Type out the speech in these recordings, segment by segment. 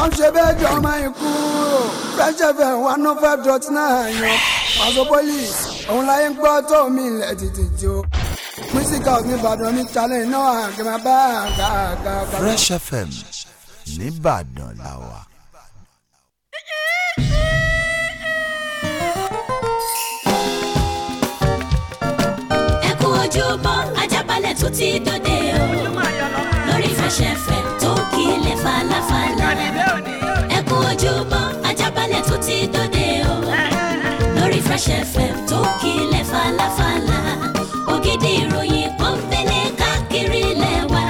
tó ń ṣe bẹ́ẹ̀ jọ ọmọ ikú Fresh FM one oh five dot nine yan Paso Police òun láyé ń gbọ́ tó mi ilẹ̀ tètè jó music house Ìbàdàn ní challenge náà àgbẹ̀ bá àgbà àgbà. Fresh FM nìbàdàn làwà. ẹ kú ojúbọ Ajaabale tó ti dòde. Fresh FM tó kílẹ̀ falafala. ẹ kú ojúmọ́ ajábalẹ̀ tó ti dòde o. lórí Fresh FM tó kílẹ̀ falafala. ògidì ìròyìn kan fẹ́lẹ̀ káàkiri lẹ́wà.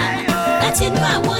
látinú àwọn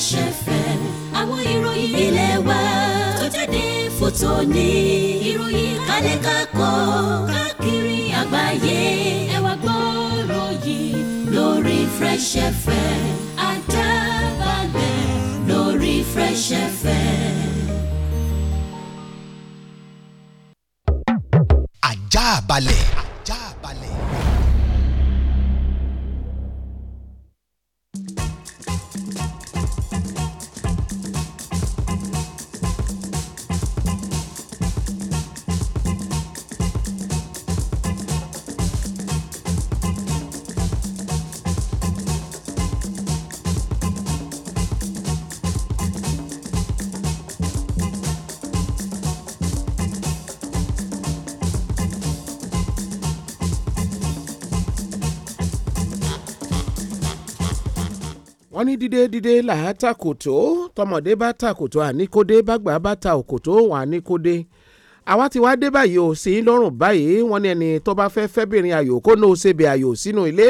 Fresh FM àwọn ìròyìn ilé wa tó jáde fún tòní ìròyìn kálẹ̀ kákọ́ káàkiri àgbáyé ẹ wá gbọ́rọ̀ yìí lórí Fresh FM àdábàgbẹ̀ lórí Fresh FM. àjà balẹ̀. dídé dídé là á tàkòtò tọmọdé bá tàkòtò àníkódé bàgbà bá ta òkòtò wà àníkódé àwa ti wá dé báyìí ò sí lọ́rùn báyìí wọ́n ní ẹni tó bá fẹ́ fẹ́bìnrin ayò kó ní òṣèbè ayò sínú ilé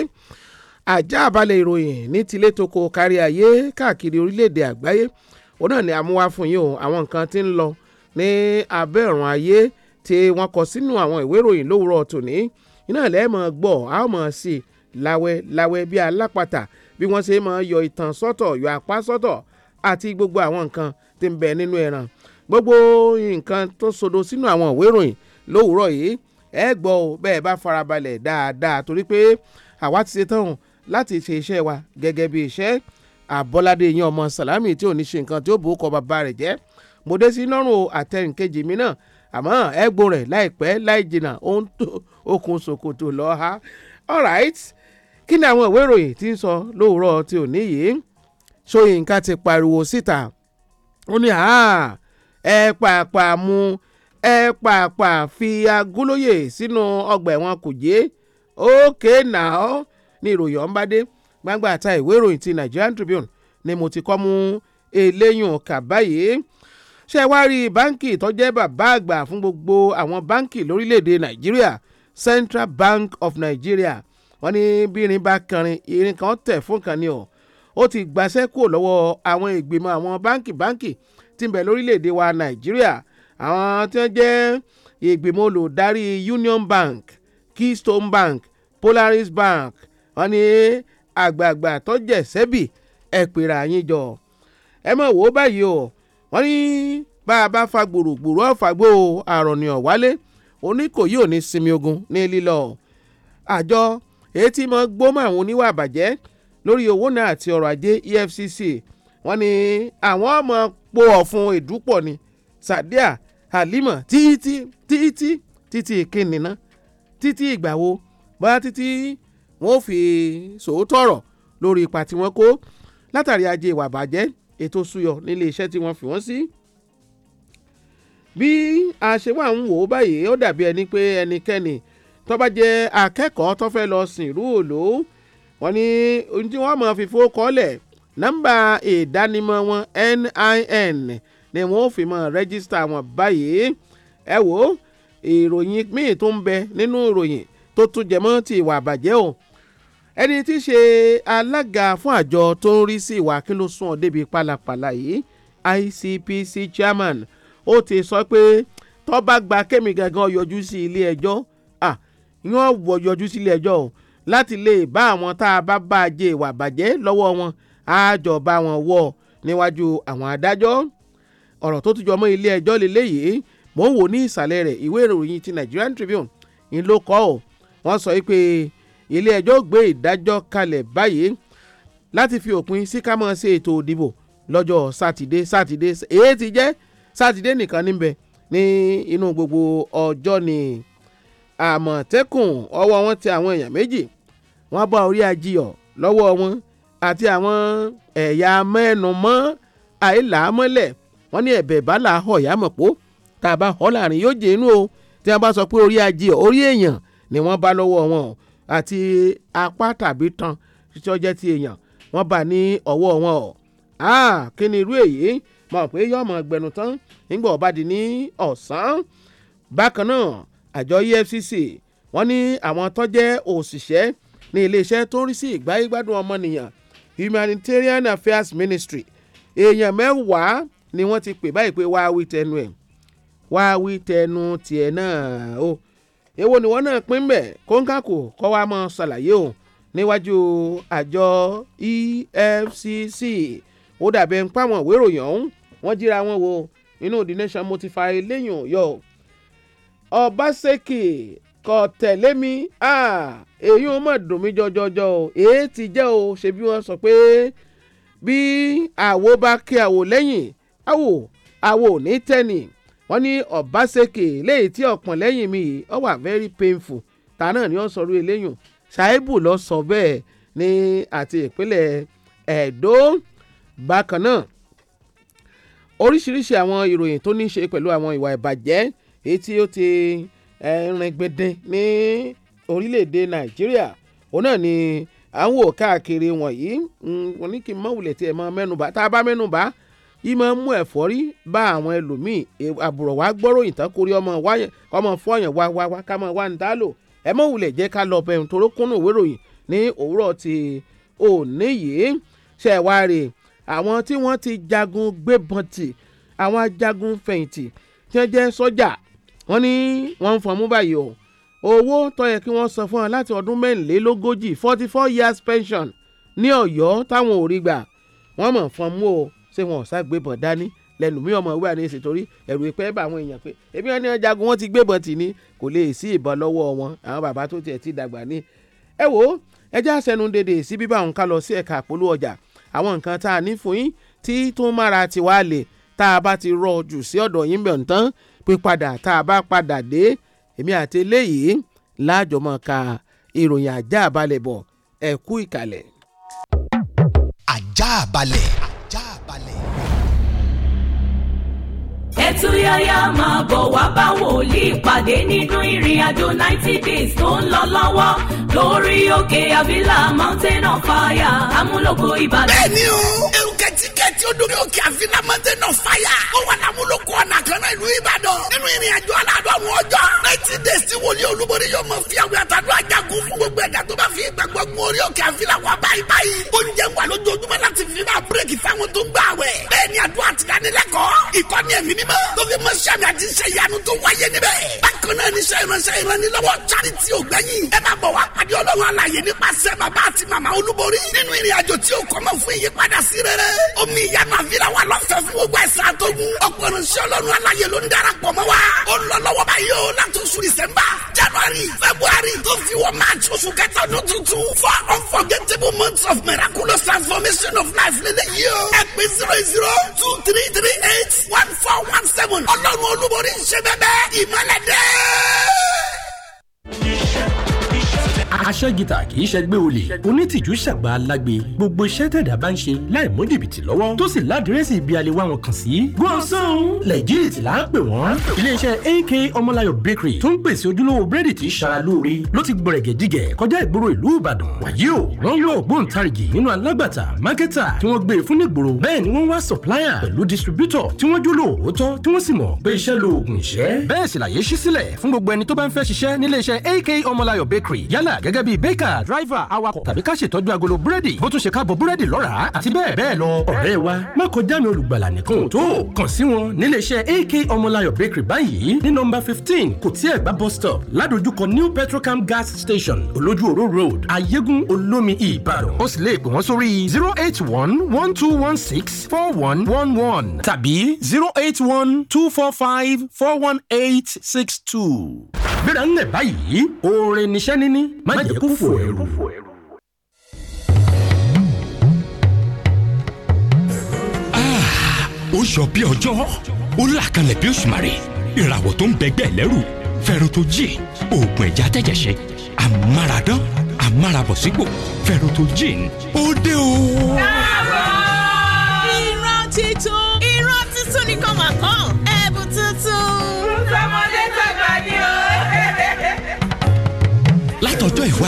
àjá àbálẹ̀ ìròyìn ní tilé toko kárí ayé káàkiri orílẹ̀-èdè àgbáyé òun náà ni àmúwá fún yín o àwọn nǹkan tí ń lọ ní abẹ́ ọ̀run ayé tí wọ́n kọ sínú àwọn ìwé ìròyìn lówùrọ̀ tòní iná lẹ́ẹ̀mọ̀ gbọ́ a ó mọ̀ sí i láwẹ́ láwẹ́ bíi alápatà bí wọ́n ṣe máa yọ ìtàn sọ́tọ̀ yọ apá sọ́tọ̀ àti gbogbo àwọn nǹkan tí ń bẹ nínú ẹran gbogbo nǹkan tó sodo sínú àwọn ìwé ìròyìn lówùúrọ̀ yìí ẹ gbọ́ ọ bẹ́ẹ̀ bá farabalẹ̀ dáadáa torí pé àwa ti ṣe tán láti ṣe iṣẹ́ wa gẹ́gẹ́ bí iṣẹ́ àbọ́ládé yẹn ọmọ sàlámì tí ò ní ṣe nǹkan tí ó bò ó kọ bàbá rẹ̀ jẹ́ mo dé sí lọ́rùn àtẹnìkejì mi náà àmọ́ ẹ̀gbọ́n rẹ̀ láìpẹ́ láì jìnnà ó ń tó okùn ṣòkòtò lọ́ha all right kí ni àwọn ìwé ìròyìn tí ń sọ lówùúrọ̀ tí ò ní yìí Ṣóyínká ti pariwo síta ó ní ẹ pàápàá mú ẹ pàápàá fi Agúlóyè sínú ọgbà ẹ̀wọ̀n Kùjé ókè náà ní ìròyìn ọ̀nbádé gbangba àta ìwé ìròyìn ti Nigerian Tribune ni mo ti kọ́ mú eléyùn kà báyìí ṣé wàá rí báǹkì tó jẹ́ bàbá àgbà fún gbogbo àwọn báǹkì lórílẹ̀‐èdè Nàìjíríà Central Bank of Nigeria wọ́n ní bí irin bá kanrin irin kan tẹ̀ fún kan ni o ó ti gbaṣẹ́ kúrò lọ́wọ́ àwọn ìgbìmọ̀ àwọn báǹkì báǹkì tí ń bẹ lórílẹ̀‐èdè wa nàìjíríà àwọn tí wọ́n jẹ́ ìgbìmọ̀ olùdarí Union Bank Keystone Bank Polaris Bank wọ́n ní àgbààgbà tó jẹ́ sẹ́bì ẹ̀ pèrè àyín jọ ẹ mọ̀ wò ó báyìí o wọ́n ní bá a bá fa gbòrògbòrò ọ̀fàgbò àrọ̀nìyàn wálé oníkòyí ò ní sinmi ogun ní lílọ àjọ èyí tí mo gbómọ àwọn oníwà àbàjẹ́ lórí owó náà àti ọrọ̀ ajé EFCC wọ́n ní àwọn ọmọ po ọ̀fun ìdúpọ̀ ni Sadiya Halima títí títí títí kìnìún títí ìgbà wo bá títí wọn ò fi sòótọ́rọ̀ lórí ipa tí wọ́n kó látàrí ajé ìwà àbàjẹ́ ètò súyọ nílé iṣẹ́ tí wọ́n fi wọ́n sí. bí a ń wò ó báyìí ó dàbí ẹni pé ẹnikẹ́ni tó bá jẹ́ akẹ́kọ̀ọ́ tó fẹ́ lọ sìn ìlú òlò wọn ni ohun tí wọ́n mọ̀ fi fowó kọ́lẹ̀ nọ́mbà ìdánimọ̀ wọn NIN ni wọ́n fi mọ̀ rẹ́gísítà wọn báyìí ẹ wo ìròyìn míì tó ń bẹ nínú ìròyìn tó tún jẹmọ́ ti ìwà àbàjẹ́ o ẹni tí í ṣe alága fún àjọ tó ń rí sí ìwà kí ló sún débi pálapàla yìí ICPC chairman ó ti sọ pé tó bá gba kémi gangan yọjú sí ilé ẹjọ́ yóò wọ yọjú sílé ẹjọ́ o láti lè bá àwọn tá a bá bá a jẹ ìwà bàjẹ́ lọ́wọ́ wọn àjọ bá wọn wọ̀ níwájú àwọn adájọ́ ọ̀rọ̀ tó tún jọ mọ́ ilé ẹjọ́ lélẹ́yìí mò ń wò ní ìsàlẹ̀ rẹ̀ ìwé ìròyìn ti Nigerian Tribune ń ló kọ́ ọ́ wọ́n sọ pé ilé ẹjọ́ gbé ìdájọ́ kalẹ̀ báyìí láti fi òpin sí ká máa ṣe ètò òdìbò lọ́jọ́ sátidé sátidé èyí ti jẹ́ sátidé nìkan níbẹ̀ ní inú gbogbo ọjọ́ ni àmọ̀tẹ́kùn ọwọ́ wọn tẹ àwọn èèyàn méjì wọ́n bá orí ajiyọ̀ lọ́wọ́ wọn àti àwọn ẹ̀yà mẹ́numọ́ àìlàámọ́lẹ̀ wọ́n ní ẹ̀bẹ̀ bàálà họ ìyàmọ̀pó tá a bá họ láàrin yóò jẹ́ inú o tí wọ́n bá sọ pé orí ajiyọ̀ orí èèyàn ni wọ́n bá lọ́wọ́ wọn o àti apá tàbí tan tí ó jẹ́ ti èèyàn wọ́n bá ní ọwọ́ wọn o kí ni irú èyí mọ̀ pé yọ̀ọ̀mọ̀ gbẹnu tán nígbà ọ̀bá di ní ọ̀sán bákan àjọ EFCC wọ́n ní àwọn tó jẹ́ òṣìṣẹ́ ní iléeṣẹ́ tó ń rí sí ìgbáyégbádùn ọmọnìyàn Humanitarian Affairs Ministry èèyàn mẹ́wàá ni wọ́n ti pè báyìí pé wàá wí tẹnu ẹ̀ wàá wí tẹnu tiẹ̀ náà o èwo ni wọ́n náà pín bẹ̀ kóńkàkó kọ́ wa mọ́ ṣàlàyé o níwájú àjọ EFCC ó dàbẹ̀ ń pàwọn ìwé ìròyìn ọ̀hún wọ́n jíra wọn wo inú The Nation mo ti fa eléyìn yọ ọbaṣẹ́kì kọ̀ tẹ̀lé mi èyí ò mọ̀ dùn mí jọjọjọ o èyí ti jẹ́ o ṣe bí wọ́n sọ pé bí àwo bá kí àwo lẹ́yìn àwo àwo ò ní tẹ́nì wọ́n ní ọbaṣẹ́kì léyìí tí ọ̀pọ̀n lẹ́yìn mi yìí ó wà very painful ta náà ni ó sọrú eléyìn ṣáíbù lọ sọ bẹ́ẹ̀ ni àti ìpínlẹ̀ Ẹ̀dó bákan náà oríṣiríṣi àwọn ìròyìn tó ní í ṣe pẹ̀lú àwọn ìwà ìbàjẹ́ èyí tí ó ti rìn gbìndín ní orílẹ̀-èdè nàìjíríà òun náà ni à ń wò káàkiri wọ̀nyí wọn hmm, ní kí n mọ wulẹ̀ tí ẹ̀ mọ mẹ́nuba tá a bá mẹ́nuba yìí máa ń mú ẹ̀fọ́rí bá àwọn ẹlòmíì àbùrọ̀ wá gbọ́ròyìn tán kórí ọmọ ọmọ fọyàn wá wá wá ká mọ wá ń dá lò ẹ mọ wulẹ̀ jẹ́ ká lọ bẹ̀rù tó rókùnrin òwe ròyìn ní òwúrọ̀ ti òní yìí ṣẹ̀wárì àwọn tí wọ́n ti jagun gbébọn tì àwọn ajagun fẹ̀yìntì tí wọ́n jẹ́ sọ́jà wọ́n ní wọ́n ń fọmú báyìí o owó tó yẹ kí wọ́n san fún ọ láti ọdún mẹ́rìnlélógójì forty four years pension ní ọ̀yọ́ táwọn ò rí gbà wọ́n mọ̀ fọmú o ṣé wọn ò sá gbébọn dání lẹ́nu mi ọmọ ìwé àníyèsí torí ẹ̀rù ìpẹ́ bá àwọn èèyàn pé ebi wọn ní ọjàgun wọn ti gbébọn tì ní kò lè sí ìbọn lọ́wọ́ wọn àwọn bàbá tó tiẹ̀ ti dàgbà ní. ẹ wo ẹjẹ́ àṣẹnu dèdè sí bíbá òun ká lọ sí ẹ̀ka àpolú ọjà àwọn nǹkan tá a ní fún yín tí tó mára ti wá lè tá a bá ti rọ jù sí ọ̀dọ̀ yín bẹ̀ ń tán pípadà tá a bá padà dé èmi àti eléyìí láàjọmọ̀ ka ìròyìn ajá balẹ̀ bọ̀ ẹ kú ìkàlẹ̀. ajá balẹ̀. ajá balẹ̀. ẹtú yáyá máa bọ̀ wá bá wòlíì pàdé nínú ìrìn àjò ninety days tó ń lọ lọ́wọ́ lórí òkè àbílà mountain of fire amúlòkọ ìbàdàn. bẹ́ẹ̀ni o lódò ní òkè àfinamọ́tẹ́ náà fáyà. ó wà lámúlòkọ kan náà ìlú Ìbàdàn nínú ìrìn àjò aládọ́run ọjọ́ ninety days tí wòlíì olúborí yóò mọ fi àwẹ̀ àtàdúrà jagun fún gbogbo ẹ̀dá tó bá fi ìgbàgbọ́ gun orí òkè àfilà wa báyìí báyìí oúnjẹ wà lójoojúmọ́ láti fi máa bírèkì fáwọn tó ń gbà wẹ̀ bẹ́ẹ̀ ni àdúrà ti dánilẹ́kọ̀ọ́ ìkọ́ni ẹ̀mí mímọ́ tó fi mọ sàmì àti iṣẹ́ ìyanu tó wáyé níbẹ̀ bákan náà ni iṣẹ́ ìránṣẹ́ ìrànlọ́wọ́ charity ògbẹ́yìn ẹ máa bọ̀ wá pàdé ọlọ́run alàyè nípasẹ̀ bàbá àti màmá olúborí nínú ìrìn àjò tí ó kọ́mọ fún ìyípadà sí rere omi ìyanu àfilà wa lọ́fẹ̀ẹ́ fún alààyè ló ń darapọ̀ mọ́ wa. ó lọ lọ́wọ́ báyìí o láti oṣù December January February tó fi wọ March oṣù kẹta ọdún tuntun for unforgettable months of miraculous transformation of life lẹ́lẹ́ yìí o. ẹ pè zero zero two three three eight one four one seven ọlọ́run olúborí ń ṣe bẹ́ẹ̀ bẹ́ẹ̀ ìmọ̀lẹ́dẹ́ aṣẹ́gità kì í ṣẹgbẹ́ olè onítìjú ṣàgbà alágbe gbogbo iṣẹ́ tẹ̀dá bá ń ṣe láì mú jìbìtì lọ́wọ́ tó sì ládírẹ́sì ibi a lè wá wọn kàn sí. gbọ̀nsán legit là ń pè wọ́n. iléeṣẹ́ AK ọmọláyọ̀ bakery tó ń pèsè ojúlówó búrẹ́dì tí ṣara lóore ló ti gbọ̀rẹ̀gẹ̀ jígẹ̀ kọjá ìgboro ìlú ìbàdàn wàyí o wọ́n yóò gbóǹtarìgì nínú alágbàtà mákẹ́tà tí wọ́n gbé e fún nígboro bẹ́ẹ̀ distributor tí wọ́n jó lóòótọ́ tí wọ́n sì mọ̀ pé iṣẹ́ lóògùn ìṣẹ́. bẹ́ẹ̀ sì làyé ṣí sílẹ̀ fún gbogbo bakery yálà gẹ́gẹ́ bíi baker driver awakọ̀ tàbí ká ṣètọ́jú agolo búrẹ́dì bó tún ṣe káàbọ̀ búrẹ́dì lọ́ràá àti bẹ́ẹ̀ bẹ́ẹ̀ lọ. ọ̀rẹ́ wa má kọjá mi olùgbàlà nìkan ò tó kàn sí wọn níléeṣẹ́ AK ọmọláyọ̀ bakery báyìí ní nọ́mbà fifteen kò tí bus stop ládojúkọ new petrocam gas station olójú òró road ayégún olómi ìbàdàn ó sì lè pè wọ́n sórí zero eight one one two one six four one one one tàbí zero eight one two four five four one eight six two. gbéra ń lẹ̀ báyìí oore níṣẹ́ níní má jẹ́ kó fò ẹ̀rù. ó yọ bí ọjọ́ ó làkànlẹ̀ bí òṣùmàrè ìràwọ̀ tó ń bẹgbẹ́ lẹ́rù fẹ́rọ̀tọ̀jì oògùn ẹ̀já tẹ̀jẹ̀ṣẹ̀ amáradán amárabọ̀sípò fẹ́rọ̀tọ̀jì ó dé o. ìran titun.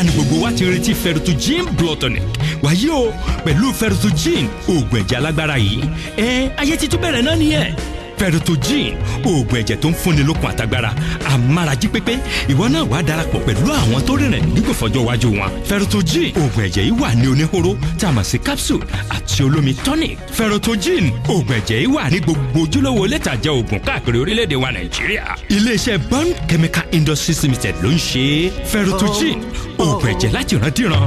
wá ní gbogbo wa ti retí ferutugin blood tonic wàyí o pẹ̀lú ferutugin oògùn ẹ̀jẹ̀ alágbára yìí ẹ ayé ti tún bẹ̀rẹ̀ náà nìyẹn ferritojin oògùn ẹ̀jẹ̀ tó ń fúnni lókun àtagbára amárají pépé ìwọ náà wàá darapọ̀ pẹ̀lú àwọn tó rìnrìn nígbò fọjọ́ iwájú wọn ferritojin oògùn ẹ̀jẹ̀ yìí wà ní oníhóró tá a mọ̀ sí capsule àti olómi tonic ferritojin oògùn ẹ̀jẹ̀ yìí wà ní gbogbo ojúlówó létajà oògùn káàkiri orílẹ̀-èdè wa nàìjíríà iléeṣẹ́ bond chemical industries limited ló ń ṣe ferritojin oògùn ẹ̀jẹ̀ láti ìrandíran.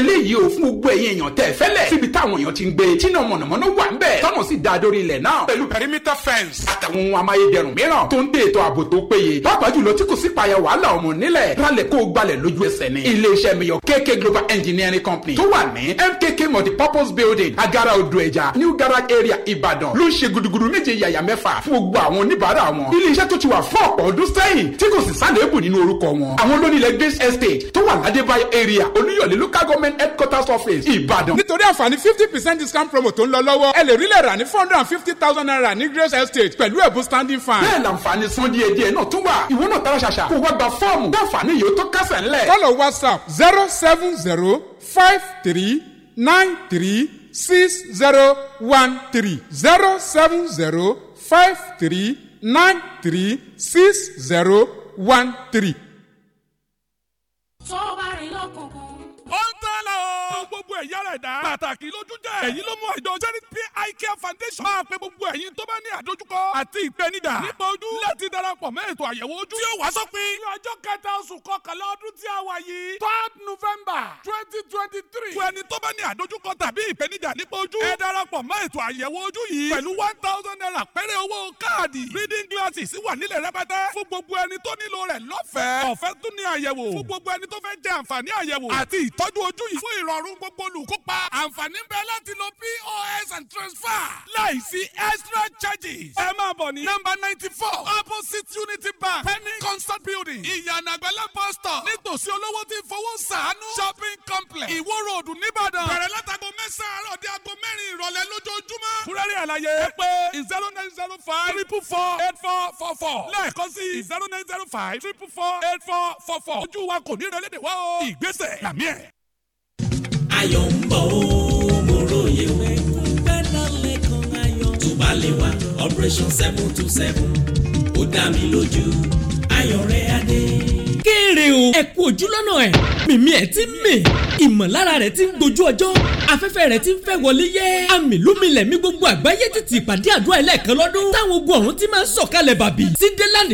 lélẹ́yìí o fún gbogbo ẹ̀yin èèyàn tẹ̀ fẹ́lẹ̀ síbi táwọn èèyàn ti ń gbé tíná mọ̀nàmọ́ná wà ń bẹ̀ tọ́nà sì da dórí ilẹ̀ náà pẹ̀lú pẹ̀rímítà fẹ́ǹsì àtàwọn ohun amáyédẹrùn mìíràn tó ń dé ètò ààbò tó péye pàápàá jùlọ tí kò sí payà wàhálà ọmọ nílẹ̀ rálẹ̀ kó gbalẹ̀ lójú ẹsẹ̀ ni iléeṣẹ́ miyàn KK Global Engineering Company tó wà ní MKK Multipurpose Building agara odò ẹja New Garage Area Ìbàdàn ló ń ṣe gudugudu méje yàyà mẹ́fà fún gbogbo àwọn oníbàárà wọn iléeṣẹ́ tó ti wà fún ọ̀pọ̀ ọdún sẹ́yìn tí kò sì sálẹ̀ èbù nínú orúkọ wọn àwọn lónìí lẹ́gbẹ̀ẹ́sì estate tó wà ládébáyé area olúyọ̀lé local government government headquarters office Ìbàdàn. nítorí àǹfààní fifty percent discount promo tó ń lọ lọ́wọ́ ẹ lè rí lẹ̀ rà ní four hundred and fifty thousand naira ní grace estate pẹ̀lú ẹ̀bùn standing fan. bẹ́ẹ̀ làǹfààní san díẹ̀ díẹ̀ náà tún wà ìwọ náà tara ṣàṣà kó wá gba fọ́ọ̀mù bí àǹfààní yóò tó kásẹ̀ ńlẹ̀. kọ́lọ̀ whatsapp zero seven zero five three nine three six zero one three zero seven zero five three nine three six zero one three. tó bá rìn lọ́kàn fún gbogbo ẹ̀yà rẹ̀ dá. pàtàkì lójú jẹ́. èyí ló mú àjọ Zenith PI Care Foundation. máa pe gbogbo ẹ̀yin tó bá ní àdójúkọ. àti ìpènijà. nípa ojú. láti darapọ̀ mẹ́ ètò àyẹ̀wò ojú. tí ó wá sópin. ní ọjọ́ kẹta oṣù kọkànlá ọdún tí a wà yìí. third november twenty twenty three. fún ẹni tó bá ní àdójúkọ tàbí ìpènijà nípa ojú. ẹ darapọ̀ mẹ́ ètò àyẹ̀wò ojú yìí. pẹ̀lú one thousand naira péré owó káàdì. reading fún gbogbo olùkópa. àǹfààní ń bẹ láti lo pos and transfer láìsí extra charges. ẹ máa bọ̀ ní. nọ́mbà ninety four opposite unity bank penny concert building ìyànà àgbẹ̀lẹ̀ bus stop nítòsí olówó tí fowó ṣàánú shopping complex ìwó road nìbàdàn. bẹ̀rẹ̀ látago mẹ́sàn-án àárọ̀ di aago mẹ́rin ìrọ̀lẹ́ lójoojúmọ́. kúrẹ́rì àlàyé ẹ pé zero nine zero five triple four eight four four four lẹ́ẹ̀kan sí zero nine zero five triple four eight four four four ojú wa kò ní ìrẹ́lẹ́dẹ̀ wá o. ìgbésẹ̀ làmí ẹ̀ ayọ̀ ń operation seven two seven ó dá mi lójú ayọ̀ rẹ̀ adé. kéré o kú ojúlọ́nà ẹ̀ mímí ẹ̀ ti mì ìmọ̀lára rẹ̀ ti ń gbojú ọjọ́ afẹ́fẹ́ rẹ̀ ti ń fẹ́ wọlé yẹ́ àmìlúmilẹ̀ mi gbogbo àgbáyé títí ìpàdé àdúrà ẹlẹ́ẹ̀kan lọ́dún táwọn ogun ọ̀run ti máa ń sọ̀kalẹ̀ bàbí sí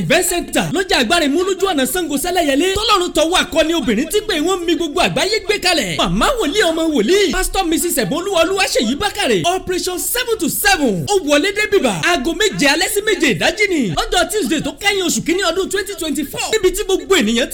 event center lọ́jà agbára ìmúlójú ọ̀nà Ṣàngó Sẹ́lẹ̀yẹlé tọ́lọ́run tọwọ́ akọni obìnrin tí pé wọ́n mi gbogbo àgbáyé gbé kalẹ̀ màmá wòlíì ọmọ wòlíì pásítọ̀ mrs ẹ̀bọ́nlúwọlúwa ṣèyí bákàrẹ̀ operation seven to seven ó wọlé dé bìbà aago méje alẹ́ sí méje ìdájí ni lọ́jọ́ tuesday tó kẹ́yìn oṣù kínní ọdún twenty twenty four níbi tí gbogbo ènìyàn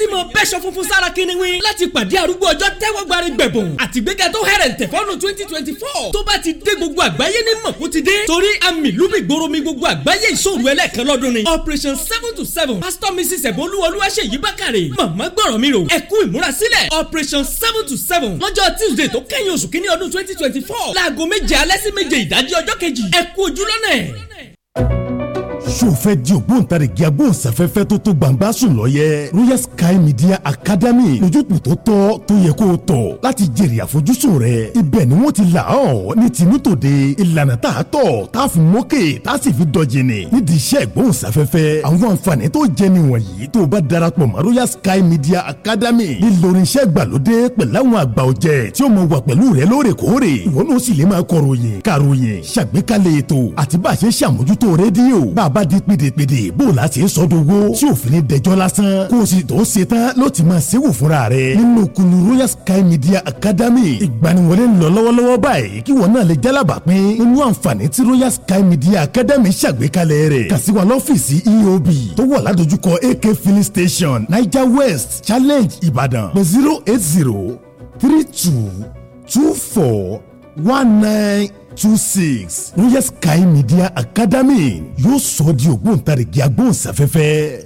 sára kiniwin láti pàdé arúgbó ọjọ́ tẹ́wọ́ gbari gbẹ̀bùn àtìgbéga tó hẹ̀rẹ̀ tẹ̀fọ́nù twenty twenty four tó bá ti dé gbogbo àgbáyé ní mọ̀kú ti dé torí àmì lùmí gbòòrò mi gbogbo àgbáyé ìṣòro ẹlẹ́ẹ̀kan lọ́dún ni operation seven to seven pastor mrs ẹ̀bọ́lúwọlúwà ṣèyí bákàrẹ̀ màmá gbọ́rọ̀ mi rò ẹ̀kú ìmúrasílẹ̀ operation seven to seven lọ́jọ́ tuesday tó kẹ́yìn oṣù kínní ọdún twenty twenty four láago méje alẹ́ sí méje ṣó fẹ́ di ògbóǹtarìgì agbóhùnsáfẹ́fẹ́ tó tó gbangba sùn lọ́yẹ Royal Sky Media Academy lójútùú tó tọ́ tó yẹ kó o tọ̀ láti jèrè àfojúsùn rẹ ibẹ̀ ni wọ́n ti là ọ́ ní tinútòde ìlànà tá a tọ̀ tá a fi mókè tá a sì fi dọ̀jìnì nídìí iṣẹ́ ìgbóhùnsáfẹ́fẹ́ àwọn àǹfààní tó jẹ nìwọ̀nyí tó o bá darapọ̀ mọ́ Royal Sky Media Academy nílòrin iṣẹ́ ìgbàlódé pẹ̀lú àwọn àgbà di pèdèpèdè bó o la ṣe sọdowó tí òfin ní dẹjọ́ lásán kó o sì tó ṣe tán ló ti máa ṣe wò fúnra rẹ̀ nínú kunu royal sky media academy ìgbaniwọlé ń lọ lọ́wọ́lọ́wọ́ báyìí kí wọn náà lè jálábà pín nínú àǹfààní tí royal sky media academy ṣàgbékalẹ̀ rẹ̀ kà sí lọ́fíìsì eob tó wà ládojúkọ ak filling station niger west challenge ibadan. pé zero eight zero three two two four one nine two six royal sky media academy yóò sọ ọ́ di ògbóǹtarìgì agbóhùnsáfẹ́fẹ́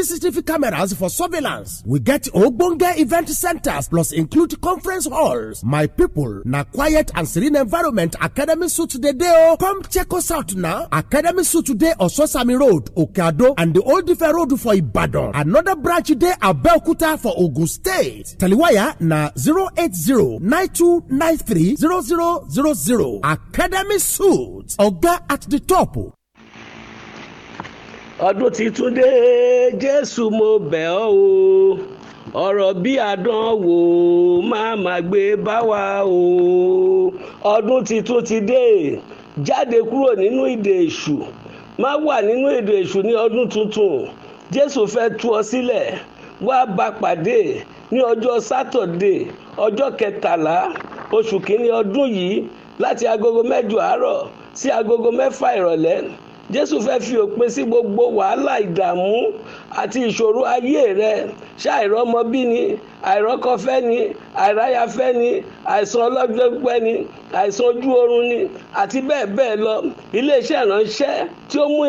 CCTV cameras for surveillance. We get ogbonge event centers plus include conference halls. My people, na quiet and serene environment Academy Suit dey day. Oh, Come check us out now. Academy Suit dey Ososami Road, Okado, and the Old Ife Road for Ibadan. Another branch dey Abeokuta for Ogun State. Taliwaya na 08092930000. Academy Suit, Oga at the top ọdún tuntun dé jésù mo bẹ̀ ọ́ o ọ̀rọ̀ bí àdánwò máa má gbé bá wa o ọdún tuntun ti dé jáde kúrò nínú ìdè èṣù má wà nínú ìdè èṣù ní ọdún tuntun jésù fẹ́ tú ọ sílẹ̀ wá bá pàdé ní ọjọ́ sátọ̀dé ọjọ́ kẹtàlá oṣù kìíní ọdún yìí láti agogo mẹ́jọ àárọ̀ sí agogo mẹ́fà ìrọ̀lẹ́ jésù fẹ́ fi òpin sí gbogbo wàhálà ìdààmú àti ìṣòro ayé rẹ ṣàìrọ́mọbí ni àìrọ́kọfẹ́ ni àìráyafẹ́ ni àìsàn ọlọ́jọ́ pípẹ́ ni àìsàn ojú oorun ni àti bẹ́ẹ̀ bẹ́ẹ̀ lọ iléeṣẹ́ ìránṣẹ́ tí ó mú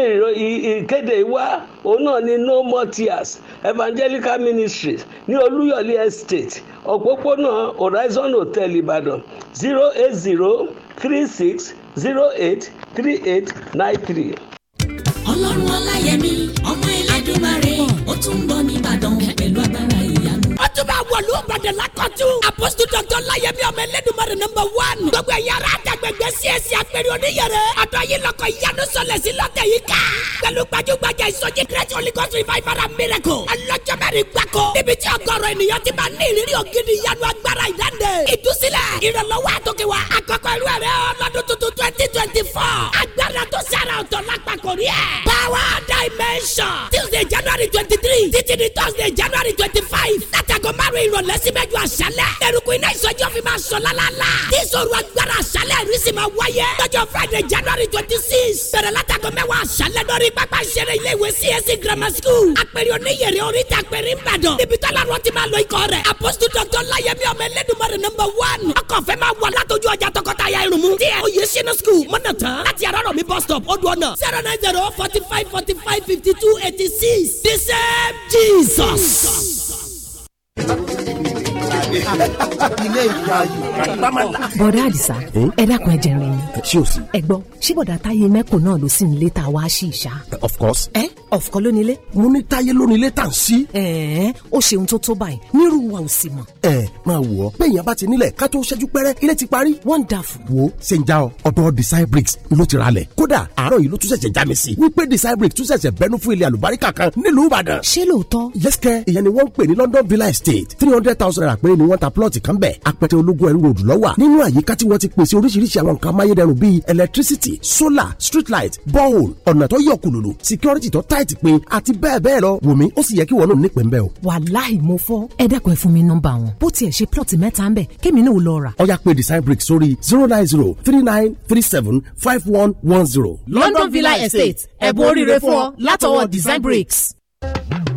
ìkéde wá òun náà ni no more tears evangelical ministry ní olúyọ̀lé estate òpópónà horizon hotel ìbàdàn zero eight zero three six zero eight three eight nine three. ọlọ́run ọláyẹmí ọmọ ẹlẹ́dùnmarè ó tún ń bọ̀ ní pẹ̀lú agbára ìyanu àkọ́túbà wọ̀lú ìbàdàn lakọ́tù. apọ́sítù dọ́tọ́ láyẹ̀mí ọmọ ẹlẹ́dùnmọ́rẹ̀ nọmba wán. gbogbo ẹ̀yà ara àtàgbẹ̀gbẹ̀ csc apẹ̀rẹ̀ oníyẹrẹ. àtọ́ yìí lọkọ̀ ìyanu sọlẹ̀ sí lọ́tẹ̀ yìí ká. pẹ̀lú gbajúgbajà ìsọjí great holy gods revival and miracle. ọlọ́jọ́ mẹ́rin gbáko. níbi tí ọgọ́rọ̀ ènìyàn ti máa ní ìrírí ògidì ìyanu agbára ìdáǹdè. ìdúsílẹ̀ ìrànlọ́wọ́ àtòkè wa. àkọ́kọ́ irú ẹ̀rẹ́ ọlọ́dún tuntun twenty twenty four. agbára tó sára ọ̀tọ̀ lápapọ̀rí ẹ̀. power dimension. tuesday january twenty three títí di thursday january twenty five. láti látago márùn-ún ìrọ̀lẹ́ sí mẹ́jọ àṣálẹ̀. eruku iná ìsọjí òfin máa sọ lálálá. tí ìṣòro agbára àṣálẹ̀ rí sì máa wáyé. lọ́jọ́ friday january twenty six. bẹ̀rẹ̀ látago mẹ́wàá àṣálẹ̀ lórí pápá ìṣeré ilé ìwé csc grammar school. àpèrè oníyèrè oríta àpèrè ìbàdàn. níbi tọ́lá rọ ti máa lo ikọ̀ rẹ̀. apostle dr layemi ọmọ ẹlẹ́dùnmọ́rẹ̀ number one. ọkọ̀ fẹ́ máa wà látọjú ọjà tọkọtaya ìrùmú. tí ẹ oyè sinu school mọ́nà tán. láti àrọ́rọ̀ mi bus stop odò ọ̀nà. zero nine zero forty five forty five fifty two eighty six. the same jesus. jesus. Música ilé ìyá yìí. bọ̀dá àdìsá hm? ẹ dákun ẹ jẹun ẹyin. ṣé o sì. ẹ gbọ́ ṣé bọ̀dá táyé mẹ́kò náà ló sì nílé tá a wá sí ìṣá. of course. ẹ of course lónílé. mo ní táyé lónílé tà ń sí. ẹ ẹ ó ṣe ohun tó tó báyìí nírú wa ò sì mọ. ẹ máa wọ bẹ́ẹ̀ yẹn bá ti nílẹ̀ ká tó ṣẹ́jú pẹ́rẹ́ ilé ti parí. wonderful. wo ṣe ń já ọ ọ̀dọ̀ design bricks ló ti ralẹ̀ kódà àárọ̀ yìí ló tún ṣẹ̀ṣẹ̀ já mi sí. wípé design bricks tún ṣẹ̀ṣẹ̀ bẹnu fún ilé àlùbáríkà kan nílùú ìbàdàn. ṣé lóòótọ́. yẹ́sìkẹ́ ìyẹn ni wọ́n ń pè ní London Villa Estate three hundred thousand naira ìlọrin ni wọ́n ta plọ̀tì kan bẹ̀ apẹtẹ ológun ẹrú ròdù lọ́wà nínú àyíká tí wọ́n ti pèsè oríṣiríṣi àwọn nǹkan amáyédẹrùn bíi electricity solar street light borehole ọ̀nà tó yọ kùlùlù security tó tight pin àti bẹ́ẹ̀ bẹ́ẹ̀ lọ wùmí ó sì yẹ kí wọ́n lòun nípìn bẹ́ẹ̀ o. wàláì mo fọ ẹ dẹ́kun ẹ fún mi nọ́mbà wọn bó tiẹ̀ ṣe plọ̀tì mẹ́ta ń bẹ̀ kémi náà lọ rà. ọ̀yá pé design bricks sórí zero nine zero three nine three seven five one one zero. London Villa Estate ẹ̀bùn oríire fún ọ látọwọ́ design bricks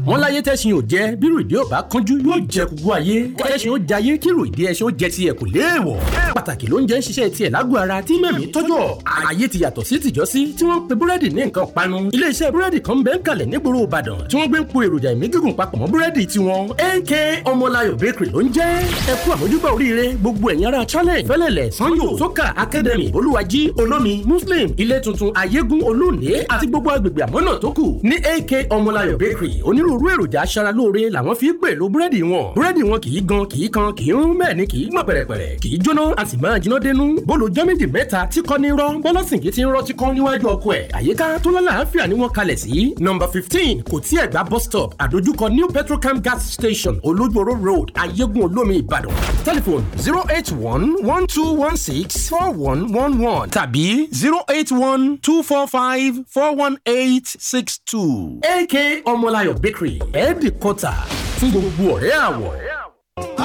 wọn láyé tẹ́sìn ò jẹ́ bírò ìdí ò bá kánjú yóò jẹ gbogbo ayé kẹ́sìn ó jayé kírò ìdí ẹṣin ó jẹ tiẹ̀ kò léèwọ̀ pàtàkì ló ń jẹ́ ń ṣiṣẹ́ tiẹ̀ lágùn ara tí mẹ́mí tọ́jọ́ ayé ti yàtọ̀ sí tìjọ́sí tí wọ́n pe búrẹ́dì ní nǹkan panu iléeṣẹ́ búrẹ́dì kan bẹ́ẹ̀ kalẹ̀ nígboro Ìbàdàn tí wọ́n gbé ń po èròjà ìmí gígùn papọ̀ mọ́ búrẹ́dì tiwọn AK Ọmọláyọ̀ bakery ló ń jẹ́ ẹ kú àmójúbà oríire gbogbo ẹ̀yin ará academy olúwají olómi muslim ilé tuntun ayégún olóòní àti gbogbo agbègbè àmọ́nà tó kù ní AK Ọmọláyọ̀ bakery onírú onírúurú èròjà aṣara làwọn fi gbèlò búrẹ́dì wọn búrẹ́dì wọn kì í gan kì í kan kì í rún bẹ́ẹ̀ ni kì í gbọ̀n pẹ̀rẹ̀pẹ̀rẹ̀ kì í jóná a sì máa jiná dénú bólú jẹ́mídì mẹ́ta tí kọ́ ní rọ́ bọ́lọ́sìnkì ti ń rọ́ ti kọ́ níwájú ọkọ ẹ̀ àyíká tó lálàáfíà ni wọ́n kalẹ̀ sí nọ́mbà fifteen kò tí ẹ̀ gba bus stop àdójúkọ new petrocam gas station olójúoró road ayégun olómi ìbàdàn telephone zero eight one one two one six four one one one tàbí zero eight one two four five four one eight six two. ak ọmọláyọ̀ bakery secretary ẹ̀ẹ́dìkọ́tà fún gbogbo ọ̀rẹ́ àwọ̀.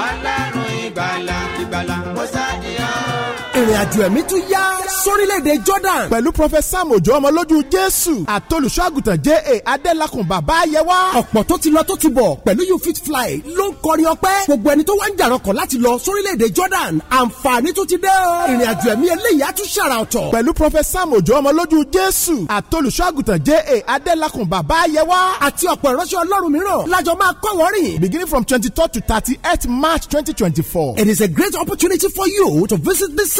ọlọ́run ìgbàlà ìgbàlà mọ́sáàdì hàn ìrìnàjò ẹ̀mí tún yá sórílẹ̀-èdè Jordan pẹ̀lú Prophet Sam Òjó ọmọlójú Jésù àtolùṣọ́àgùtàn J.A. Adélakùn bàbá ayẹwà. ọ̀pọ̀ tó ti lọ tó ti bọ̀ pẹ̀lú you fit fly ló ń kọrin ọpẹ́ gbogbo ẹni tó wá ń jàrọ̀kọ̀ láti lọ sórílẹ̀-èdè Jordan àǹfààní tún ti dé o ìrìnàjò ẹ̀mí eléyìí á tún ṣàrà ọ̀tọ̀. pẹ̀lú Prophet Sam Òjó ọmọlójú Jésù àtolùṣọ́àgùtàn J.A. Adélakùn bàbá ayẹwà àti ọ̀pọ̀ ìránṣẹ́ Ọlọ́run mìíràn lájọ máa beginning from twenty to thirty March twenty it is a great opportunity for you to visit this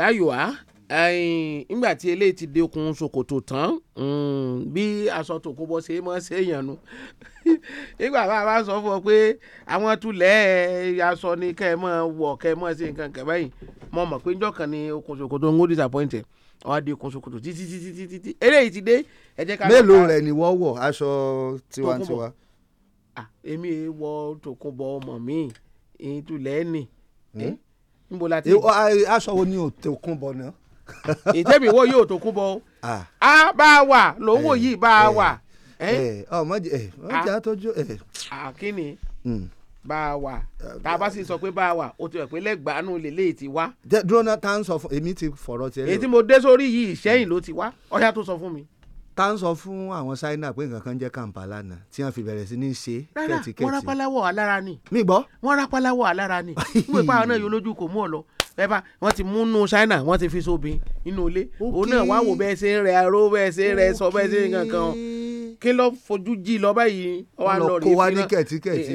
Dáyọ̀á nígbà tí eléyìí ti dé okùn ṣòkòtò tán mm, bí aṣọ tòkó bọ́ ṣe mọ́ séèyàn nu nígbà bá a bá sọ fún ọ pé àwọn tulẹ̀ eh, aṣọ ni kẹ́ ẹ mọ́ wọ̀ kẹ́ ẹ mọ́ ṣe nǹkan kẹ́ báyìí mo mọ̀ pé njọ́kan ni okùn ṣòkòtò ń go disappointed wọ́n di okùn ṣòkòtò títí títí títí eléyìí ti dé ẹ jẹ́ mélòó rẹ ni wọ́n aṣọ tiwantiwa. èmi wọ tòkunbọ̀ ọmọ mi ìtulẹ̀ ni. Hmm? níbo la ti. aṣọ wo ni o tó kún bọ náà. ìtẹ́mi wo yóò tó kún bọ. a bá a wà lówó yìí bá eh, eh, eh? Oh, a wà. ọmọ jẹ ọmọ jẹ àtọjú. àkínni hmm. bá a wà tá a bá sì sọ pé bá a wà o ti rẹ̀ pé lẹ́gbàánú lélẹ́yìí ti wá. dúró náà tá à ń sọ fún èmi ti fọ̀rọ̀ tiẹ̀. èyí tí mo dé sórí yìí ìṣẹ́yìn ló ti wá ọ̀yá tó sọ fún mi tá ń sọ fún àwọn ṣáínà pé nǹkan kan jẹ́ kàǹpálá náà tí wọ́n fi bẹ̀rẹ̀ sí ní ṣe kẹ̀tíkẹ̀tì. wọ́n rápáláwọ̀ alára ni. mi gbọ́. wọ́n rápáláwọ̀ alára ni. wíwèé pàwọn náà yóò lójú kò mú ọ lọ ẹ bá wọn ti mú nù ṣáínà wọn ti fi sóbin inú ilé òun náà wá wò bẹ́ẹ̀ ṣe ń rẹ aró bẹ́ẹ̀ ṣe ń rẹ sọ bẹ́ẹ̀ ṣe ń kankan kí ló fojú jí lọ báyìí wà lọ ní kẹ̀tíkẹ̀tì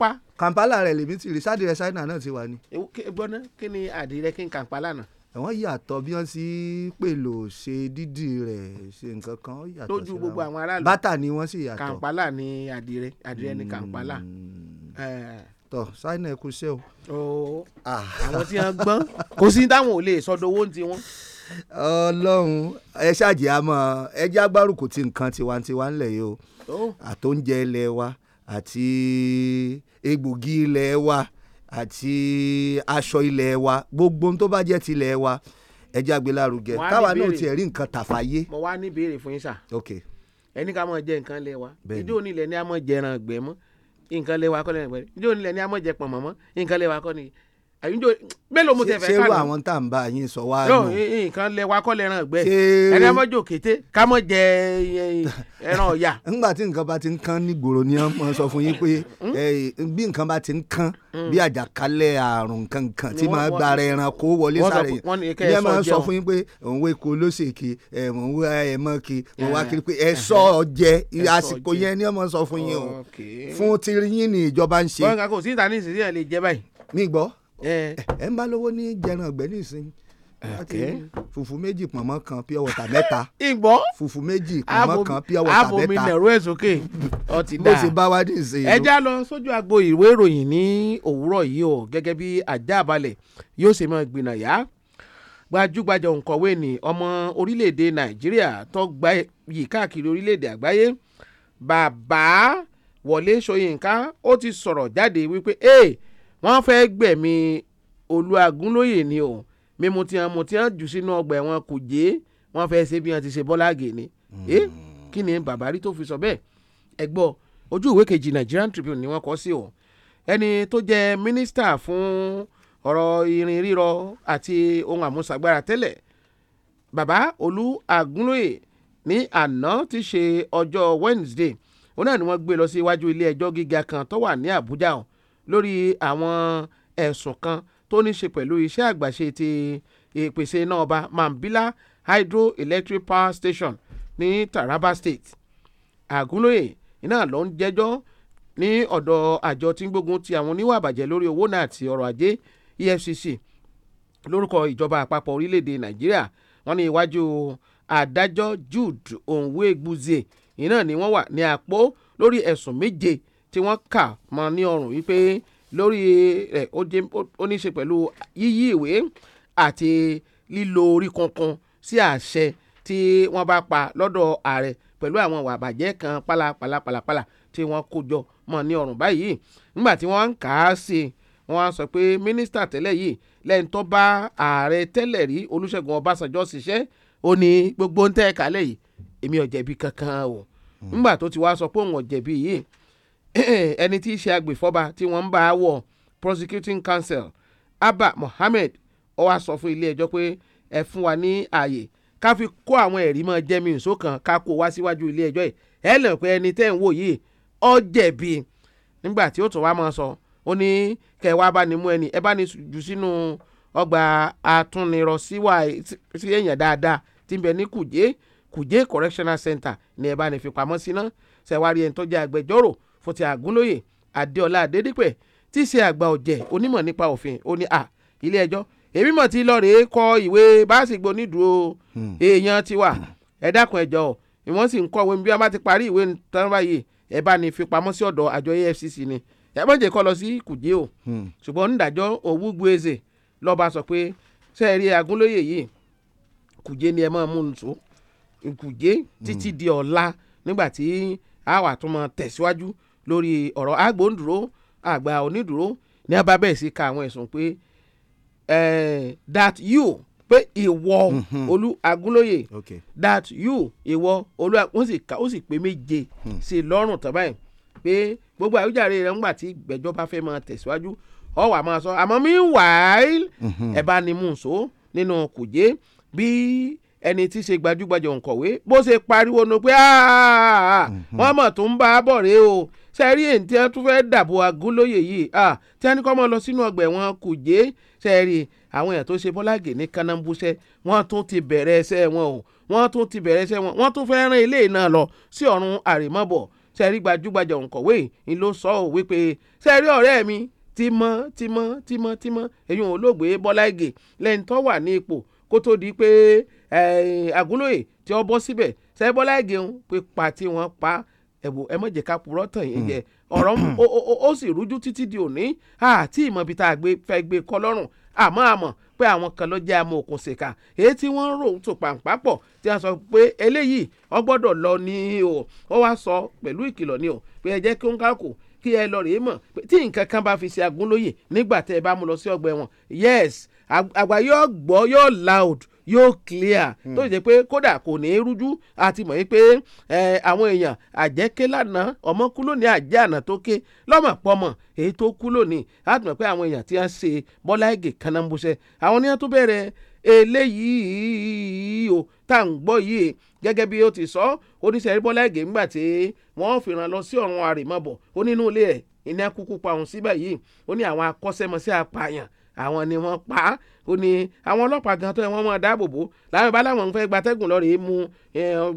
pa kàǹpálà rẹ̀ lèmi ti rí sádìrẹ ṣáínà náà ti wà ní. gbọ́ná kí ni àdìrẹ kí n kàǹpálà náà. ẹ̀wọ̀n yàtọ̀ bí wọ́n sì pèlò ṣe dídì rẹ̀ ṣe nǹkan kan ó yàtọ̀ síra lójú gbogbo àwọn aráàlú bàtà ni wọ́n sì yàtọ̀. kàǹpálà ni àdìrẹ àdìrẹ ni hmm. kàǹpálà. tọ ṣáínà ẹ kú iṣẹ́ o. Oh. Ah. àwọn tí wọ́n gbọ́n kò sí táwọn ò lè sọdọ̀ owó ti wọn ọlọ́run ẹ ṣáàjì àmọ́ ẹ jẹ́ agbárùkù ti nǹkan tiwantiwa ńlẹ̀ yìí o oh. àtòúnjẹ ilẹ̀ wa àti egbògi ilẹ̀ wa àti aṣọ ilẹ̀ wa gbogbo ohun tó bá jẹ́ ti ilẹ̀ wa ẹja gbélárugẹ káwa náà tiẹ̀ rí nǹkan tàfàyé. mo wá ní ìbéèrè fún yín sà. ok. ẹni ká mọ̀ jẹ́ nǹkan lẹ̀ wa ìjọ onílẹ̀ ni a mọ̀ jẹran gbẹ̀ mọ́ nǹkan lẹ̀ wa kọ́ lẹ́nu gbẹ̀rẹ̀ ìjọ onílẹ̀ ni a mọ̀ jẹ pọ̀nmọ́ mọ́ nǹkan lẹ̀ wa kọ́ ni ẹ̀yin jò mélòó mo tẹ fẹ́ kánú. ṣé àwọn tá à ń bá yín sọ wá nù. nǹkan lẹ wa kọ́ lẹ́ran ọ̀gbẹ́ ẹni a mọ̀ jò kété ká mọ̀ jẹ ẹran ọ̀yà. ńgbà tí nǹkan bá ti ń kán nígboro ni wọ́n sọ fún yín pé hmm? bí nǹkan bá ti ń kán hmm. bí àjàkálẹ̀ àrùn kankan tí máa gba ara ẹran kó wọlé sáré yẹn ni ẹ máa sọ fún yín pé òun wé ko lóṣèké òun wé ẹ mọ́ kí òun wá eh, kiri pé ẹ eh, sọ ọ eh, jẹ àsìkò yẹn ni ẹ máa sọ fún yín o fún tìrìyìn ni ìjọba ń ṣe. wọn kò sí ìtàn ní lè jẹ báyìí. mi gbọ́ ẹ ń bá lówó ní jẹran ọ̀gbẹ́ nísìnyí fùfú méjì pọ̀nmọ́ kan pure water mẹ́ta ìgbọ́ fùfú méjì pọ̀nmọ́ kan pure water mẹ́ta abomi nẹ̀rọ ẹ̀ sókè ọtí dáa bó ṣe bá wá dé ṣe yìí. ẹ já lọ sójú agbo ìwé ìròyìn ní òwúrọ̀ yìí o gẹ́gẹ́ bí àjàbalẹ̀ yóò ṣe máa gbìnà yá gbajúgbajà òǹkọ̀wé ni ọmọ orílẹ̀-èdè nàìjíríà tó gba yìí káàkiri orílẹ̀ àgbáyé bàbá Wọlé Ṣóyínká ó ti sọ̀rọ̀ jáde wípé ee hey, wọ́n fẹ́ gbẹ̀mí Olúagúnlóyè ni o mímu tí wọ́n mu tí wọ́n jù sínú ọgbà ẹ̀wọ̀n kò jẹ́ wọ́n fẹ́ ṣe bí wọ́n ti ṣe Bọ́lá Ìgè ni ẹ hmm. eh, kí ni bàbá rí tó fi sọ bẹ́ẹ̀ ẹ gbọ́ ojú ìwé kejì Nigerian Tribune ni wọ́n kọ sí o ẹni tó jẹ́ mínísítà fún ọ̀rọ̀ irin rírọ àti ohun àmúṣagbára tẹ́lẹ̀ bàbá Olúagúnlóyè ní àná ti ṣe ọjọ́ Wednesday òun náà ni wọ́n gbé lọ sí iwájú ilé ẹjọ́ gíga kan tó wà ní Àbújá o lórí àwọn ẹ̀sùn kan tó ní ṣe pẹ̀lú iṣẹ́ àgbàṣe ti ìpèsè iná ọba Mambila Hydroelectric Power Station ní Taraba State Àgúnlóye iná ló ń jẹ́jọ́ ní ọ̀dọ̀ àjọ tí ń gbógun ti àwọn oníwà àbàjẹ́ lórí owó náà àti ọrọ̀ ajé EFCC lórúkọ ìjọba àpapọ̀ orílẹ̀-èdè Nàìjíríà wọ́n ní iwájú adájọ́ Jude Onwegbuze iná ni wọ́n wà ní àpò lórí ẹ̀sùn méje tí wọ́n kà mọ́ ní ọrùn wípé lórí rẹ̀ ó ní í ṣe pẹ̀lú yíyí ìwé àti lílo orí kankan sí àṣẹ tí wọ́n bá pa lọ́dọ̀ ààrẹ pẹ̀lú àwọn ìwà àbàjẹ́ kan pálapàlapàlapàla tí wọ́n kó jọ mọ́ ní ọrùn báyìí nígbà tí wọ́n ń kà á sí i wọ́n á sọ pé mínísítà tẹ́lẹ̀ yìí lẹ́yìn tó bá ààrẹ tẹ́lẹ̀ rí Olúṣẹ́gun Ọbásanjọ́ ṣiṣẹ́ ó ní gbogbo ń tẹ́ ẹ̀ka lẹ́yìn èmi ò kankan o hmm. nígbà tó ti wá sọ pé òun ò yìí ẹni tí í ṣe agbèfọ́ba tí wọ́n ń bá a wọ̀ prosecuting counsel abba mohammed ó wá sọ fún ilé ẹjọ́ pé ẹ fún wa ní ààyè ká fi kó àwọn ẹ̀rí mọ́ jẹ́mi ìṣó kan ká kó wá síwájú ilé ẹjọ́ yìí ẹ lè pé ẹni tẹ́ ń wò yìí ó jẹ̀bi nígbà tí ó tún wá máa sọ ó ní kẹ́ wá bá ní mú ẹni ẹ bá ní jù sínú ọgbà atúnirọ̀síwà sí èèyàn dáadáa tí ń bẹ ní kùjé kùjé correctional center ní ẹ bá ní fi pamọ́ síná ṣẹ̀wárí ẹni tó jẹ́ agbẹjọ́rò fún ti àgúnlóyè adéọlá adédípẹ̀ tí í ṣe àgbà ọ̀jẹ̀ onímọ̀ nípa òfin ó ní à ilé ẹjọ́ èmi mọ̀ tí lọ rèé kọ ìwé báàsìgbò onídùúró hmm. èèyàn ti wà hmm. ẹ dákun ẹjọ́ ìwọ́n sì ń kọ́ ìwé bí wọ́n bá ti parí ìwé tán báyìí ẹ bá ní fi pamọ́ sí ọ̀dọ̀ àjọ EFCC ni ẹ mọ̀ jẹ́ kọ́ lọ sí kùjé o hmm. ṣùgbọ́n onídàájọ́ òwú gbèsè lọ́ba sọ pé ṣe agúnlóye yìí kùjé ni ẹ máa mú un tó kùjé títí di ọ̀la nígbà tí a tẹ̀síwájú lórí ọ̀rọ̀ agbóhùndúró àgbà onídùúró ní a bá bẹ̀rẹ̀ sí ka àwọn ẹ̀sùn pé that you pé ìwọ mhm. olú agúnlóye that you ìwọ olú wọ́n sì ká ó sì pé méje hmm. sí i lọ́rùn tán báyìí pé gbogbo àwíjàre rẹ̀ ńgbà tí ìgbẹ́jọ́ bá fẹ́ máa tẹ̀síwájú ọ wà máa sọ àmọ́ meanwhile mhm. ẹ̀ bá ní mùsùn nínú kùjé bí ẹni tí ṣe gbajúgbajà òǹkọ̀wé bó ṣe pariwo nu pé wọ́n mọ̀ tó ń bá a bọ̀ rèé o sẹ́ẹ̀rí èyí tí wọ́n tún fẹ́ dàbò agúnlóye yìí tí wọ́n ní kọ́ mọ́ lọ sínú ọgbà ẹ̀wọ̀n kùjé sẹ́ẹ̀rí àwọn èèyàn tó ṣe Bọ́lá Ìgè ní kanambuṣẹ́ wọ́n tún ti bẹ̀rẹ̀ ẹsẹ̀ wọn o wọ́n tún ti bẹ̀rẹ̀ ẹsẹ̀ wọn wọ́n tún fẹ́ rán ilé náà lọ sí ọ̀run àrèmọ́bọ̀ sẹ́ẹ̀rí gbajúgbajà òǹkọ̀wé ni ló sọ ọ́ wípé sẹ́ẹ̀rí ọ̀rẹ́ mi tímọ́ tímọ́ tímọ́ tímọ́ èyí òun olóògbé Bọ́lá Ìgè lẹ́yìn tó wà ní ipò kó tó di pé Àgúnlóyè tí ó bọ́ síbẹ̀ sẹ́ẹ̀rí Bọ́lá Ìgè ń pè pa tí pa ẹ wò ẹ mọ̀jẹ̀ ká purọ́ tàn yín hmm. jẹ ọ̀rọ̀ ó sì rújú títí di òní àti ìmọ̀bi tá a fẹ́ gbé kọ́ lọ́rùn àmọ́ àmọ́ pé àwọn kan ló jẹ́ amọ̀ òkun ṣèkà èyí tí wọ́n ń rò tó pàǹpá pọ̀ tí a sọ pé eléyìí ó gbọ́dọ̀ lọ ni o ó wá sọ pẹ̀lú ìkìlọ̀ ni o pé ẹ jẹ́ kí ó ń kákò kí ẹ lọ rèé mọ̀ tí nǹkan kan bá fi ṣe agúnlóyè nígbà tẹ́ ẹ bá mú lọ sí ọgbà ẹ̀wọ̀n yes àgbà yóò gbọ́ yóò loud yóò clear hmm. tó jẹ́ pé kódà kò ní rújú àti mọ̀ pé àwọn èèyàn àjẹké lánàá ọmọ kú lónìí àjẹ́ àná tó ké lọ́mọ̀ pọ́mọ̀ èyí tó kú lónìí láti mọ̀ pé àwọn èèyàn ti ń ṣe bọ́lá ẹ̀gẹ̀ kanambuṣẹ́ àwọn ni wọ́n tó bẹ̀rẹ̀ eléyìí o tá à ń gbọ́ yìí gẹ́gẹ́ bí ó ti sọ oníṣẹ́rí bọ́lá ẹ̀gẹ̀ ńgbà tí wọ́n fìràn lọ sí ọ̀run àrèmabọ̀ ó ilé ẹ̀ ìní pa òun síbẹ̀ yìí ó ní àwọn akọ́ṣẹ́mọṣẹ́ apààyàn àwọn ni wọ́n pa á ó ní àwọn ọlọ́pàá gan tó yẹ wọ́n mọ̀ dáàbò bò láwọn bá láwọn fẹ́ gbatẹ́gùn lọ rèé mu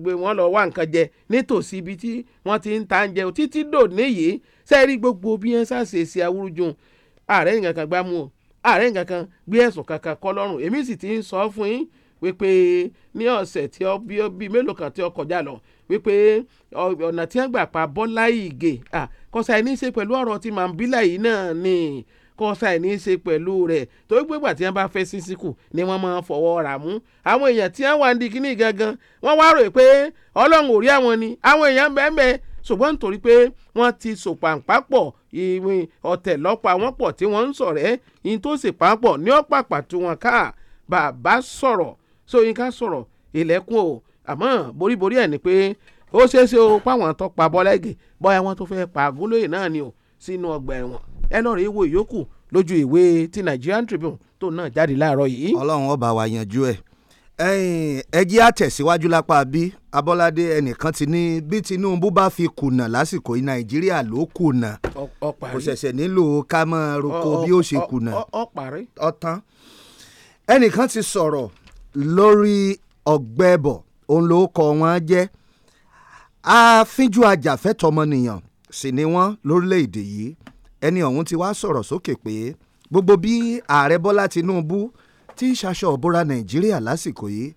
gbé wọn lọ wá nǹkan jẹ nítòsí ibi tí wọ́n ti ń ta ń jẹ títí dò níyì sẹ́ẹ̀rí gbogbo bí wọ́n ṣàṣèṣe awúrúju ààrẹ nǹkan kan gbá mu o ààrẹ nǹkan kan gbé ẹ̀sùn kankan kọ́ lọ́rùn èmi sì ti ń sọ fún yín wípé ní ọ̀sẹ̀ tí ó bí mélòó kan tí ó kọjá lọ wípé ọ̀nà tí wọ́n gbà pa Bọ́lá kọ́sà ẹ̀ ní í ṣe pẹ̀lú rẹ̀ torí pé ìgbà tí bá fẹ́ sísí kù ni wọ́n máa ń fọwọ́ rà mú àwọn èèyàn tí wọ́n wà ń di kíní gangan wọ́n wá rò pé ọlọ́run ò rí àwọn ni àwọn èèyàn bẹ́ẹ̀ ṣùgbọ́n nítorí pé wọ́n ti sòpàǹpà pọ̀ ìwìn ọ̀tẹ̀ lọ́pọ̀ àwọn pọ̀ tí wọ́n ń sọ̀rẹ́ yìí tó sì pàápọ̀ ní ọ̀pàpà tí wọ́n ká bàbá sọ̀rọ̀ Ṣóyínká sọ̀rọ̀ ilẹ̀kùn o àmọ́ boríborí ẹ̀ ni pé ó ṣeé ṣe o páwọn tó pa Bọ́lá Ìgè bóyá wọ́n tó fẹ́ pa Agúnlóyè náà ni o sínú ọgbà ẹ̀wọ̀n ẹ lọ́ọ́ rẹ̀ wo ìyókù lójú ìwé ti Nigerian Tribune tó náà jáde láàárọ̀ yìí. Ọlọ́run ọba wa yanjú ẹ̀ ẹjẹ́ àtẹ̀síwájú lápá bí Abọ́ládé ẹnìkan ti ní bí Tinubu bá fi kùnà lásìkò yìí Nàìjíríà ló kùnà kò ṣẹ̀ṣẹ̀ nílò ká máa roko bí ó ṣe kùnà ọ̀tán ẹnìkan ti sọ̀rọ̀ lórí ọ̀gbẹ́bọ̀ òun ló kọ wọ́n jẹ́ àfínjú ajàfẹ́tọ̀ọ́mọnìyàn sì ni wọ́n lórílẹ̀‐èdè yìí ẹni ọ̀hún ti wá sọ̀rọ̀ sókè pé gbogbo bí ààrẹ bọ́lá tinubu ti ń ṣaṣọ ọ̀bọ̀ra nàìjíríà lásìkò yìí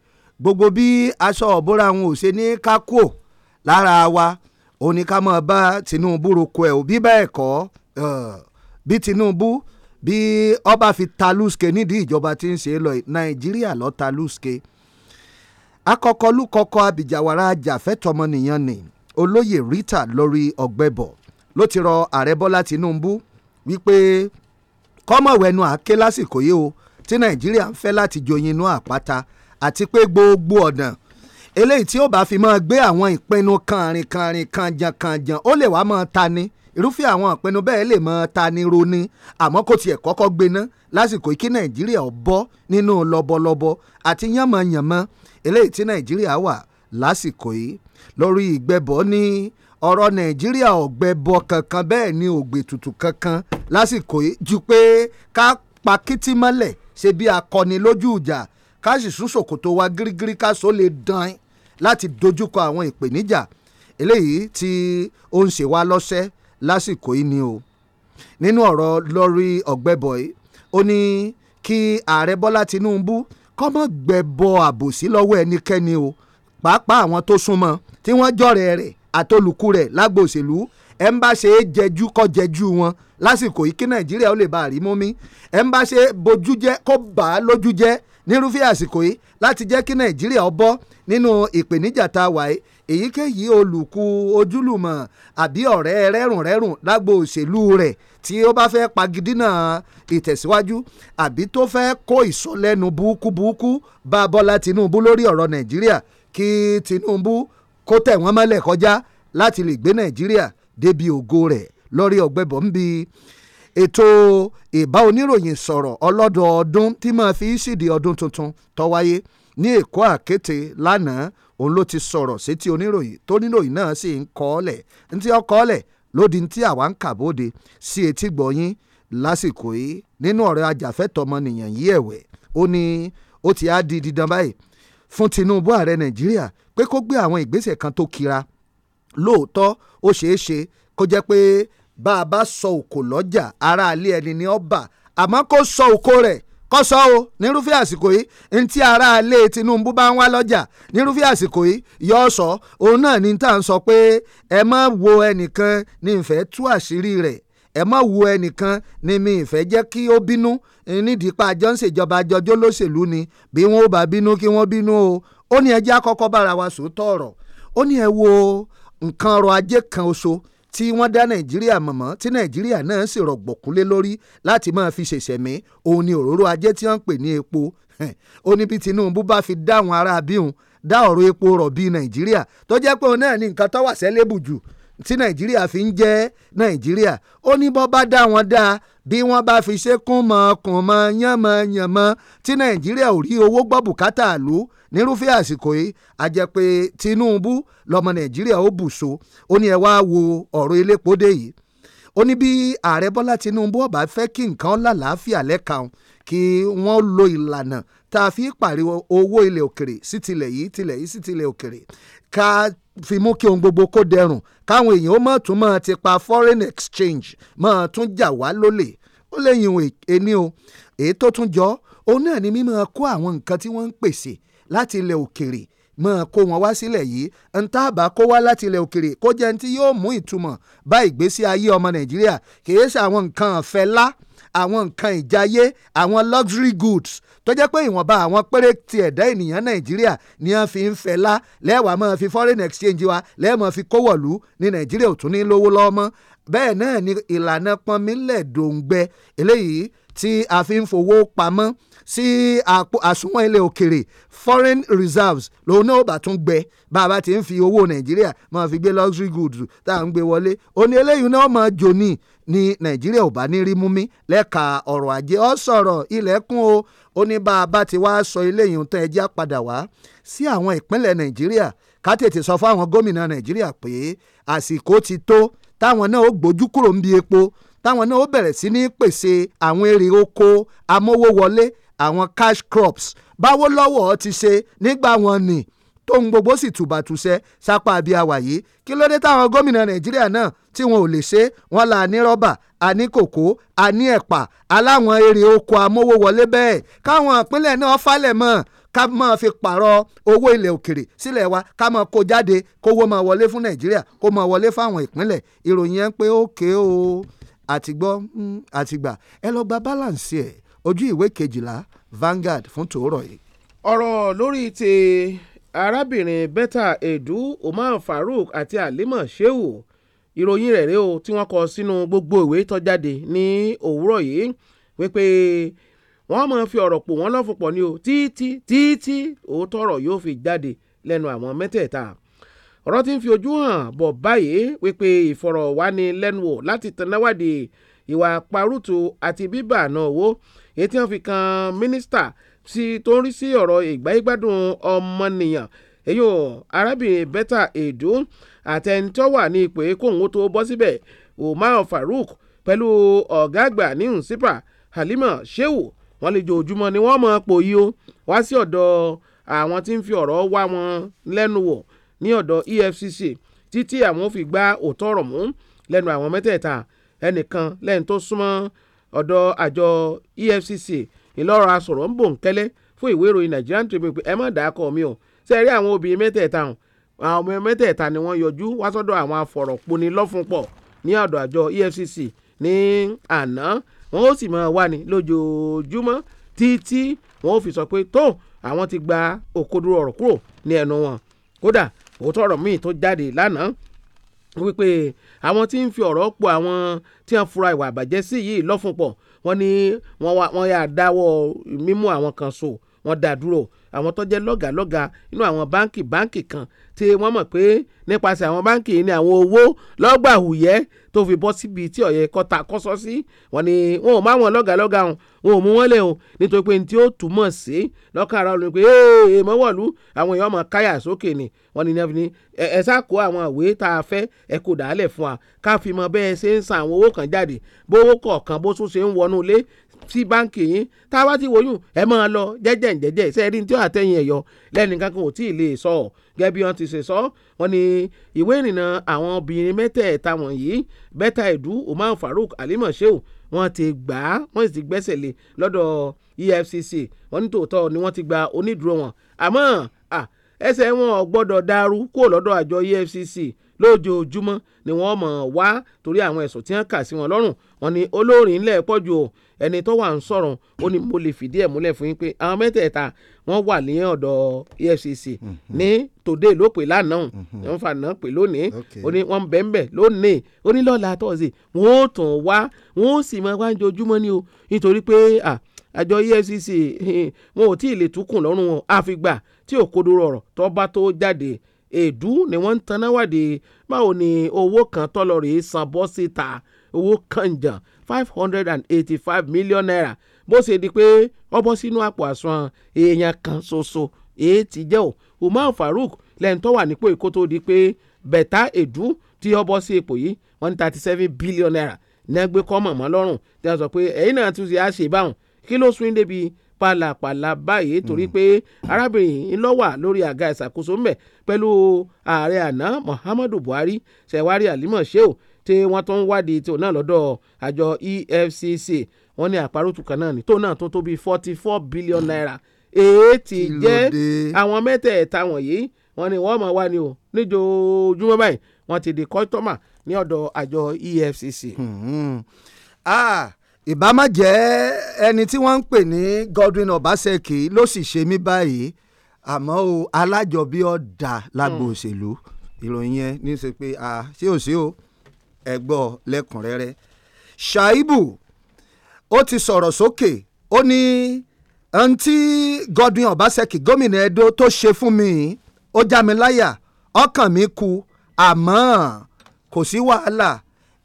gbogbo bí aṣọ ọ̀bọ̀ra wọn ò ṣe ní kákò lára wa ó ní ká máa bá tinubu roko ẹ̀ ò bí bẹ́ẹ̀ kọ́ bí tinubu bí ọba fi ta lùsùkè nídìí ìjọba tí ń ṣe lọ nàìjíríà lọ ta lùsùkè akọkọlùkọkọ abìjàwara ajàfẹ́tọ̀ọmọnìyàn ni olóyè Rita lórí ọgbẹ́bọ̀ ló ti rọ ààrẹ bọ́lá tinúbú wípé kọ́mọ̀wẹ́nu àáké lásìkò yìí o tí nàìjíríà ń fẹ́ láti joyin inú àpáta àti pé gbogbo ọ̀nà eléyìí tí ó bá fi máa gbé àwọn ìpinnu kànrin kànrin kànjàn kànjàn ó lè wá máa ta ni irúfẹ́ àwọn ìpinnu bẹ́ẹ̀ lè máa ta ni roni àmọ́ kò tiẹ̀ kọ́kọ́ gbená lásìkò kí nàìjíríà ó bọ́ nínú lọ́bọ̀lọ́bọ̀ àti yànmọ̀yànmọ̀ eléyìí tí nàìjíríà wà lásìkò yìí lórí ìgbẹ́bọ̀ ní ọ̀rọ̀ nàìjíríà ọ̀gbẹ́ bọ kankan bẹ́ẹ̀ ni ògbè tutù kankan lásìkò yìí ju pé ká pa kìtì mọ́lẹ̀ ṣe bí akọni lójú ìjà ká sì sún ṣòkòtò wa gírígírí ká so lè dán láti dojúkọ àwọn ìpèníjà eléyìí tí ó ń ṣe wá lọ́sẹ̀ lásìkò yìí ni o nínú ọ̀rọ̀ lórí ọ̀gbẹ́bọ̀ yìí ó ní kí ààrẹ bọ́lá tinubu kọ́mọ́ gbẹ̀bọ àbòsí lọ́wọ́ ẹnikẹ́ni o pàápàá àwọn tó súnmọ́ tí wọ́n jọ̀rẹ̀ rẹ̀ àtolùkù rẹ̀ lágbo òṣèlú ẹ̀ ń bá ṣe é jẹjú kọ́ jẹjú wọn lásìkò yìí kí nàìjíríà ó lè bá àrí mú mi ẹ̀ ń bá ṣe é bojú jẹ́ kó bà á lójú jẹ́ nírúfẹ́ àsìkò yìí láti jẹ́ kí nàìjíríà ó bọ́ nínú ìpèníjà tá a wà yìí èyíkéyìí olùkù ojúlùmọ̀ àbí ọ̀rẹ́ rẹ́rùnrẹ́rùn lágbo òṣèlú rẹ̀ tí ó bá fẹ́ pagidínà ìtẹ̀síwájú àbí tó fẹ́ kó ìsọlẹ́nu burúkú bá Bọ́lá Tinubu lórí ọ̀rọ̀ Nàìjíríà kí Tinubu kó tẹ̀ wọ́n mọ́lẹ̀ kọjá láti lè gbé nàìjíríà débi ògo rẹ̀ lórí ọ̀gbẹ́bọ̀ ń bi ètò ìbá oníròyìn sọ̀rọ̀ ọlọ́dọọdún tí máa fi ṣídìí ọdún tuntun tó wáyé ní èkó àkété lánàá òun ló ti sọ̀rọ̀ sétí oníròyìn tó níròyìn náà sì ń kọ́ ọ́ lẹ̀ ntí ó kọ́ ọ́ lẹ̀ lódi ntí àwa ń kà bóde sí etí gbọ̀nyìn lásìkò yìí nínú ọ̀rẹ́ ajàfẹ́tọ̀ọ́ ọmọnìyàn yìí ẹ̀wẹ̀ ó ní ó ti á di dídán báyìí fún Tinubu ààrẹ Nàìjíríà pé kó gbé àwọn ìgbésẹ̀ kan tó kira lóòótọ́ ó ṣeé ṣe kó jẹ́ pé bá a bá sọ òkò lọ́jà aráalé ẹni ní ọba àmọ́ kó sọ òkò rẹ̀ kó sọ o nírúfẹ́ àsìkò yìí ntí aráalé Tinubu bá ń wá lọ́jà nírúfẹ́ àsìkò yìí yọ sọ òun náà ní tá à ń sọ pé ẹ má wo ẹnìkan ní ìfẹ́ tú àṣírí rẹ̀ ẹ má wo ẹnìkan ni mi ìfẹ́ jẹ́ kí ó bínú nídìí pa àjọ ń ṣèjọba àjọjọ́ lóṣèlú ni bí wọ́n ó bá bínú kí wọ́n bínú o ó ní ẹjẹ́ àkọ́kọ́ bára wa sòótọ́ ọ̀rọ̀ ó ní ẹ wo nǹkan ọrọ̀ ajé kan oṣo tí wọ́n dá nàìjíríà mọ̀mọ́ tí nàìjíríà náà sì rọ̀gbọ̀kúnlé lórí láti máa fi ṣèṣẹ̀mí òun ni òróró ajé tí wọ́n ń pè ní epo ó ní bí Tinubu bá fi dáhùn ara bíhùn dá ọ̀rọ̀ epo rọ̀bì nàìjíríà tó jẹ́ pé òun náà ní nǹkan tó wà sẹ́lẹ̀bù jù tí nàìjíríà fi ń jẹ́ nàìjíríà ó ní bọ́ bá dá wọn dá bí wọ́n bá fi ṣe kún mọ́ kùn mọ́ yánmọ́ yánmọ́ tí nàìjíríà ò rí owó gbọ́ bùkátà lù nírúfẹ́ àsìkò yìí a Tinubu lọ́mọ nàìjíríà ó bùṣọ ó ní ẹ wá wo ọ̀rọ̀ elépo dé yìí ó ní bí ààrẹ bọ́lá tinubu ọba fẹ́ kí nǹkan lálàáfíà lẹ́ka òun kí wọ́n lo ìlànà tá a fi pariwo owó ilẹ̀ òkèrè sí tilẹ̀ yìí tilẹ̀ yìí sí tilẹ̀ òkèrè ká fi mú kí ohun gbogbo kó dẹrùn káwọn èèyàn ó mọ̀ tún mọ̀ ti pa foreign exchange mọ̀ tún jà wá lólè ó lẹ́yìn ẹni o èyí tó tún jọ òun náà ni mímọ́ kó àwọn nǹkan tí wọ́n ń pèsè láti ilẹ̀ òkèrè máa kó wọn wá sílẹ̀ yìí ń tá àbá kó wá láti ilẹ̀ òkèrè kó jẹ́ ní tí yóò mú ìtumọ̀ bá ìgbésí ayé ọmọ nàìjíríà kìí ṣe àwọn nǹkan ọ̀fẹ́lá àwọn nǹkan ìjayé àwọn luxury goods tó jẹ́ pé ìwọ̀nba àwọn péré ti ẹ̀dá ènìyàn nàìjíríà ni wọ́n fi ń fẹ́lá lẹ́wàá máa fi foreign exchange wa lẹ́ẹ̀mọ́ fi kówọ̀lú ní nàìjíríà ò tún ní lówó lọ́wọ́ bẹ́ẹ̀ náà ni ìlànà pọnmílẹ̀ dòǹgbẹ eléyìí tí a fi ń fowó pamọ́ sí àpò àsùnwọ̀n ilẹ̀ òkèrè foreign reserves lòun náà bá tún gbẹ bá a bá ti ń fi owó nàìjíríà máa fi gbé luxury goods tá à ń gbé wọlé òní eléyìí náà máa jò ní ní nàìjíríà ò bá ní rí mú mi lẹ́ka ọ̀rọ̀ ajé ọ sọ̀rọ̀ ilẹ̀kùn o ó ní bá a bá ti wá sọ eléyìí tán ẹjẹ́ padà wá sí àwọn ìpínlẹ̀ nàìjíríà ká tètè sọ fún àwọn gómìnà nàìjíríà pé àsìkò ti tó táwọn náà ó gbójú kúrò ń bi epo táwọn náà ó bẹ̀rẹ̀ sí ní pèsè àwọn èrè oko amówó àwọn cash crops báwo lọ́wọ́ ti ṣe nígbà wọn ni tóun gbogbo sì tùbàtùṣẹ́ sápá àbí àwàyé kí ló dé táwọn gómìnà nàìjíríà náà tí wọn ò lè ṣe wọn là ní rọ́bà àní kòkó àní ẹ̀pà aláwọn èrè oko amówówọlé bẹ́ẹ̀ káwọn ìpínlẹ̀ náà falẹ̀ mọ́ ká máa fi pààrọ̀ owó ilẹ̀ òkèrè sílẹ̀ wa ká máa kó jáde kówó máa wọlé fún nàìjíríà kó máa wọlé fáwọn ìpínlẹ̀ ìròyìn yẹn ń pé ókè o àtìgbọ́ mm, àtìgbà ẹ lọ gba balance ẹ̀ ojú ìwé kejìlá Vanguard fún tòórọ̀ yìí. ọ̀rọ̀ lórí ti arábìnrin Betta Edu Umar Farouk àti alima Shehu ìròyìn rẹ̀ rèé o tí wọ́n kọ sínú gbogbo ìwé tó jáde ní òwúrọ̀ yìí wípé wọ́n máa fi ọ̀rọ̀ pò wọ́n lọ́fọ̀pọ̀ ni o títí títí òótọ́ ọ̀rọ̀ yóò fi jáde lẹ́nu àwọn mẹ́tẹ̀ẹ̀ta ọ̀rọ̀ tí ń fi ojú hàn bọ̀ báyìí wípé ìfọ̀rọ̀wánilẹ́nuwò láti tanáwádìí ìwà parùtù àti bíbà náà wò èyí tí wọ́n fi kan mínísítà sí tó ń rí sí ọ̀rọ̀ ìgbáyégbádùn ọmọnìyàn èyí ò arábìnrin bẹ́tà èdò àtẹnitọ́ wà ní ipò kóhùn ó tó bọ́ síbẹ̀ Umar Farouk pẹ̀lú ọ̀gá àgbà ní nsípà Halima Shehu wọ́n lè jòjúmọ́ ni wọ́n mọ̀ ọ́ pò yìí ó wá sí ọ̀dọ̀ àwọn tí ń fi ọ̀rọ̀ wá wọn lẹ́nu wò ní ọ̀dọ̀ EFCC títí àwọn ò fi gba òótọ́ ọ̀rọ̀ mú lẹ́nu àwọn mẹ́tẹ̀ẹ̀ta ẹnìkan lẹ́yìn tó súnmọ́ ọ̀dọ̀ àjọ EFCC ńlọrọ̀ asọ̀rọ̀ ń bò ń kẹ́lẹ́ fún ìwé ìròyìn Nigerian Tribune pé ẹ má dàá kọ mi o sẹ́ẹ̀rí àwọn obìnrin mẹ́tẹ̀ẹ̀ta hàn àwọn ọmọ mẹ́tẹ̀ẹ̀ta ni wọ́n yọjú wá sọ́dọ̀ àwọn afọ̀rọ̀poni lọ́fúnpọ̀ ní ọ̀dọ̀ àjọ EFCC ní àná wọn ó sì máa wà ní lójoojúmọ́ títí wọn ó fi sọ pé tó àwọn ti gba òkodoro ọ̀rọ̀ kúrò ní ẹnu wọn kódà òótọ́ ọ̀rọ̀ míì tó jáde lánàá wípé àwọn tí ń fi ọ̀rọ̀ pọ̀ àwọn tí wọ́n fura ìwà àbàjẹ́ sí yìí lọ́fun pọ̀ wọ́n ní wọ́n yà dáwọ́ mímú àwọn kan so wọ́n dá dúró àwọn tó jẹ́ lọ́gàlọ́gà nínú àwọn báǹkì báǹkì kan tí wọ́n mọ̀ pé nípasẹ̀ àwọn báǹkì yìí ni àwọn owó lọ́gbà hùyẹ́ tó fi bọ́ síbi tí ọ̀yẹ́ kọta kọ́sọ́ sí wọ́n ní wọn ò má wọn lọ́gàlọ́gà hàn wọn ò mú wọn lẹ̀ hàn nítorí pé ní tí ó túmọ̀ sí lọ́kàn ara olùkọ́ ee mọ́wọ́lú àwọn èèyàn ọmọ káyà sókè ni wọ́n ní ní ẹ sá àwọn ìwé tá a fẹ́ ẹ kò dàálẹ̀ fún wa ká fi mọ bẹ́ẹ̀ ṣe ń san àwọn owó kan jáde bó owó kọ̀ọ̀kan bó tún ṣe ń wọnú ilé sí báǹkì yín tá a bá ti wòyún ẹ máa lọ jẹ́jẹ́ jẹ́jẹ́ sẹ́ẹ̀rí tí ó àtẹ̀yìn ẹ̀yọ lẹ́nìkan kan ò tí ì lè sọ ọ́ gẹ́gẹ́ bí wọ́n ti ṣe sọ wọ́n ní ìwé ìrìnnà àwọn obìnrin mẹ́tẹ̀ẹ̀ta wọ̀nyí Betta Edu Umar Farouk Halima Sheu wọ́n ti gbà á wọ́n sì ti gbẹ́sẹ̀ lé lọ́dọ̀ EFCC wọ́n ní tòótọ́ ni wọ́n ti gba onídùúró wọn àmọ́ ẹsẹ̀ wọn ò dàrú kúrò lọ́dọ̀ àjọ EFCC lójoojúmọ́ ni wọ́n mọ̀ wá torí àwọn ẹ̀sùn tí wọ́n kà sí wọn lọ́rùn wọn ni olórin ńlẹ̀ pọ̀jù o ẹni tó wà ń sọ̀rọ̀ ó ní mo lè fìdí ẹ̀ múlẹ̀ fún yín pé àwọn mẹ́tẹ̀ẹ̀ta wọ́n wà ní ọ̀dọ̀ EFCC mhm. ní tòde ló pè lánàá mhm. wọ́n fà náà pè lónìí ó ní wọ́n bẹ̀ ń lónìí ó ní lọ́la tọ́sí wọ́n ó tàn wá wọ́n ó sì máa wá jojúmọ́ ni o nítorí pé àjọ EFCC wọn ò tí ì lè túkùn lọ́rùn wọn àfìgbà tí òkodoro ọ̀rọ̀ tó bá tó jáde èdú ni wọ́n ń taná báwo ni owó kan tọ́lọ̀ rèé san bọ́ síta owó kànjàn five hundred and eighty-five million naira bó ṣe di pé ó bọ́ sínú àpò àsùnwọ̀n èèyàn kan ṣoṣo èyí tí jẹ́ ò Umar Farouk lẹ́yìn tó wà nípò èkó tó di pé bẹ̀tà èdú tí ó sí ipò yìí one thirty seven billion naira ní ẹgbẹ́ kọ́mọ̀ mọ́ lọ́rùn tí wọ́n sọ pé ẹ̀yin náà tún ti á ṣe báwọn kí ló sún débi pàlàpàlà báyìí torí hmm. pé arábìnrin ńlọ́wà lórí àga ìṣàkóso ńbẹ̀ pẹ̀lú ààrẹ àná Muhammadu Buhari ṣẹ̀wárí àlímọ̀ ṣe tí wọ́n tún ń wádìí tí òun náà lọ́dọ̀ àjọ EFCC wọ́n ní àparùtù kan náà ní tó náà tó tó forty four billion naira èyí tí jẹ́ àwọn mẹ́tẹ̀ẹ̀ta wọ̀nyí wọ́n ní wọ́n mọ̀ wá ni o níjojúmọ́ báyìí wọ́n ti di kọ́tọ́mà ní ọ̀dọ̀ àjọ EFCC. Ah, ìbámá jẹ́ ẹni tí wọ́n ń pè ní Godwin Obaseki ló sì ṣe mí báyìí àmọ́ o alájọbí ọ̀dà lágbo hmm. òṣèlú ìròyìn yẹn ní í ṣe pé ah, ṣé ò sí o. Mm ẹ gbọ́ lẹ́kùnrẹ́rẹ́ Shaibu ó ti sọ̀rọ̀ sókè ó ní àǹtí Godwin Obaseki gómìnà Edo tó ṣe fún mi ó já mi láyà ọkàn mi kú àmọ́ kò sí wàhálà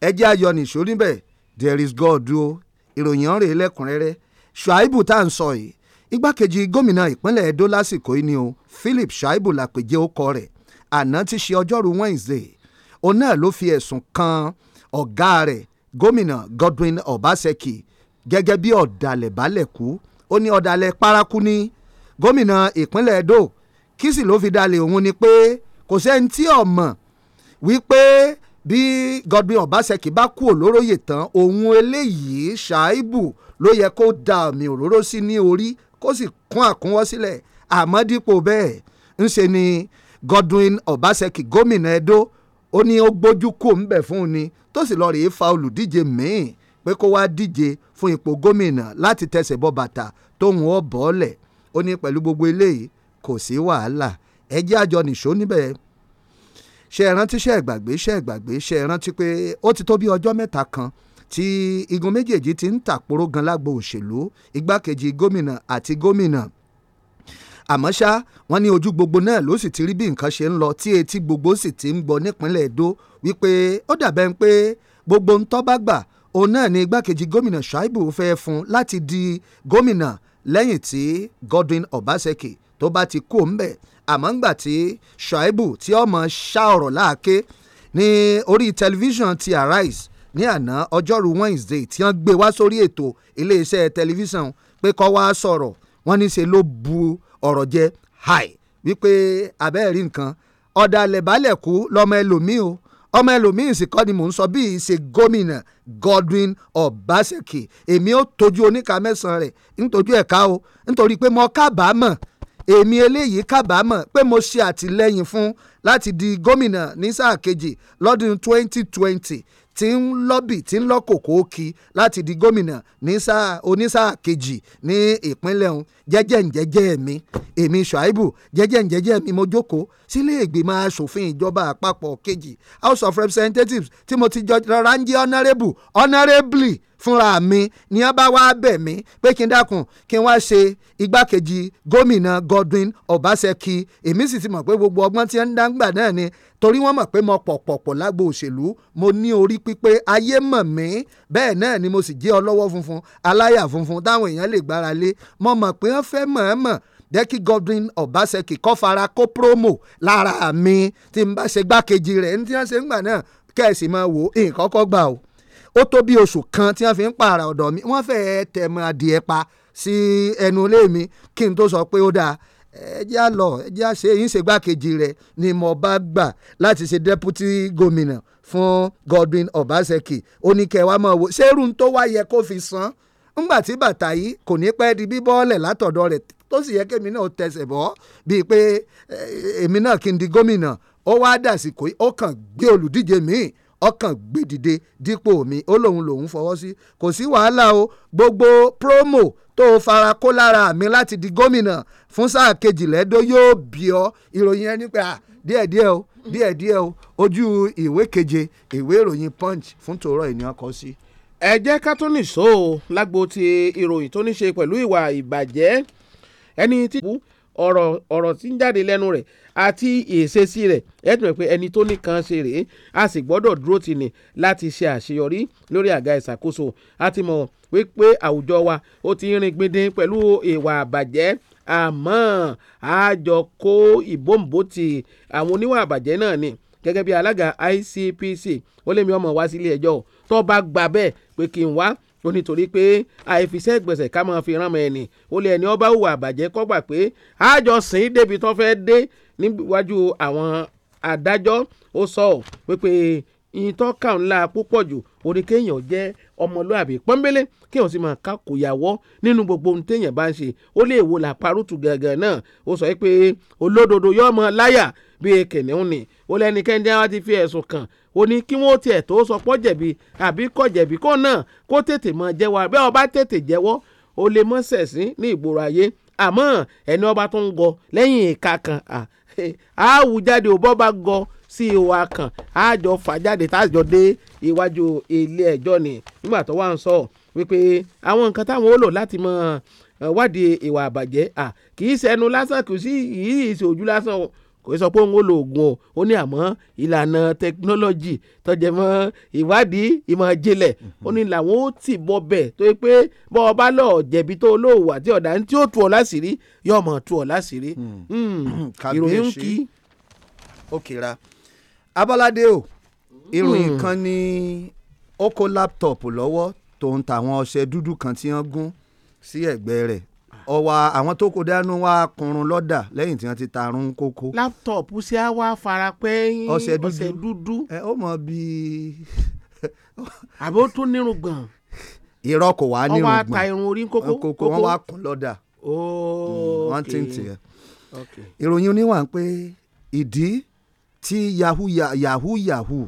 ẹ ayọ̀ nìṣó níbẹ̀ there is God o ìròyìn ọ̀rẹ́ lẹ́kùnrẹ́rẹ́ Shaibu tá à ń sọ yìí igbákejì gómìnà ìpínlẹ̀ Edo lásìkò yìí ni o Philip Shaibu làpèjẹ́ ó kọ rẹ̀ àná ti ṣe ọjọ́rú Wednesday òun náà ló fi ẹ̀sùn kan ọ̀gá rẹ̀ gómìnà Godwin Obaseki gẹ́gẹ́ bí ọ̀dàlẹ̀ bálẹ̀kú ó ní ọ̀dàlẹ̀ paraku ní gómìnà ìpínlẹ̀ Edo kí sì ló fi dalẹ̀ òun ni pé kò sẹ́ni tí ò mọ̀ wípé bí Godwin Obaseki bá kú olóróyè tán òun eléyìí Ṣáíbù ló yẹ kó da àmì òróró sí ní orí kó sì kún àkúnwọ́ sílẹ̀ àmọ́ dípò bẹ́ẹ̀ ńṣe ni Godwin Obaseki gómìnà Edo ó ní ó gbójú kò ń bẹ̀ fún un ni tó sì lọ rèé fa olùdíje míì pé kó wá díje fún ipò gómìnà láti tẹsẹ̀ bọ́ bàtà tóun ó bọ́ọ̀lẹ̀ ó ní pẹ̀lú gbogbo eléyìí kò sí wàhálà ẹjẹ́ àjọ nìṣó níbẹ̀ ṣe é ṣe é ṣe é ṣe é pé ó ti tó bí ọjọ́ mẹ́ta kan tí igun méjèèjì ti ń tàpóró gan lágbo òṣèlú igbákejì gómìnà àti gómìnà àmọ́ ṣá wọ́n ní ojú gbogbo náà ló sì ti rí bí nǹkan ṣe ń lọ tí etí gbogbo sì ti ń gbọ́ nípínlẹ̀ Èdó wípé ó dàbẹ́ ń pé gbogbo ń tọ́ bá gbà òun náà ni igbákejì gómìnà Ṣáìbù fẹ́ fún láti di gómìnà lẹ́yìn tí Godwin Obaseki tó bá ti kú ń bẹ̀ àmọ́ ńgbà tí Ṣáìbù tí ọmọ ṣá ọ̀rọ̀ láàké ní orí tẹlifíṣàn ti Arise ní àná ọjọ́rú Wednesday tí wọ́n gbé wá sórí ètò iléeṣẹ́ tẹlifíṣàn pé kó wá sọ̀rọ̀ wọ́n ní ṣe ló bu ọ̀rọ̀ jẹ hi wípé abẹ́ẹ̀ rí nǹkan ọ̀dàlẹ̀ balẹ̀ kú lọ́mọ ẹlòmíì o ọmọ ẹlòmíì sì kọ́ ni mò ń sọ bíi ṣe gómìnà Godwin Obaseki èmi ó tọ́jú oníka mẹ́sàn-án rẹ̀ nítorí ẹ̀ka o nítorí pé mo kábàámọ̀ èmi eléyìí kábàámọ̀ pé mo ṣe àtìlẹ́yìn fún láti di gómìnà ní sáà kejì lọ́dún 2020 tí ń lọ́bì tí ń lọ́kòkò kí láti di gómìnà ní sáà onísáà kejì ní ìpínlẹ̀ ọ̀hún jẹ́jẹ́ ǹjẹ́jẹ́ mi èmi Ṣùáìbù jẹ́jẹ́ ǹjẹ́jẹ́ mi mo jókòó sílé ìgbìmọ̀ asòfin ìjọba àpapọ̀ kejì House of Representatives tí mo ti jọ rọra ń jẹ́ honourable honourably fúnra mi ni wọ́n bá wá bẹ̀ mí pé kí n dákun kí n wá ṣe igbákejì gómìnà Godwin Obaseki èmi sì ti mọ̀ pé gbogbo ọgbọ́n tí ń dáńgbà náà ni torí wọ́n mọ̀ pé mo pọ̀pọ̀pọ̀ lágbo òṣèlú mo ní orí pípé ayé mọ̀ mí bẹ́ẹ̀ náà ni mo sì jẹ́ ọlọ́wọ́ funfun aláyà funfun táwọn èèyàn lè gbára lé mo mọ̀ pé wọ́n fẹ́ mọ̀ọ́mọ̀ jẹ́ kí Godwin Obaseki kọ́ fara kó promo lára mi tí n bá ṣe gbákejì rẹ̀ ní tí wọ́n ṣe ń gbà náà kẹ́ẹ̀sì máa wò nǹkan kọ́ gbà o ó tó bí oṣù kan tí wọ́n fi ń pààrà ọ̀dọ̀ mi wọ́n fẹ́ẹ́ tẹ̀ mọ́ adìẹ pa sí ẹnu ilé mi kí n tó sọ pé ó dáa ẹjẹ́ á lọ ẹjẹ́ á ṣe èyí ṣègbàkejì rẹ̀ ni mo bá gbà láti ṣe deputy gómìnà fún Godwin Obaseki ó ní kẹwàá mọ̀ wò ṣérù tó wá yẹ kó fi san ńgbà tí bàtà yìí kò ní pẹ́ di bíbọ́ọ̀lẹ̀ látọ̀dọ̀ rẹ̀ tó sì yẹ kémi náà tẹsẹ̀ bọ́ bíi pé èmi náà kí n di gómìnà ó wá dàsìkò ó kàn gbé olùdíje míì ọkàn gbèdìde dípò mi ó lóun lòun fọwọ́ sí kò sí wàhálà o gbogbo promo tó o fara kó lára mi láti di gómìnà fún sáà kejìlélẹ́dọ́ yóò bí ọ ìròyìn ẹni pé à díẹ̀díẹ̀ o díẹ̀díẹ̀ o ojú ìwé keje ìwé ìròyìn punch fún tòrọ ènìyàn kọ sí. ẹ jẹ́ ká tó nìṣó lágbo ti ìròyìn tó ní ṣe pẹ̀lú ìwà ìbàjẹ́ ẹni tí ọ̀rọ̀ ọ̀rọ̀ tí ń jáde lẹ́nu rẹ̀ àti ìṣesí rẹ̀ ẹ tún mọ̀ pé ẹni tó nìkan ṣe rèé a sì gbọ́dọ̀ dúró tì ní láti ṣe àṣeyọrí lórí àga ìṣàkóso a ti mọ̀ wípé àwùjọ wa ó ti ń rin gbindin pẹ̀lú ìwà àbàjẹ́ àmọ́ àjọ kó ìbòǹbò ti àwọn oníwà àbàjẹ́ náà ni gẹ́gẹ́ bí alága ICPC ó lé mi ọmọ wá sílé ẹjọ́ tó bá gbà bẹ́ẹ̀ pé kí n wá ó nítorí pé àìfiṣẹ́ gbèsè ká máa fi ránmọ ẹni ó lé ẹni ọba hùwà àbàjẹ́ kọ́gbà pé àjọ sìn débi tó fẹ́ dé níwájú àwọn adájọ́ ó sọ ọ́ pípé ìtọ́ka ńlá púpọ̀ jù orí kéèyàn jẹ́ ọmọlúàbí pọ́nbélé kéèyàn sì máa ká kò yàwọ́ nínú gbogbo ohun téèyàn bá ń ṣe ó lè wo làpárùtù gàngàn náà ó sọ pé olódodo yóò mọ láyà bíi kìnìún ni ó lẹ́nikẹ́ni tí wọ́n ti fi ẹ̀sùn kàn o ní kí wọ́n tiẹ̀ tó sọ pọ́ jẹ̀bi àbí kò jẹ̀bi kó náà kó tètè mọ̀ jẹ́wọ́ àbẹ́ ọba tètè jẹ́wọ́ ó lè mọ́ sẹ̀sín ní ìgboro ayé àmọ́ ẹni ọba tó ń gọ lẹ́yìn ìka kan àáwù jáde ò bọ́ bá gọ sí ìwà kan àjọ fàjáde tájọ dé iwájú ilé ẹjọ́ ni nígbà tó wà ń sọ wípé àwọn nǹkan táwọn ó lò láti mọ wádìí ìwà àbàjẹ́ kì í ṣẹnu lásán kì í sí ìyí ìṣòjú lásán o kò sọ pé òun ò lo oògùn o ó ní àmọ́ ìlànà tẹkinọ́lọ́jì tọ́jẹ́ mọ́ ìwádìí ìmọ̀ jinlẹ̀ ó ní làwọn ó tì bọ́bẹ̀ tó yẹ pé bọ́ ọba lọ jẹ̀bi tó olóòwò àti ọ̀dà tí ó tu ọ̀ láṣìírí yóò mọ̀ tu ọ̀ láṣìírí. Hmm. ìròyìn ń kí. ó kira abọ́ládé o ìròyìn hmm. kan ní ó kó láptọ̀pù lọ́wọ́ tó ń ta àwọn ọṣẹ dúdú kan tí wọ́n gún sí ẹ̀gbẹ́ rẹ̀ ọwà àwọn tó kó dánú wa kùnrùn lọ́dà lẹ́yìn tí wọ́n ti tarun kókó. láptọ̀pù ṣé a wá fara pé ọṣẹ dúdú. ẹ ó mọ bí. àbí ó tún nírun gbọ̀n. irọ́ kò wá nírun gbọ̀n ọwọ́ ata irun orí kókó. kókó wọ́n wá kùn lọ́dà. wọ́n ti ń tiẹ̀. ìròyìn oníwà ń pé ìdí tí yahoo yahoo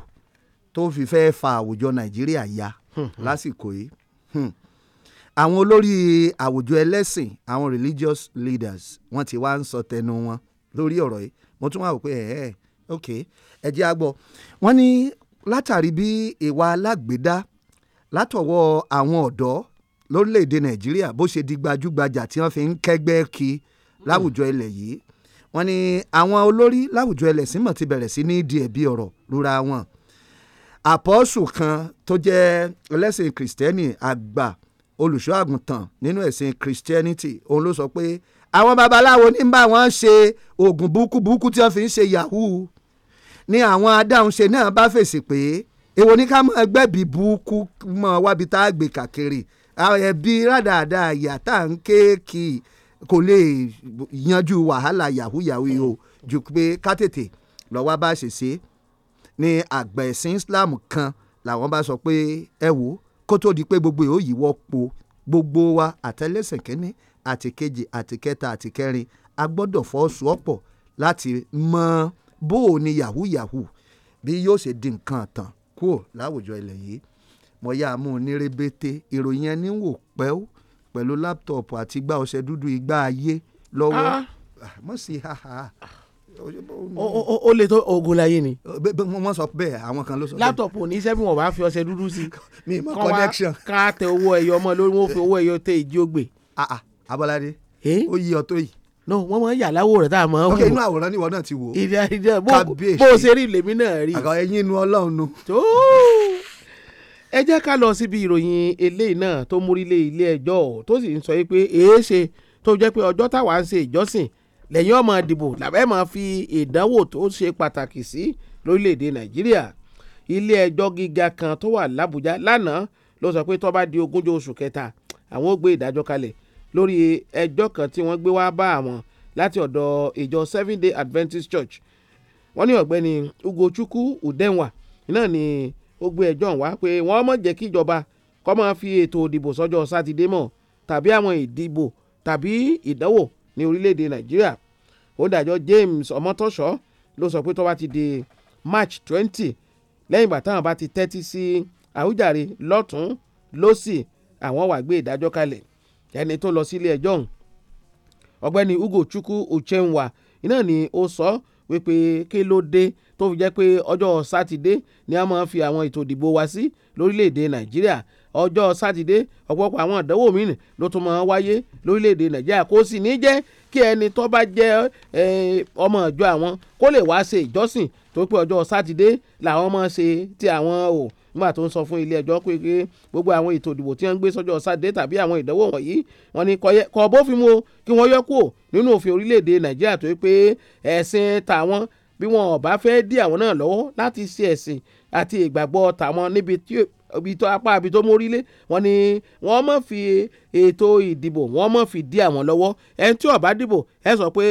tó fi fẹ́ fa àwùjọ nàìjíríà ya hmm, hmm. lásìkò yìí àwọn olórí àwùjọ ẹlẹ́sìn àwọn religious leaders wọ́n ti wá ń sọ tẹnu wọn lórí ọ̀rọ̀ yìí mo tún wá wò pé ẹ̀ ẹ́ ok ẹ jẹ́ àgbọ̀ wọ́n ní látàrí bí ìwà alágbèédá látọ̀wọ́ àwọn ọ̀dọ́ lórílẹ̀‐èdè nàìjíríà bó ṣe di gbajúgbajà tí wọ́n fi ń kẹ́gbẹ́ kí láwùjọ ilẹ̀ yìí wọ́n ní àwọn olórí láwùjọ ẹlẹ́sìn mọ̀ ti bẹ̀rẹ̀ sí ní di ẹ̀bi ọ̀rọ̀ rúra wọn àpọ́sù kan tó jẹ́ ẹlẹ́sìn kìrìsìtẹ́nì àgbà olùṣọ́ àgùntàn nínú ẹ̀sìn Christianity òun ló sọ pé àwọn babaláwo ní bá wọn ṣe oògùn burúkú tí wọ́n fi ń ṣe yahoo ni àwọn adáhunṣe náà bá fèsì pé èwo ní ká mọ ẹgbẹ́bí burúkú mọ wábi tá a gbé kàkiri ẹbí rádàdà àyà tá à ń kéèkì kò lè yanjú wàhálà yahoo yahoo yìí o ju pé ká tètè lọ́wọ́ bá ṣe ṣe ní àgbà ẹ̀sìn Islam kan làwọn bá sọ pé ẹ wò ó kó tó di pé gbogbo yòó yìí wọ́pọ̀ gbogbo wa àtẹlẹsẹ̀ kínní àti kejì àti kẹta àti kẹrin a gbọ́dọ̀ fọ́ọ̀sù ọ̀pọ̀ láti mọ bó o ní yahoo yahoo bí yóò ṣe di nǹkan àtàn kúrò láwùjọ ilẹ̀ yìí mo yá a mú un ní rébété ìròyìn ẹni wò pẹ́ ó pẹ̀lú láptọ̀pù àti igbá ọṣẹ dúdú igbá ayé lọ́wọ́ ah. ah, mọ̀ sí ha ha o lè tó oògùn láyé ni. wọ́n sọ bẹ́ẹ̀ àwọn kan ló sọ bẹ́ẹ̀. látọ̀pù ní sẹ́bùn ọ̀bá fi ọṣẹ dúdú sí. mi mọ connection. ká tẹ owó ẹyọ ọmọ lórí wọn fi owó ẹyọ tẹ ìdí ògbè. Ah, ah, abalade ó yí ọtọ yìí. no wọ́n máa ń yà láwò rẹ̀ tá a máa ń wò. ok inú àwòrán ni ìwọ náà ti wò. ìdí àdìjẹ bó o ṣe rí lèmi náà rí. àgọ́ ẹyin inú ọlọ́run nu. tó ẹ jẹ́ ká lọ síbi ìròyìn eléyìí náà tó múrílé ilé ẹjọ́ tó sì ń sọ yìí lẹ́yìn ọmọ ìdìbò làbẹ́ máa fi ìdánwò tó ṣe pàtàkì sí lórílẹ̀‐èdè nàìjíríà ilé ẹjọ́ gíga kan tó wà làbújá lánàá ló sọ pé tó di ogúnjọ́ oṣù kẹta àwọn ó gbé ìdájọ́ kalẹ̀ lórí ẹjọ́ kan tí wọ́n gbé wá bá àwọn láti ọ̀dọ̀ ìjọ seven day adventist church wọ́n ní ọ̀gbẹ́ni ugochukwu udenwa náà ni ó gbé ẹjọ́ wá pé wọ́n mọ̀ jẹ́ kí ìjọba kó máa fi ètò ìdìbò sọ́jọ́ sátidé mọ́ tàbí àwọn ìdìbò tàbí ìdánwò ní orílẹ̀-èdè nàìjíríà onídàájọ́ James ọmọtọ́ṣọ́ ló sọ pé tó bá ti di March twenty lẹ́yìn ìgbà táwọn bá ti tẹ́tí sí àwíjàre lọ́tún lọ́sì àwọn wàá gbé ìdájọ́ kalẹ̀ ẹni tó lọ sílé ẹjọ́ ọ̀hún ọ̀gbẹ́ni Ugo Chukwu Uchenwa iná ni ó sọ wípé kí ló dé tó fi jẹ́ pé ọjọ́ sátidé ni a máa fi àwọn ètò ìdìbò wa sí lórílẹ̀‐èdè Nàìjíríà ọjọ́ sátidé ọ̀pọ̀pọ̀ àwọn ìdánwò mìíràn ló tún máa ń wáyé lórílẹ̀‐èdè nàìjíríà kò sì ní jẹ́ kí ẹni tó bá jẹ́ ọmọ ìjọ àwọn kó lè wá ṣe ìjọsìn tó pé ọjọ́ sátidé làwọn máa ṣe ti àwọn o nígbà tó ń sọ fún ilé ẹjọ́ pé gbogbo àwọn ètò ìdìbò tí wọ́n ń gbé sọ́jọ́ sátidé tàbí àwọn ìdánwò wọ̀nyí wọ́n ní kọ́ bófin mu kí wọ́n yọ kúrò nínú òfin orílẹ̀-èdè nàìjíríà tó pé ẹ̀sìn tàwọn bí wọn ò bá fẹ́ dí àwọn náà lọ́wọ́ láti ṣe ẹ̀sìn àti ìgbàgbọ́ tàwọn níbi ibi apá ibi tó mórí lé wọ́n ní wọ́n mọ̀ fi ètò ìdìbò wọ́n mọ̀ fi dí àwọn lọ́wọ́ ẹni tí ó bá dìbò ẹ sọ pé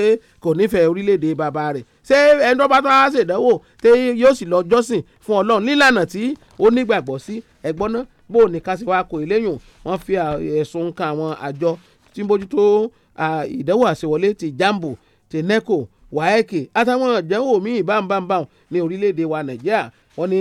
kò nífẹ̀ẹ́ orílẹ̀-èdè bàbá rẹ̀ ṣé ẹni tó bá tó á ṣèdánwò tí yóò sì lọ jọ́sìn fún ọlọ́run nílànà tí ó nígbàgbọ́ sí ẹ̀gbọ́n náà bó ní kásìwá kò eléyùn wọ́n fi ẹ̀sùn kan àwọn àjọ tí ń bójútó ìdánwò àṣewọlé ti jambo ti neco waec àtàwọn ìdánwò míì bámbámbám ní orílẹ̀-èdè wa nàìjíríà wọ́n ní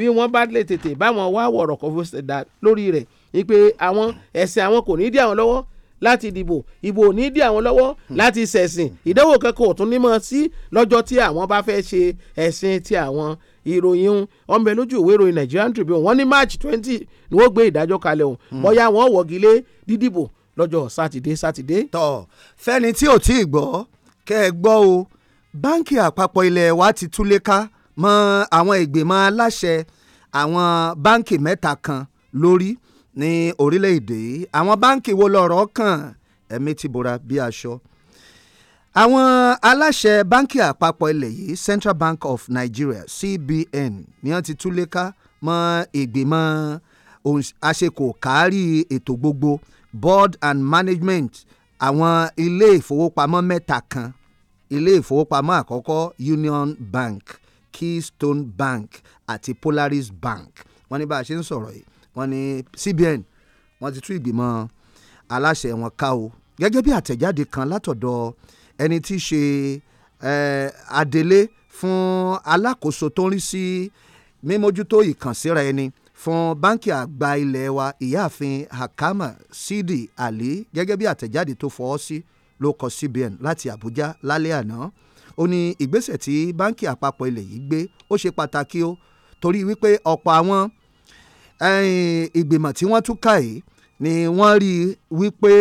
bí wọ́n bá lè tètè báwọn wá wọ̀rọ̀ kọfọsẹ dá lórí rẹ̀ ni pé àwọn ẹ̀sìn àwọn kò ní dí àwọn lọ́wọ́ láti dìbò ìbò ò ní dí àwọn lọ́wọ́ hmm. láti ṣẹ̀sìn ìdánwò kankan ò tún ní sí lọ́jọ́ tí àwọn bá fẹ́ ṣe ẹ̀sìn ti àwọn ìròyìn ọmọbẹ lójú ìwé ìròyìn Nigerian Tribune wọ́n ní March twenty ni wọ́n gbé ìdájọ́ kalẹ̀ ọ̀hún hmm. bóyá wọ́n wọ́gilé dídìbò lọ́jọ́ sátidé sátidé. tọ́ fẹ́ni tí ò tí ì gbọ́ kẹ́ ẹ gbọ́ o báńkì àpapọ̀ ilẹ̀ wa ti túlé ká mọ́ àwọn ìgbìmọ̀ aláṣẹ àwọn báǹkì mẹ́ta kan lórí ní orílẹ̀-èdè àwọn báǹkì wo lọ́rọ̀ kàn ẹ̀mí ti bora bí aṣọ. àwọn aláṣẹ báǹkì àpapọ̀ ilẹ̀ yìí Central Bank of Nigeria CBN ni wọ́n ti túlé ká mọ́ ìgbìmọ̀ àṣekò kárí ètò gbogbo board and management àwọn ilé ìfowópamọ́ mẹ́ta kan ilé ìfowópamọ́ àkọ́kọ́ Union Bank Keystone Bank àti Polaris Bank wọ́n ní bá a ṣe ń sọ̀rọ̀ yìí wọ́n ní CBN wọ́n ti tú ìgbìmọ̀ aláṣẹ wọn ká o gẹ́gẹ́ bí àtẹ̀jáde kan látọ̀dọ̀ ẹni tí í ṣe adelé fún alákòóso tó ń rí sí mímójútó ìkànsíra ẹni fún báńkì àgbà ilé wa ìyáàfin Hakama Sidi Ali gẹ́gẹ́ bí àtẹ̀jáde tó fọwọ́ sí ló kọ CBN láti Àbújá lálẹ́ àná. No? ó ní ìgbésẹ̀ tí báńkì àpapọ̀ ilẹ̀ yìí gbé ó ṣe pàtàkì ó torí wípé ọ̀pọ̀ àwọn ìgbìmọ̀ tí wọ́n tún kà yìí ni wọ́n rí wípé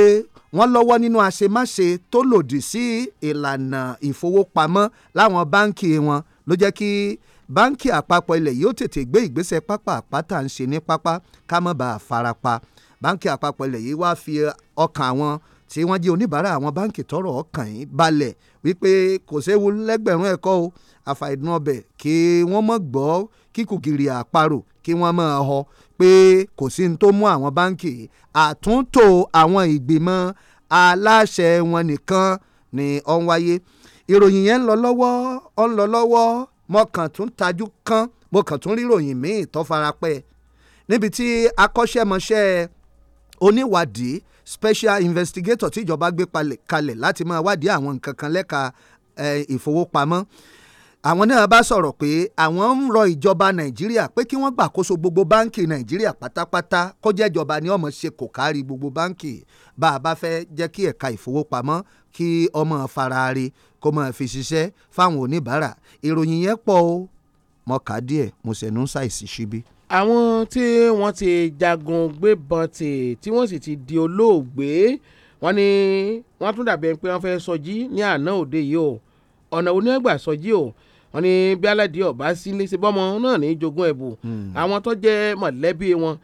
wọ́n lọ́wọ́ nínú àṣemáṣe tó lòdì sí ìlànà ìfowópamọ́ láwọn báńkì wọn ló jẹ́ kí báńkì àpapọ̀ ilẹ̀ yóò tètè gbé ìgbésẹ̀ pápá àpáta ń ṣe ní pápá ká má bàa farapa báńkì àpapọ̀ ilẹ̀ yìí wá fi ọkàn àwọn tí wọ́n jẹ́ oníbàárà àwọn báńkì tọ́rọ̀ ọkàn yìí balẹ̀ wípé kò séwu lẹ́gbẹ̀rún ẹ̀kọ́ o àfàìdùn ọbẹ̀ kí wọ́n mọ̀ gbọ́ kíkùkìrì àparò kí wọ́n mọ̀ ọ pé kò sí ní tó mú àwọn báǹkì àtúntò àwọn ìgbìmọ̀ aláṣẹ wọn nìkan ni ó ń wáyé ìròyìn yẹn ń lọ lọ́wọ́ ó ń lọ lọ́wọ́ mo kàn tún tajú kán mo kàn tún ríròyìn míì tó farapẹ́ níbi tí akọ́ṣẹ́mọṣẹ́ oníwádìí special investigator tí ìjọba gbé kalẹ̀ láti máa wádìí àwọn nǹkan kan lẹ́ka ìfowópamọ́ àwọn náà bá sọ̀rọ̀ pé àwọn ń rọ ìjọba nàìjíríà pé kí wọ́n gbàkóso gbogbo báǹkì nàìjíríà pátápátá kó jẹ́ ìjọba ni ọmọ ṣe kò kárí gbogbo báǹkì bá a bá fẹ́ jẹ́ kí ẹ̀ka ìfowópamọ́ kí ọmọ faraare kó máa fi ṣiṣẹ́ fáwọn oníbàárà ìròyìn yẹn pọ̀ o mọ̀ká díẹ̀ mo ṣẹ̀nu ṣàìsí síbí àwọn tí wọ́n ti jagun gbébọn tì tí wọ́n sì ti di olóògbé wọ́n ní wọ́n tún dàbí ẹni pé wọ́n fẹ́ sọjí ní àná òde yìí o ọ̀nà onígbà sọjí o wọ́n ní bí aládìí ọ̀bá sílé ṣe bọ́mọ náà ní jogún ẹ̀bù hmm. àwọn tó jẹ́ mọ̀lẹ́bí wọn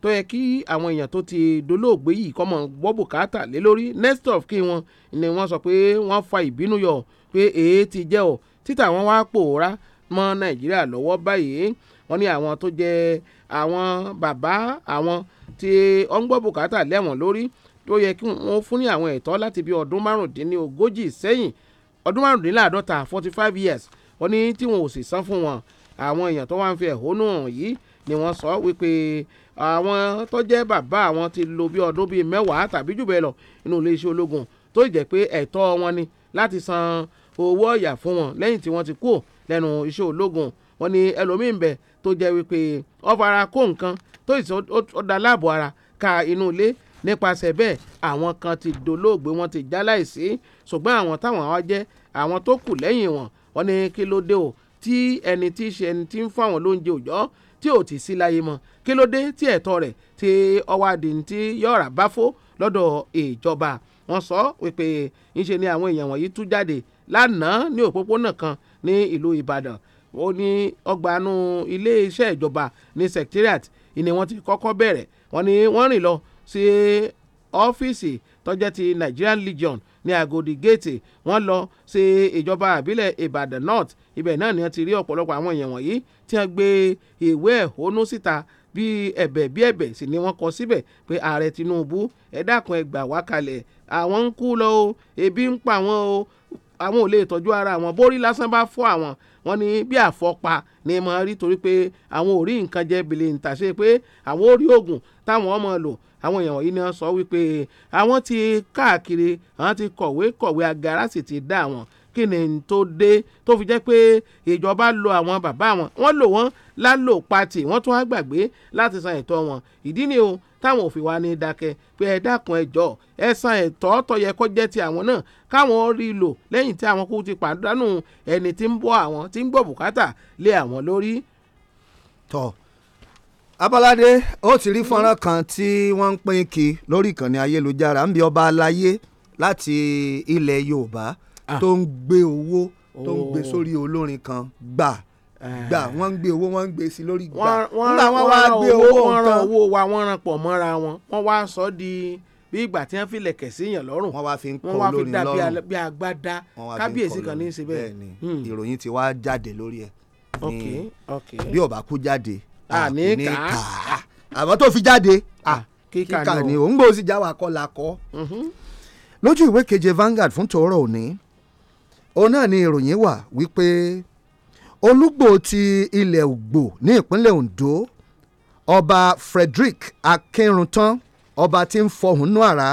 tó yẹ kí àwọn èèyàn tó ti dolóògbé yìí kọ́mọ gbọ́ bùkátà lé lórí next of kí wọn ni wọ́n sọ pé wọ́n fa ìbínú yọ pé èé ti jẹ́ o títà wọn wá pòórá mọ́ nàìjíríà lọ́wọ́ báyìí wọ́n ní àwọn tó jẹ́ àwọn bàbá àwọn tí ó ń gbọ́ bùkátà lẹ́wọ̀n lórí tó yẹ kí wọ́n fún ní àwọn ẹ̀tọ́ láti bí ọdún márùndínlógójì sẹ́yìn ọdún márùndínláàdọ́ta forty five years wọ́n ní tí wọn ò sì san fún wọn àwọn èèyàn tó wá ń fi ẹ̀hónú hàn yìí ni wọ́n sọ wípé àwọn tó jẹ́ bàbá àwọn ti lo bí ọdún bíi mẹ́wàá tàbí jù bẹ́ẹ̀ lọ inú iléeṣẹ́ ológun tó jẹ́ pé ẹ̀tọ́ wọn ni láti san owó ọ̀yà fún wọn lẹ́yìn tí wọ́n ti kú lẹ́nu iṣẹ́ ológun wọ́n ní ẹlòmíín bẹ́ẹ̀ tó jẹ́ wípé ọ̀fara kó nǹkan tó sì ọ̀dà láàbò ara ka inú ilé nípasẹ̀ bẹ́ẹ̀ àwọn kan ti dolóògbé wọn ti já láìsí ṣùgbọ́n àwọn táwọn wá jẹ́ àwọn tó kù lẹ́yìn wọn wọn ní kí ló dé o tí ẹni tí ṣe ẹni tí ń fún àwọn lóúnjẹ òjọ́ tí ò ti sí láyé mọ́ kí ló dé tí ẹ̀tọ́ rẹ̀ tí ọwọ́ adìní tí yọ̀ọ̀rà bá fó lọ́dọ̀ ìjọba wọn sọ wípé ńṣe ni àwọn èèyàn wọ̀nyí tú jáde lánàá ní òpópónà kan ní ìlú Ìbàdàn ó ní ọgbàánu iléeṣẹ́ ìjọba ní secretariat ni wọ́n ti kọ́kọ́ bẹ̀rẹ̀ wọ́n ní wọ́n rìn lọ sí ọ́fíìsì tọ́jẹ́ ti Nigerian Legion ní Agodi gate wọ́n lọ sí ìjọba àbílẹ̀ Ìbàdàn North ibẹ̀ náà ni wọ́n ti rí ọ̀pọ̀lọpọ̀ àwọn èèyàn wọ̀nyí tí wọ́n gbé ìwé ẹ̀hónú síta bí ẹ̀bẹ̀ bí ẹ̀bẹ̀ sì ni wọ́n kọ síbẹ̀ pé ààrẹ Tinubu ẹ dákun ẹ gbà wá kalẹ̀ àwọn ń kú lọ o ebi ń pa wọn o àwọn ò lè tọ́jú ara àwọn bórí lásán bá fọ́ àwọn wọn ni bí àfọ́pa ni mo rí torí pé àwọn ò rí nǹkan jẹ bìlẹ̀ ń tàṣe pé àwọn ò rí oògùn táwọn ọmọ lò àwọn èèyàn yìí ni wọ́n sọ wípé àwọn ti káàkiri àwọn ti kọ̀wé kọ̀wé agara sì ti dá àwọn kí ni tó dé tó fi jẹ́ pé ìjọba lo àwọn bàbá wọn wọ́n lò wọ́n lálòpatì wọ́n tún á gbàgbé láti san ẹ̀tọ́ wọn ìdí ni o táwọn òfin wa ní dákẹ́ pé ẹ dákun ẹjọ́ ẹ san ẹ̀tọ́ tó yẹ kó jẹ́ ti àwọn náà káwọn rí lò lẹ́yìn tí àwọn kò ti pàdánù ẹni tí ń bọ́ àwọn tí ń gbọ́ bùkátà lé àwọn lórí. tọ́ Abọ́ládé ó ti rí fọ́nrán kan tí wọ́n ń pín kí lórí ìkànnì ayélujára ń bí ọba aláyé láti ilẹ̀ Yorùbá ah. tó ń gbé owó tó ń gbé oh. sórí olórin kan gbà gbà wọ́n ń gbé owó wọ́n ń gbé sí lórí gbà nígbà wọ́n wá gbé owó wọn ran owó wa wọ́n ran pọ̀ mọ́ra wọn wọ́n wá sọ di bí ìgbà tí wọ́n fi lẹ̀kẹ̀ yàn lọ́rùn wọ́n wá fi ń kọ́ lórí lọ́rùn wọ́n wá fi dà bí agbádá kábíyèsí kan ní í ṣe bẹ́ẹ̀ ni hmm. ìròyìn ti wá jáde lórí ẹ̀ ni bí ọba kú jáde àní kà á àmọ́ tó fi jáde kíkà ni òun gbòó sì já wa kọ́ la kọ́ mm-hmm. lójú ìwé keje Vanguard fún tòórọ́ òní òun náà ni ìròyìn wà wípé olúgbò ti ilẹ̀ ògbò ní ìpínlẹ̀ Ondo ọba Frederick Akínruntan ọba tí ń fọhùn nú àrá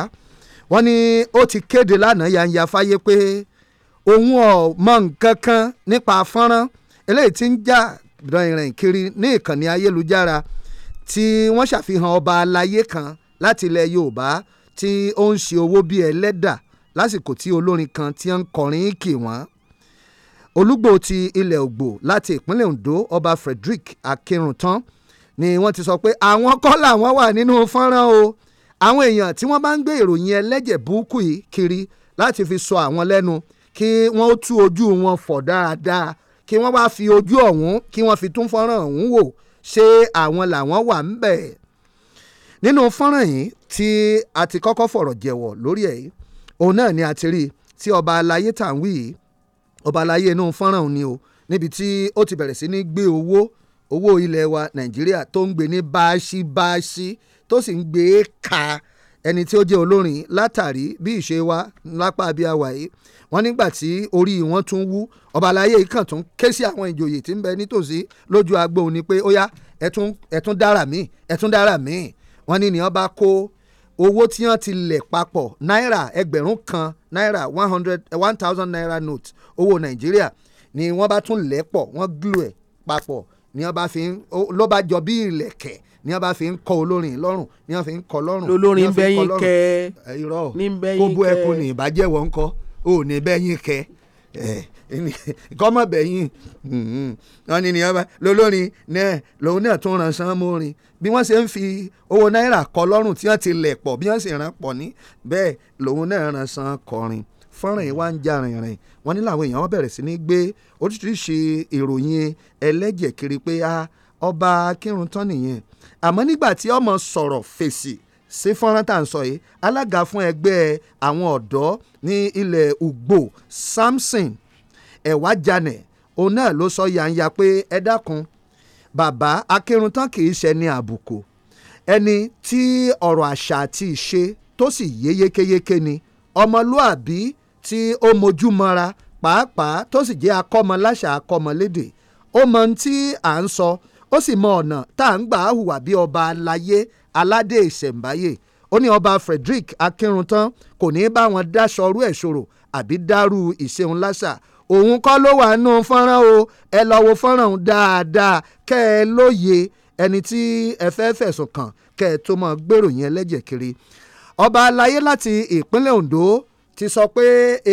wọ́n ní ó ti kéde lánàá yanya fáyé pé òun ò mọ nǹkan kan nípa fọ́nrán eléyìí tí ń já rìnrìn kiri ní ìkànnì ayélujára tí wọ́n ṣàfihàn ọba aláyé kan láti ilẹ̀ Yorùbá tí ó ń ṣe owó bíi ẹlẹ́dà lásìkò tí olórin kan ti ń kọrin kì wọ́n olúgbò ti ilẹ̀ ògbò láti ìpínlẹ̀ Ondo ọba Frederick Akinruntan ni wọ́n ti sọ pé àwọn kọ́ làwọn wà nínú fọ́nrán o àwọn èèyàn tí wọ́n bá ń gbé ìròyìn ẹlẹ́jẹ̀ burúkú yìí kiri láti fi sọ àwọn lẹ́nu kí wọ́n ó tú ojú wọn fọ̀ dáadáa kí wọ́n wá fi ojú ọ̀hún kí wọ́n fi tún fọ́nrán ọ̀hún wò ṣé àwọn làwọn wà ń bẹ̀. nínú fọ́nrán yìí tí a ti kọ́kọ́ fọ̀rọ̀ jẹ̀wọ̀ lórí ẹ̀ òun náà ni a ti rí tí ọba alayé tà ń wí yìí ọba aláyé inú fọ́nrán ni o níbi tí ó ti bẹ̀rẹ̀ sí ní gbé owó owó ilẹ̀ wa nàìjíríà tó ń gbé ní báṣíbáṣí tó sì ń gbé e ka ẹni tí ó jẹ́ olórin látàrí bí ìṣe wa lápá bí a wà yìí wọ́n nígbà tí orí wọn tún wú ọba aláyé yìí kàn tún ké sí àwọn ìjòyè tí ń bẹ nítòsí lójú agbo ni pé ó yá ẹ̀tún dára míì ẹ̀tún dára míì wọ́n ní ni wọ́n kó owó tí wọ́n ti lẹ̀ papọ̀ náírà ẹgbẹ̀rún kan náírà one hundred one thousand naira note owó nàìjíríà ni wọ́n bá tún lẹ̀ pọ̀ wọ́n glú ẹ̀ papọ̀ ni wọ́n bá fi ń ló bá jọ bí ìlẹ̀kẹ̀ ni wọ́n bá fi ń kọ olórin lọ́rùn ni wọ́n fi ń kọ lọ́rùn. lolórin bẹ́yìn kẹ́ ní bẹ́yìn kẹ́ kó bú ẹkùn ní ìbàjẹ́ wọ́n kọ́ ò ní bẹ́yìn kẹ́ kọ́mọ̀bẹ̀yìn hmm. wọn ni nìyẹn bá lólórin náà lòun náà tún ran san mórin bí wọ́n ṣe ń fi owó náírà kọ lọ́rùn tí wọ́n ti lẹ̀ pọ̀ bí wọ́n sì ran pọ̀ ní bẹ́ẹ̀ lòun náà ran san kọrin fọ́nrán yìí wá ń já rìnrìn wọn ní làwọn èèyàn bẹ̀rẹ̀ sí ní gbé oríṣiríṣi ìròyìn ẹlẹ́jẹ̀ kiri pé a ọba kírun tán nìyẹn àmọ́ nígbà tí ọmọ sọ̀rọ̀ fèsì sí fọ́nrán tá à ń sọ yìí alága fún ẹgbẹ́ àwọn ọ̀dọ́ ní ilẹ̀ Ugbo Samson ẹ̀wá janẹ̀ òun náà ló sọ yanya pé ẹ dákun bàbá akíruntán kì í ṣẹni àbùkù ẹni tí ọ̀rọ̀ àṣà àti ìṣe tó sì yé yékéyéké ni ọmọlúàbí tí ó mojú mọ́ra pàápàá tó sì jẹ́ akọ́mọláṣà akọ́mọlédè ó mọ ohun tí à ń sọ ó sì mọ ọ̀nà tá à ń gbà á hùwà bí ọba aláyé aládé ìṣẹ̀ǹbáyé ó ní ọba Frederick Akíntán kò ní bá wọn dáṣọ ọrú ẹ̀ ṣòro àbí dárú ìṣeun láṣà òun kọ́ ló wà nù fọ́nrán o ẹ lọ wo fọ́nrán òun dáadáa kẹ́ ẹ lóye ẹni tí ẹ fẹ́ fẹ̀sùn kàn kẹ́ ẹ tó máa gbèrò yẹn lẹ́jẹ̀ kiri ọba aláyé láti ìpínlẹ̀ Ondo ti sọ pé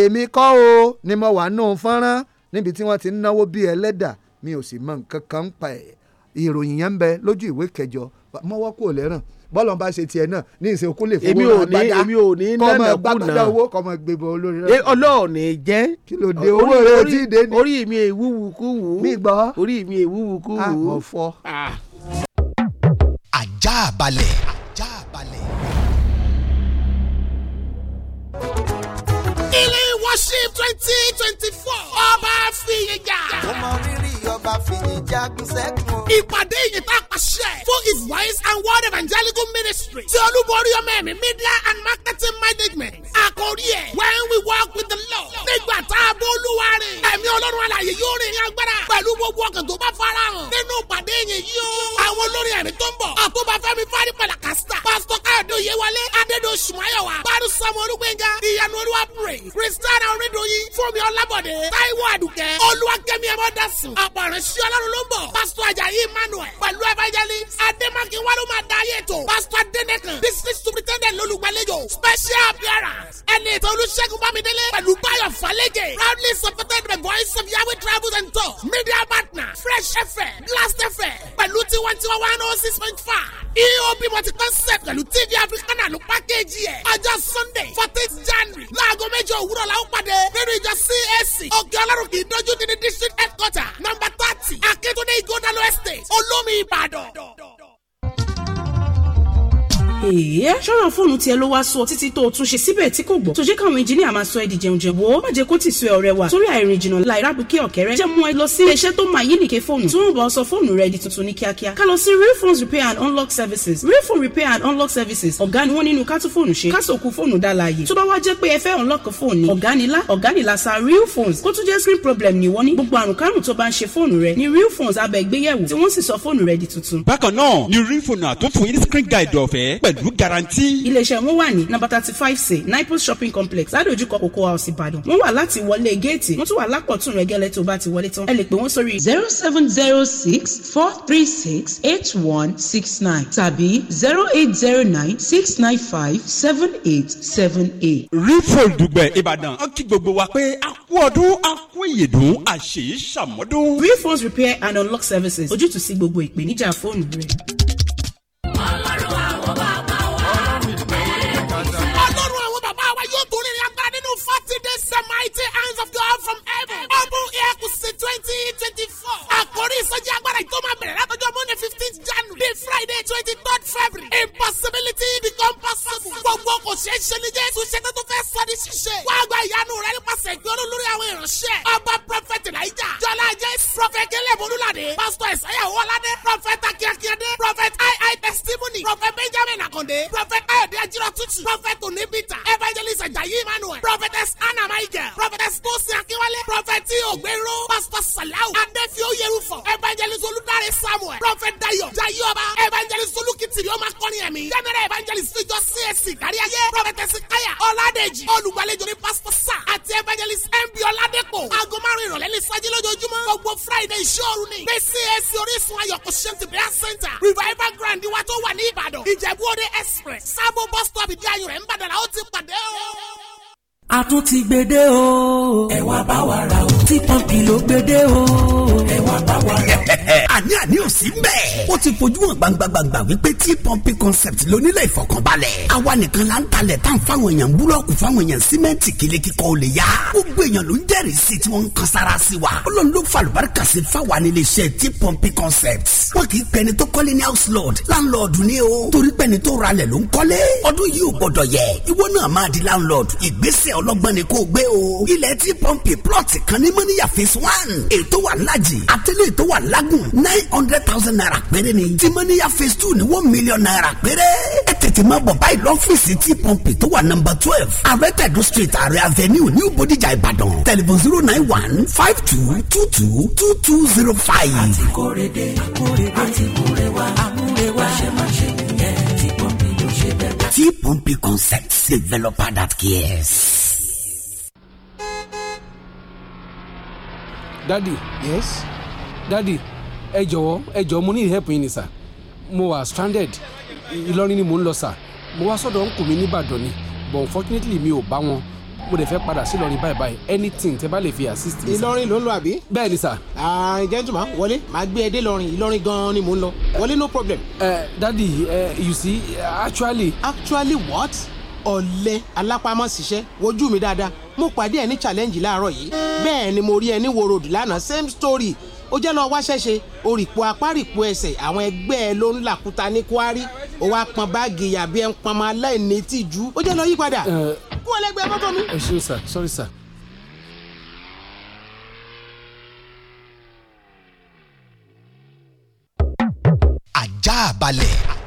èmi kọ́ o ni mo wà nù fọ́nrán níbi tí wọ́n ti ń náwó bíi ẹlẹ́dà mi ò sì mọ nǹkan kan pa ẹ̀ ìròyìn yẹn ń bẹ lójú ìwé kẹjọ mọ́wọ́ kúrò lẹ́ràn bọ́ọ̀lù ọba ṣe tiẹ̀ náà ní ìsìn okun lè fowó náà gbádá èmi ò ní nánà kùnà kọ́mọ kọ́mọ gbèbọ̀ olórí rẹ. ọlọ́ọ̀ni jẹ́ kílódé owó rẹ ò tí ì dé ni. orí mi èwúwu kúwú mi gbọ́ orí mi èwúwu kúwú. àmọ́ ah, fọ. Ah. ajá balẹ̀. ajá balẹ̀ fifteen twenty twenty four ọba fìyìjà. ọmọ rírì ọba fìyìjà gúnṣẹ́kùn. ìpàdé yìí tá a pàṣẹ for his wise and word evangelical ministry ti olúborí ọmọ ẹ̀mí media and marketing management àkórí ẹ̀ when we work with the Lord nígbà tá a bó olúwa rẹ̀ ẹ̀mí ọlọ́run àlàyé yóò rìn ní agbára pẹ̀lú gbogbo ọkàn tó bá fara hàn nínú ìpàdé yìí yóò. àwọn olórin ẹ̀mí tó ń bọ̀ àtúbàfẹ́mi fárí pàlàkàsítà pásítọ̀ káyọ̀dé oyewale adédọ̀sùnmáyọ̀wá bárúsọ̀mọ́ olúgbẹ́ngà ìyanu olúwa pray christian orí adédoyin fúnmi ọlábọ̀dé táíwò àdùkẹ́ olúwakẹ́mi ẹmọ́dásùn àpàrẹ̀sí ọlọ́run ló ń bọ̀ pásítọ̀ ajayi emmanuel pẹ̀lú evangelist adémákin wà máa da ayé ètò pásítọ̀ adénẹ́kan district superintendent lólùgbàlejò special appearance ẹni ètò olùṣègùn bámidélé pẹ̀lú báyọ̀ falẹ́jẹ̀ proudly supported by voice of yahweh Travel and Tour. media partner fresh fm blast fm pẹ̀lú tiwantiwa one oh six point five eob multi-concept pẹ̀lú tv africana ló pàkéjì ẹ̀ ọjọ́ sunday fourteenth january láago méjì òwúrọ̀ làwọn pàd jáde nínú ìjọ CAC òkè ọlọ́run kì í dójú ní district headquarter number thirty Akíntúndé Ighodalo estate Olómi Ìbàdàn èèyàn eh, eh, ṣọ́nà fóònù tiẹ̀ ló wá sọ títí tó o tún ṣe síbẹ̀ tí kò gbọ́ tó jẹ́ káwọn engineer máa sọ ẹ́ di jẹun jẹun wo má jẹ́ kó tì sọ ọ̀rẹ́ wa sórí àìrìn jìnnà láì rábùkẹ́ ọ̀kẹ́rẹ́ jẹ́ mú ẹ lọ sí iléeṣẹ́ tó máa yí nìke fóònù tó ń bọ̀ sọ fóònù rẹ di tuntun ní kíákíá ká lọ sí real phones repair and unlock services real phone repair and unlock services ọ̀gá ni wọ́n nínú ká tún fóònù ṣe ká sòkú fóònù dá láàyè tó bá wá jẹ́ pé ẹ fẹ́ unlock fóònù ọ̀gá ni lá ọ̀gá ni làṣà real phones kó tún jẹ́ screen problem ni wọ́n ní gbogbo àrùn kárùn tó bá ń ṣe fóònù rẹ ni real phones abẹ́gbéyẹ̀wò tí wọ́n sì sọ fóònù rẹ di tuntun. bákan náà ni pẹ̀lú garanti. iléeṣẹ́ wọn wà ní number thirty five c nipos shopping complex ládojúkọ Cocoa House Ìbàdàn wọ́n wà láti wọlé géètì wọ́n tún wà lápọ̀tún rẹ̀ gẹ́lẹ́ tó bá ti wọlé tán ẹ lè pè wọ́n sórí. zero seven zero six four three six eight one six nine tàbí zero eight zero nine six nine five seven eight seven eight. rifol dùgbẹ̀ Ìbàdàn ó kí gbogbo wa pé a kú ọdún a kú ìyèdún àṣèyí ṣàmọ́dún. rifol repair and unlock services ojútùú sí gbogbo ìpèníjà fóònù rẹ. from heaven. ọdún ìyàkùsí twenty twenty four. àkórí ìsọjí agbára yìí tó máa bẹ̀rẹ̀ látọjọ́ monday fifteen january day friday twenty third february. impossibility become possible. gbogbo kò ṣeé ṣe ní jésù ṣe tó tó fẹ́ sọ ní ṣíṣe. wá gba ìyanu rẹ nípasẹ̀ ìgbé olólórí àwọn ìránṣẹ́. ọba prophet elijah jọlá jẹ́ prophet kẹlẹ́ bolúlàdé pastor ẹ̀sáyà wọ́ládé prophet akíakíadé prophet Israeli. Prophet Benjamin Akonde. Prophet Ayode Ajiratutu. Prophet Onibita. Evangelist Ajayi Emmanuel. Prophetess Anna Michael. Prophetess Tosin Akinwale. Prophet T. Ogbero. Pastor Salau. Adefi Oyerufo. Evangelist Olud Olare Samuel, Prophet Dayo, Dayoba, Evangelist Olukiti ni ó máa kọrin ẹ̀mí. General Evangelist níjọ CAC kárí ayé. Prophet Esikaya Ọládèjì, olùgbàlejò ní Pastor Sa àti Evangelist MB Ọládẹ́pọ̀. Aago márùn-ún ìrọ̀lẹ́ ní sájí lójoojúmọ́. Gbogbo Friday iṣẹ́ òru ni. Ní CAC Orísun Ayọ̀kọ̀ Ṣẹ́ntì Prayer Center, Revival Grand wa tó wà ní Ìbàdàn. Ìjẹ̀bú Òde Express, Sábò Bus Stop Ìdí Ayùn rẹ̀ ń bàdàn a tún ti gbede o. ẹ wá bá wa ra o. tí pọ́ǹpì ló gbede o. ẹ wá bá wa ra o. àní àní ò sí mbẹ̀. ó ti fojú hàn gbangbangba wípé tí pọ́ǹpì concept lónílẹ̀ ìfọ̀kànbalẹ̀. àwa nìkan la ń talẹ̀ tán fáwọn èèyàn búlọ́ọ̀kù fáwọn èèyàn símẹ́ǹtì kílé kíkọ́ ò lè yá. gbogbo èèyàn ló ń jẹ́rìí sí tí wọ́n ń kan sára sí wa. ọlọ́run ló fa àlùbáríkà sí fáwa nílé iṣẹ́ tí pọ́ǹpì concept. wọ́n kì í pẹni house lord landlord ni o. torí pẹni tó ralẹ̀ ló ń kọ́lé. ọdún yìí ò gbọ́dọ̀ yẹ. ìwọ ọlọ́gbọ́n ni kò gbé o. ilẹ̀ tí pọ́ǹpì plọ̀tì kan ní mọ́níyà phase one ètò wà lájì àtẹlẹ́ ètò wà lágùn nine hundred thousand naira péré ni tí mọ́níyà phase two ni one million naira péré. ẹ tètè máa bọ̀ báyìí lọ́fíìsì tí pọ́ǹpì tó wà nọ́mbà twelve arẹ́tẹ̀dù street àrẹ avenue new bodijà ìbàdàn tẹlifon zero nine one five two two two two zero five. àti kórede àti Sleep Pumpy Concepts, developer that cares. Daddy. Yes. Daddy, ẹ jọ̀wọ́ ẹ jọ̀ọ́ mo ní help yín ni sà. Mo wà stranded. Ìlọrin ni mò ń lọ sà. Mo wá sọ́dọ̀ ń kù ní Ìbàdàn ni. But unfortunately mi ò bá wọn mo lè fẹ́ padà sí Ìlọrin báyìí báyìí anything tẹ bá lè fi assist mi. Ìlọrin ló ń lọ àbí. bẹ́ẹ̀ ni sà. gentleman wọlé màá gbé ẹ dé Ìlọrin Ìlọrin gan-an ni mò ń lọ wọlé no problem. Uh, you see actually. actually what? ọ̀lẹ́ alápámọ́síṣẹ́ wojú mi dáadáa mo pàdé ẹ ní challenge láàárọ̀ yìí bẹ́ẹ̀ ni mo rí ẹ ní wo road lánàá same story ó jẹ́ lọ wá ṣẹ́ṣe orìpọ̀ apárìpọ̀ ẹsẹ̀ àwọn ẹgbẹ́ ẹ ló ń làkúta ní kwari ó wá pọn báàgì yàbí ẹ ń pọn aláìní tìjú ó jẹ́ lọ yípadà bọ́ lẹ́gbẹ̀ẹ́ mi. ẹ ṣeun sir sorry sir. ajá balẹ̀.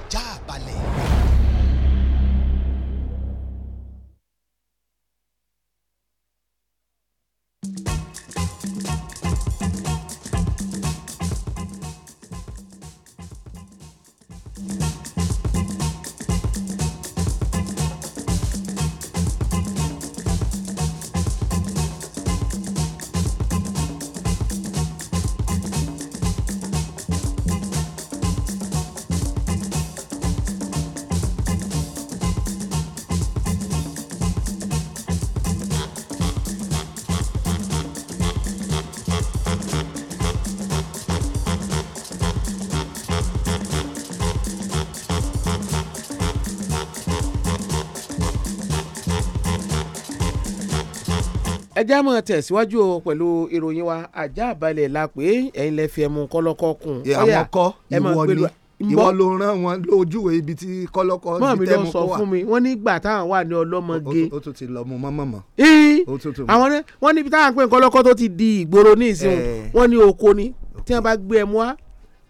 ẹjẹ́ àmọ́ tẹ̀síwájú o pẹ̀lú ìròyìn wa ajá àbálẹ̀ la pé ẹ̀yin lẹ fi ẹmu kọ́lọ́kọ́ kun. àwọn kọ́ ìwọ ni ìwọ ló rán wọn lójúwe ibi tí kọ́lọ́kọ́ ibi tẹ́mu kọ́ wa. mọ̀ mi lọ sọ fún mi wọ́n nígbà táwọn wà ní ọlọ́mọge. ó tún ti lọ mu mọ́mọ́mọ́. àwọn wọn níbi táwọn pé kọ́lọ́kọ́ tó ti di ìgboro ní ìsìn wọn ní oko ni tí wọ́n bá gbé ẹmu wá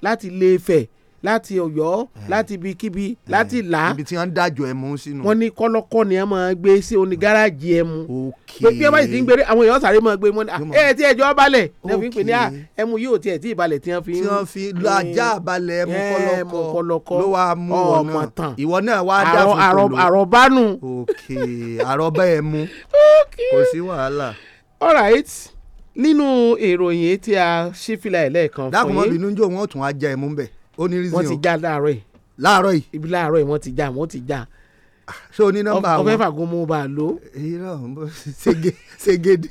láti lè fẹ̀ láti Ọ̀yọ́ eh. láti ibikíbi láti eh. là á. ibi tí wọ́n ń dájọ́ ẹmu sínú. wọ́n ní kọ́lọ́kọ́ ni ẹ máa gbé sí oní gáràjì ẹmu. ok bí ẹ bá sì ti ń gbére àwọn èèyàn sáré máa gbé mọ́ ní. ẹ ti ẹjọ́ balẹ̀ ní fi ń pè ní ẹmu yóò tiẹ̀ tí ìbalẹ̀ tí wọ́n fi ń. tí wọ́n fi lọ ajá eh. balẹ̀ ẹmu kọ́lọ́kọ́ ló wàá mú wọn náà ìwọ náà wàá dá fún kòló. àròbánu. ok àròbá ẹmu kò sí wàhálà. all right nínú ìròyìn tí a ṣífìlà ẹ̀ lẹ́ẹ̀kan fún yín. dákùnmọ́ bínú jò wọ́n tún á jẹ́ ẹ̀mú bẹ́ẹ̀ ó ní reason o wọ́n ti já láàárọ̀ yìí. láàárọ̀ yìí. ibi láàárọ̀ yìí wọ́n ti já wọ́n ti já. Ah, ṣé o ní nọ́mbà wọn. ọfẹ́ fàgùn mú bá a lò. irọ́ ṣègede.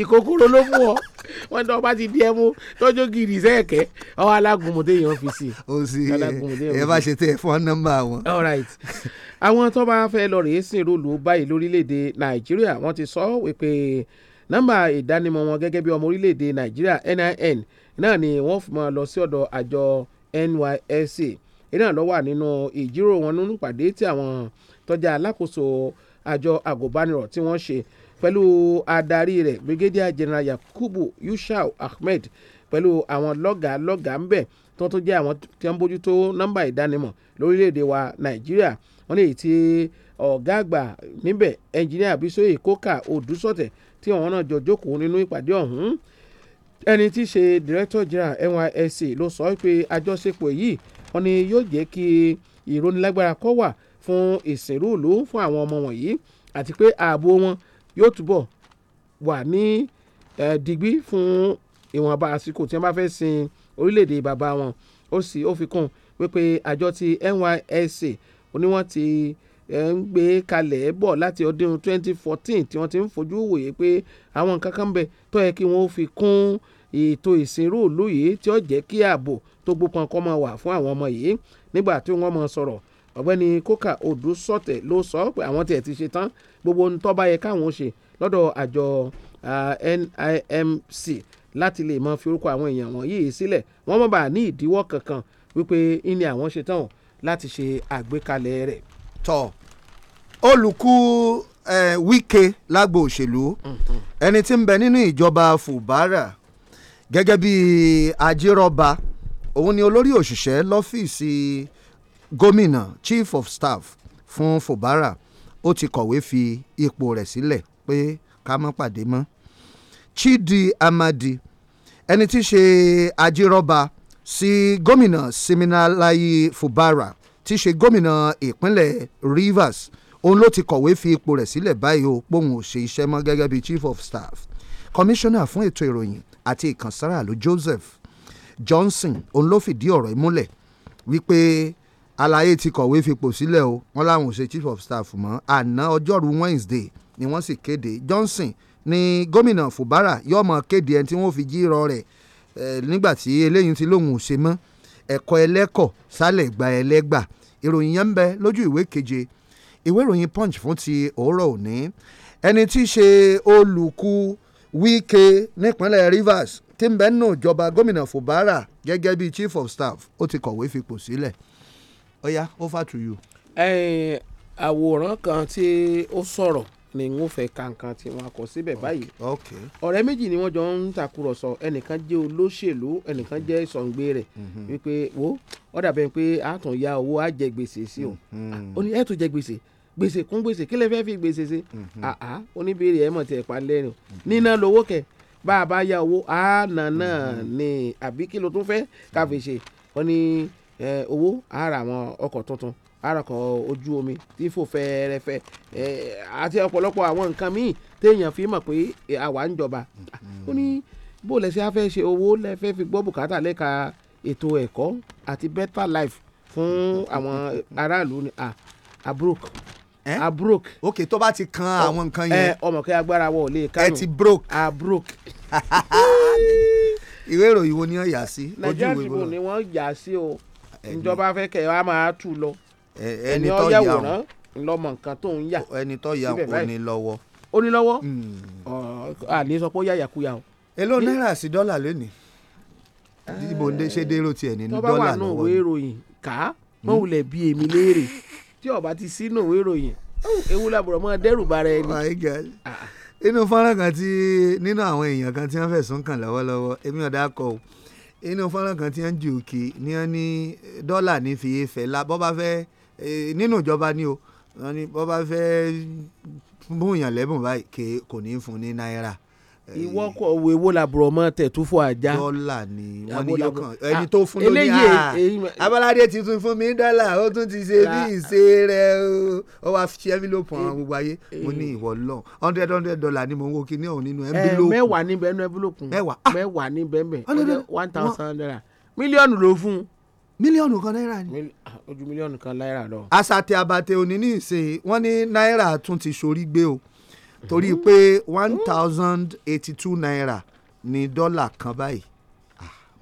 ìkòkòrò ló mú ọ wọn ní ọba ti di ẹ mú tọjú gidi sẹẹkẹ ọwọ alágùnmu téèyàn fi sí. o sì ẹ bá ṣe tẹ ẹ fún nọ́mbà wọn. all right àwọn tó bá fẹ́ lọ rèé sìn rúlù báyìí lórílẹ̀‐èdè nàìjíríà wọ́n ti sọ wípé nọ́mbà ìdánimọ̀ wọn gẹ́gẹ́ bí ọmọ orílẹ̀‐èdè nàìjíríà NIN náà ni wọ́n fi máa lọ sí ọ̀dọ̀ àjọ NYSC iná ló wà nínú ìjíròrò wọn nínú ìpàdé tí àwọn tọ́jà alákòóso àjọ àgùnbánirọ̀ tí wọ́n ṣe pẹ̀lú adarí rẹ̀ Brigadier General Yakubu Yushau Ahmed pẹ̀lú àwọn lọ́gàá lọ́gàá ń bẹ̀ tó tún jẹ́ àwọn tí wọ́n bójútó nọ́mbà ìdánimọ̀ lórílẹ̀‐èdè wa Nàìjíríà wọ́n lè ti ọ̀gá àgbà níbẹ̀ ẹnjìníà Bísóyè Kókà Odùsọ̀tẹ̀ tí àwọn náà jọ jókòó nínú ìpàdé ọ̀hún ẹni tí í ṣe director general NYSC ló sọ pé àjọṣepọ̀ yìí wọn ni yóò jẹ́ kí ìrónilágbára kó wà fún ìsìnrúùlú fún àwọn ọmọ wọ̀nyí àti pé ààbò wọn yóò túbọ̀ wà ní digbí fún ìwọ̀nba àsìkò tí wọ́n bá fẹ́ sin orílẹ̀-èdè bàbá wọn ó sì ó fi kún wípé àjọ ti NYSC oníwọ̀n ti. Si, ń gbé kalẹ̀ bọ̀ láti ọdún 2014 tí wọ́n ti ń fojú wòye pé àwọn nǹkan kan bẹ tó yẹ kí wọ́n fi kún ètò ìsìnrú ìlú yìí tí ó jẹ́ kí ààbò tó gbópọn kọ́ máa wà fún àwọn ọmọ yìí nígbà tí wọ́n máa sọ̀rọ̀ ọ̀gbẹ́ni kókà odù sọ̀tẹ̀ ló sọ pé àwọn tiẹ̀ ti ṣe tán gbogbo ohun tó bá yẹ káwọn ṣe lọ́dọ̀ àjọ NIMC láti lè mọ fi orúkọ àwọn èèyàn wọ̀nyí sílẹ̀ wọ́n mọ̀ bá ní ìdíwọ́ kankan wípé ní àwọn ṣe tán láti ṣe àgbékalẹ̀ rẹ̀ tọ olùkú Wike lágbo òṣèlú ẹni tí ń bẹ nínú ìjọba Fubara gẹ́gẹ́ bí ajírọ́ba òun ni olórí òṣìṣẹ́ lọ́fíìsì gómìnà chief of staff fún Fubara ó ti kọ̀wé fi ipò rẹ̀ sílẹ̀ pé ká má pàdé mọ́ Chidi Amadi ẹni tí í ṣe ajírọ́ba sí gómìnà Siminalayi Fubara tí í ṣe gómìnà ìpínlẹ̀ Rivers òun ló ti kọ̀wé fi ipò rẹ̀ sílẹ̀ báyìí o póun ò ṣe iṣẹ́ mọ́ gẹ́gẹ́ bí chief of staff commissioner fún ètò ìròyìn àti ìkànsáraàlú Joseph Johnson òun ló fìdí ọ̀rọ̀ ìmúlẹ̀ wípé alaye ti kọ̀wé fipò sílẹ̀ o wọ́n láwọn ò ṣe chief of staff mọ́ àná ọjọ́rú Wednesday ni wọ́n sì kéde Johnson ni gómìnà Fubara yóò máa kéde ẹni tí wọ́n fi jírọ rẹ̀ nígbà tí eléyìí ti lóun ò ṣe mọ́ ẹ̀kọ́ ẹlẹ́kọ̀ sálẹ̀ gba ẹlẹ́gbà ìròyìn yẹn ń bẹ lójú ìwé keje ìwé ìròyìn punch fún ti òórọ̀ òní ẹni tí í ṣe olùkú Wike nípínlẹ̀ Rivers tí ń bẹ nù ìjọba gómìnà Fubara gẹ́gẹ́ bíi chief of staff ó ti kọ̀wé fipò sílẹ̀ ọ̀ya over to you. ẹ àwòrán kan tí ó sọ̀rọ̀ ni n ó fẹ́ ka nǹkan tí wọ́n kọ síbẹ̀ báyìí. ọ̀rẹ́ méjì ni wọ́n jọ ń takùrọ̀sọ ẹnìkan jẹ́ olóṣèlú ẹnìkan jẹ́ ìsọ̀ǹgbé rẹ̀ mhm. wípé wo ó dàbẹ̀ pé a tún ya owó á jẹ gbèsè sí o mhm. ó ní ẹ̀ tún jẹ gbèsè gbèsè kún gbèsè kí lè fẹ́ fi gbèsè sí àá oníbèrè ẹ̀ mọ̀ tiẹ̀ pa lẹ́rìn mhm. níná lówó kẹ bá a bá ya owó á nà náà ni àbí kí ló tún fẹ́ káfíṣe ó ní owó á àwọn ọkọ̀ tuntun arakọ̀ ojú omi tí fò fẹ́ẹ́rẹ́fẹ́ àti ọ̀pọ̀lọpọ̀ àwọn nǹkan míì téèyàn fi mọ̀ pé àwa ń jọba ó ní bó lẹ́sẹ̀ á fẹ́ ṣe owó lẹ́fẹ́ fi gbọ́ bùkátà lẹ́ka ètò ẹ̀kọ́ àti better life fún àwọn aráàlú ni abrok eh? broke. ok tó bá ti kan àwọn nǹkan yẹn. ẹ ọmọ kí agbára wọ ò lè kánú. ẹ ti broke. a ìwé ìròyìn wo ni wọ́n yà sí. nàìjíríà tìbò ni wọ́n yà sí o ìjọba fẹ́ kẹ́ ẹ wá máa tù lọ ẹni tó yà wọ́n lọ́mọ nǹkan tó ń yà ẹni tó yà ó ní lọ́wọ́. ó ní lọ́wọ́ àní hmm. sọ pé ó yà yàkuyà o. èló náírà sí dọ́là lónìí ibo ṣé dérò tiẹ̀ nínú dọ́là lọ́wọ́. tọ́ba wà náà wé ìròyìn ká mọ̀ hmm. wulẹ̀ bí èmi léèrè tí ọba ti sínú òwe ìròyìn ewu làbùrọ̀ mọ́ dẹ́rù bara ẹni. Ah. inú fọ́nrán kan tí nínú àwọn èèyàn kan tí wọ́n fẹ̀sùn kàn lọ́wọ́lọ́wọ́ èmi ọ̀dà kọ o inú fọ́nrán kan tí wọ́n jù kí ni wọ́n ní dọ́là ní fi la bọ́ bá fẹ́ Eh, nínú ìjọba ni o wọ́n ní bọ́ bá fẹ́ mú èèyàn lẹ́bùn báyìí kò ní fún ní náírà eh, ìwọ kọ wo ewo làbúrò mọ tẹtúfọ ajá dọ́là ni wọ́n ní yọkàn ẹni ah, tó fún ló ní à ah, eh, abalade ti tún fún mi dọ́là ó tún ti ṣe bí ah. ìṣe rẹ ó wàá fi envelope hàn gbogbo ayé mo ní ìwọ lọ hundred hundred dollar ni mo ń wo kíní ọ̀hún nínú envelope. mẹ́wàá níbẹ̀ nínú envelope mẹ́wàá níbẹ̀ mẹ́ one thousand naira mílíọ̀nù ló fún un mílíọ̀nù kan náírà ni. ojú ah, mílíọ̀nù kan náírà lọ. àṣàtì àbàtì òní ní ìsìn wọ́n ní náírà tún ti sorí gbé o torí pé one thousand eighty two naira ni dọ́là kan báyìí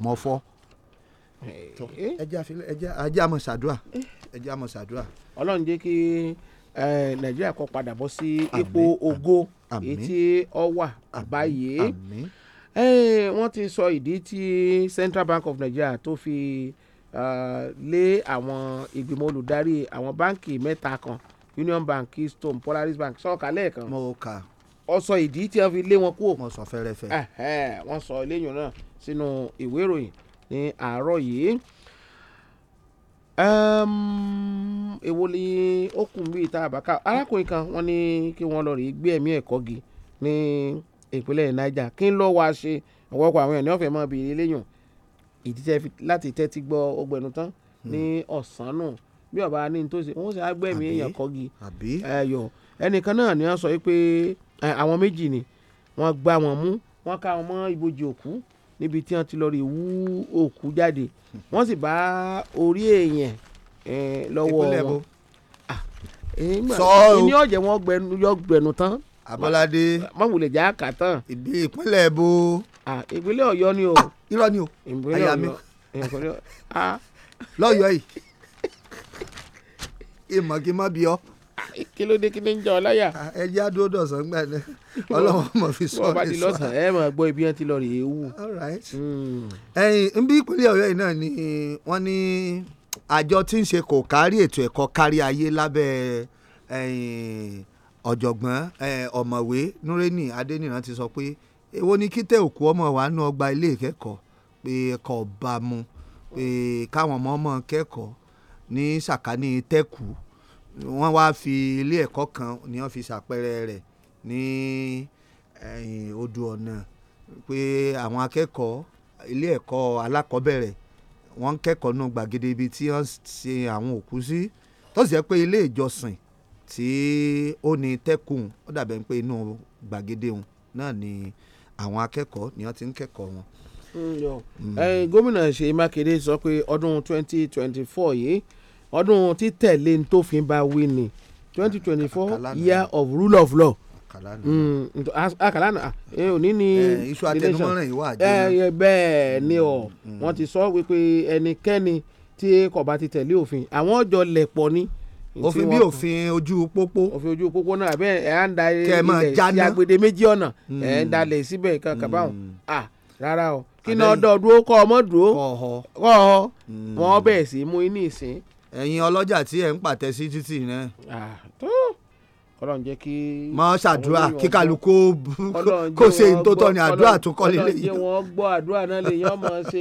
mọ́ fọ́. ẹjẹ́ àmọ̀ ṣàdúrà ẹjẹ́ àmọ̀ ṣàdúrà. ọlọ́run jẹ́ kí nàìjíríà kó padà bọ́ sí ipò ògo etí ọwà báyìí wọ́n ti sọ ìdí tí Central Bank of Nigeria tó fi. Uh, lé àwọn ìgbìmọ̀ olùdarí àwọn báǹkì mẹ́ta kan Union Bank Keystone Polaris Bank sọ̀kalẹ̀ kan. mo kà á ó sọ ìdí tí wọn fi lé wọn kúrò. wọn sọ fẹ́rẹ́fẹ́. wọn sọ eléyìí náà sínú ìwé ìròyìn ní àárọ̀ yìí. èwo ni ó kùn bí ìta àbáká arákùnrin kan wọ́n ní kí wọ́n lọ rí gbé ẹ̀mí ẹ̀kọ́ gi ní ìpínlẹ̀ Niger kí n lọ wá ṣe ọ̀pọ̀lọpọ̀ àwọn ènìyàn fẹ́ẹ́ mọ́ bí eléyìí ìdí tẹ́ fi láti tẹ́tí gbọ́ ọgbẹ̀nu tán hmm. ní ọ̀sán náà bí ọba ní tó ṣe wọ́n ṣe agbẹ́mí èèyàn kọ́gi ẹ̀yọ̀ ẹnìkan náà ni wọ́n sọ pé àwọn méjì ni wọ́n gbá wọn mú wọ́n ká wọn mọ́ ibojì òkú níbi tí wọ́n ti lọ rí wú òkú jáde hmm. wọ́n sì bá orí èèyàn lọ́wọ́ wọn sọ ọ ní ọ̀jẹ̀ wọn gbẹnu tán Abọ́ládé mọ̀wùlẹ̀ jà kà tán ìdí ìpínlẹ̀ bo ìpínlẹ̀ ọ̀yọ́ ni o. irọ́ ni o àyà mi lọ́yọ̀ọ́ yìí ìmọ̀ kí n má bí ọ. kí ló dé kí ni ń jẹ ọláyà. ẹ jẹ́ àdúró dọ̀sán gbà ní ọlọ́wọ́n mọ̀ fi sọ ọ́ bá ti lọ́sàn ẹ máa gbọ́ ibi wọn ti lọ rèé wù. Hmm. ẹyin nbí ìpínlẹ̀ ọ̀yọ́ yìí náà ni wọ́n ní àjọ tí ń ṣe kò kárí ètò ẹ̀kọ́ kárí ayé lábẹ́ ọ̀jọ̀gbọ́n ọ̀mọ̀wé Nureni Adéníran ti sọ pé èwo ni kí tẹ òkú ọmọ wa nú ọgbà ilé ìkẹ́kọ̀ọ́ pé ẹ̀kọ́ ọba mu pé káwọn ọmọ ọmọ kẹ́kọ̀ọ́ ní sàkání tẹ́kù wọ́n wá fi ilé ẹ̀kọ́ kan ni wọ́n fi ṣàpẹẹrẹ rẹ̀ ní odò ọ̀nà pé àwọn akẹ́kọ̀ọ́ ilé ẹ̀kọ́ alákọ̀ọ́bẹ̀rẹ̀ wọ́n ń kẹ́kọ̀ọ́ nù gbàgede ibi tí wọ́n ṣe àwọn òkú sí tó sì pé ilé ìjọsìn tí ó ní tẹ́kùn ó dàbẹ̀ pé inú gbàgede òun náà ni àwọn akẹ́kọ̀ọ́ ni wọ́n ti ń kẹ́kọ̀ọ́ wọn. Mm, mm. Eh, gómìnà Ṣèyí Mákindé sọ pé ọdún 2024 yìí ọdún títẹ̀lé tó fi bá wí ni four year of rule of law akalana mm, òní ni eh, iṣu atẹnumọ́ràn ìwà àjẹmọ́ eh, bẹ́ẹ̀ ni ọ wọ́n ti sọ wípé ẹnikẹ́ni tí kò bá ti tẹ̀lé òfin àwọn ọjọ́ lẹ̀pọ̀ ni. Mm òfin bí òfin ojú pópó òfin ojú pópó náà àbẹ ẹ à ń da ilẹ̀ sí agbede méjì ọ̀nà hmm. ẹ ń dalẹ̀ síbẹ̀ kankan hmm. báwọn à rárá o kí ni ọdọ dúró kọ ọmọ dúró kọ ọ wọn bẹ̀ sí mú inú ìsín. ẹ̀yin ọlọ́jà tí ẹ̀ ń pàtẹ sí títì náà. tó Ọlọ́run jẹ́ kí. mọ ṣàdúrà kí kálukú kó ṣe tó tọ́ ni àdúrà tó kọ́ lélẹ̀ yìí. Ọlọ́run jẹ́ wọn gbọ́ àdúrà náà lè yàn mọ ṣe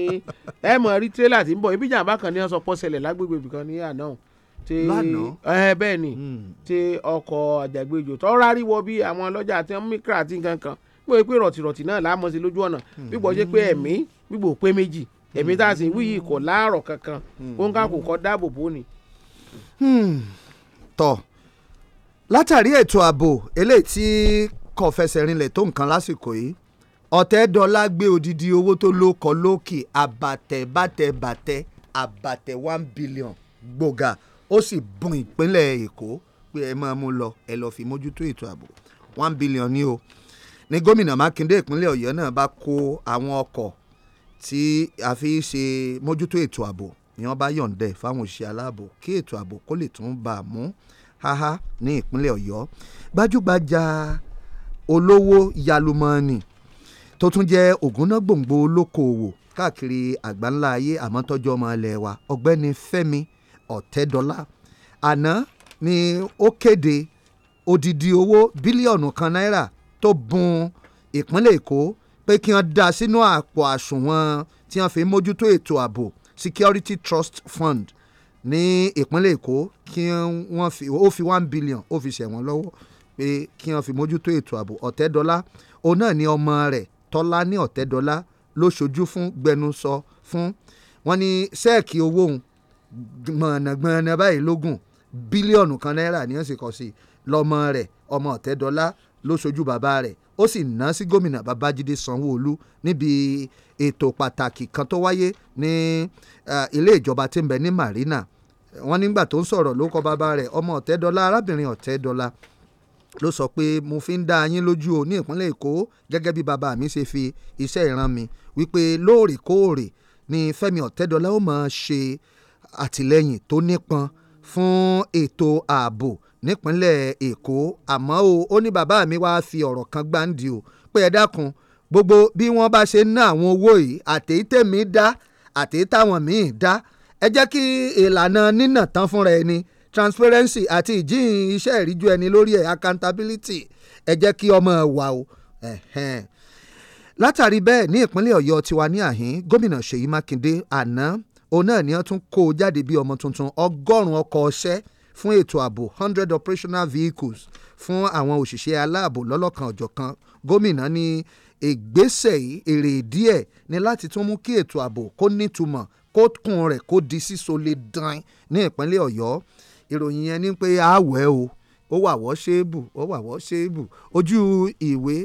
ẹ mọ rí tírélà tí ń bọ̀ ibi jàǹbá kan ní ọsọ pọ ṣẹlẹ̀ lágbègbè ibìkan ní àná tí ẹ bẹ́ẹ̀ ni hmm. tí ọkọ̀ àjàgbéjò tó rárí wọ bí àwọn ọlọ́jà àti mikra àti nǹkan kan pé pé rọ̀tìrọ̀tì náà láàmú sí lójú ọ̀nà hmm. bíbọ̀ ṣe pé ẹ̀mí bíbọ̀ pé méjì hmm. ẹ̀mí tá a sì wíyì kò láàrọ̀ kankan ó ń ká kò kọ́ dáàbò bò ni. tọ látàrí ètò ààbò eléyìí tí kò fẹsẹ̀ rinlẹ̀ tó nǹkan lásìkò yìí ọ̀tẹ́dọ́lá gbé odidi owó tó ló kọ lókè àbàtẹ̀ bàtẹ̀ bàtẹ̀ àbàtẹ̀ one billion gbòógà ó sì bùn ìpínlẹ̀ èkó pé ẹ máa mú lọ ẹ lọ́ọ́ fi mójútó ètò ààbò one billion ni o ní gómìnà mákindé ìpínlẹ̀ ọ̀yọ́ náà bá kó àwọn ọkọ̀ tí a fi ń ṣe mójútó ètò ààbò ni wọ́n bá yọ̀ǹdẹ̀ fáwọn òṣìṣẹ́ aláàbò kí ètò ààbò kó lè tún bá a mú háhá ní ìpínlẹ̀ ọ̀yọ́ gbajúgbajà olówó yalumọ́ni tó tún jẹ́ ògúnná gbòǹgbò olókoòwò káàkiri àgbáńlá ayé àmọ́ ọmọ ilẹ̀ wa ọ̀gbẹ́ni fẹ́mi ọ̀tẹ́dọ́lá àná ni ó kéde odidi owó bílíọ̀nù kan náírà tó bùn ìpínlẹ̀ èkó pé kí wọ́n dá sínú àpò àsùnwọ̀n tí wọ́n fi mójútó ètò ààbò security trust fund ní ìpínlẹ̀ èkó kí wọ́n fi ó fi one billion ó fi ṣẹ̀wọ̀n lọ́wọ́ pé kí wọ́n fi mójútó ètò ààbò ọ̀tẹ́dọ́lá òun náà ni ọmọ rẹ̀ tọ́lá ní ọ̀tẹ́dọ́lá ló ṣojú fún gbẹnusọ fún wọn ní sẹ́ẹ̀kì owó òun gbọ̀nàgbọ̀nà báyìí lógún bílíọ̀nù kan náírà ni wọ́n sì kọ́ sí lọ́mọ rẹ̀ ọmọ ọ̀tẹ́dọ́lá ló ṣojú bàbá rẹ̀ ó sì ná sí gómìnà babájídé sanwóolu níbi ètò pàtàkì kan tó wáyé ní ilé ìjọba tí ń bẹ ní marina wọ́n nígbà tó ń sọ̀rọ̀ ló kọ bàbá rẹ̀ ọmọ ọ̀tẹ́dọ́lá arábìnrin ọ̀tẹ́dọ́lá ló sọ pé mo fi ń dá yín lójú o ní ìpínlẹ̀ èkó gẹ́gẹ́ bí bàbá mi ṣe fi iṣẹ́ ìran mi wípé lóòrèkóòrè ni fẹ́mi ọ̀tẹ́dọ́lá ó máa ṣe àtìlẹ́yìn tó nípọn fún ètò ààbò nípínlẹ̀ Èkó àmọ́ o ó ní bàbá mi wá fi ọ̀rọ̀ kan gbáǹdì o pé ẹ dákun gbogbo bí wọ́n bá ṣe ná àwọn owó yìí àtèyí tèmi dá àtèyí táwọn míì dá ẹ jẹ́ kí ìlànà nínà tán fúnra ẹni transparency àti ìjíhìn iṣẹ́ ìríjú ẹni lórí ẹ̀ accountability ẹ jẹ́ kí ọmọ wà o látàrí bẹ́ẹ̀ ní ìpínlẹ̀ Ọ̀yọ́ tiwa ní àhín gómìnà Ṣèyí Mákindé àná òun náà ni wọ́n tún kó o jáde bí ọmọ tuntun ọgọ́rùn-ún ọkọ̀ fún ètò ààbò hundred operational vehicles fún àwọn òṣìṣẹ́ aláàbò lọ́lọ́kan ọ̀jọ̀kan gómìnà ní ìgbésẹ̀ yìí èrè díẹ̀ ni láti tún mú kí ètò ààbò kó nítumọ̀ kó kún rẹ̀ kó di síso lè dán ní ìpínlẹ̀ ọ̀yọ́ ìròyìn yẹn ni pé àwẹ̀ o ó wà wọ́ ṣéébù ó wà wọ́ ṣéébù ojú ìwé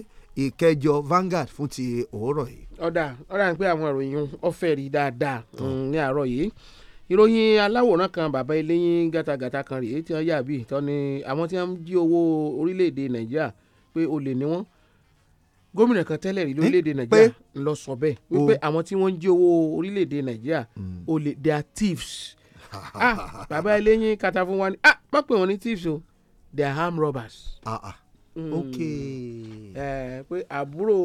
ìkẹjọ Vanguard fún ti òórọ̀ yìí ọ̀dà ọ̀dà ń pẹ́ àwọn ìròyìn ọ̀fẹ́ rí dáadáa mm, ní àárọ̀ yìí ìròyìn aláwòrán kan bàbá eléyìn gàtàgàtà kan rèé tí wọ́n yà bí ìtọ́ ni àwọn tí wọ́n ń jí owó orílẹ̀-èdè nàìjíríà pé olè ni wọ́n gómìnà kan tẹ́lẹ̀ rí lórílẹ̀‐èdè nàìjíríà lọ sọ bẹ́ẹ̀ wípé àwọn tí wọ́n ń jí owó orílẹ̀‐èdè nàìjíríà mm. olè they are thieves ah bàbá eléyìn kata fún wa ni ah má pè wọ́n ní thieves o they are armed robbers. ah ah mm. ok. ẹ eh, pé àbúrò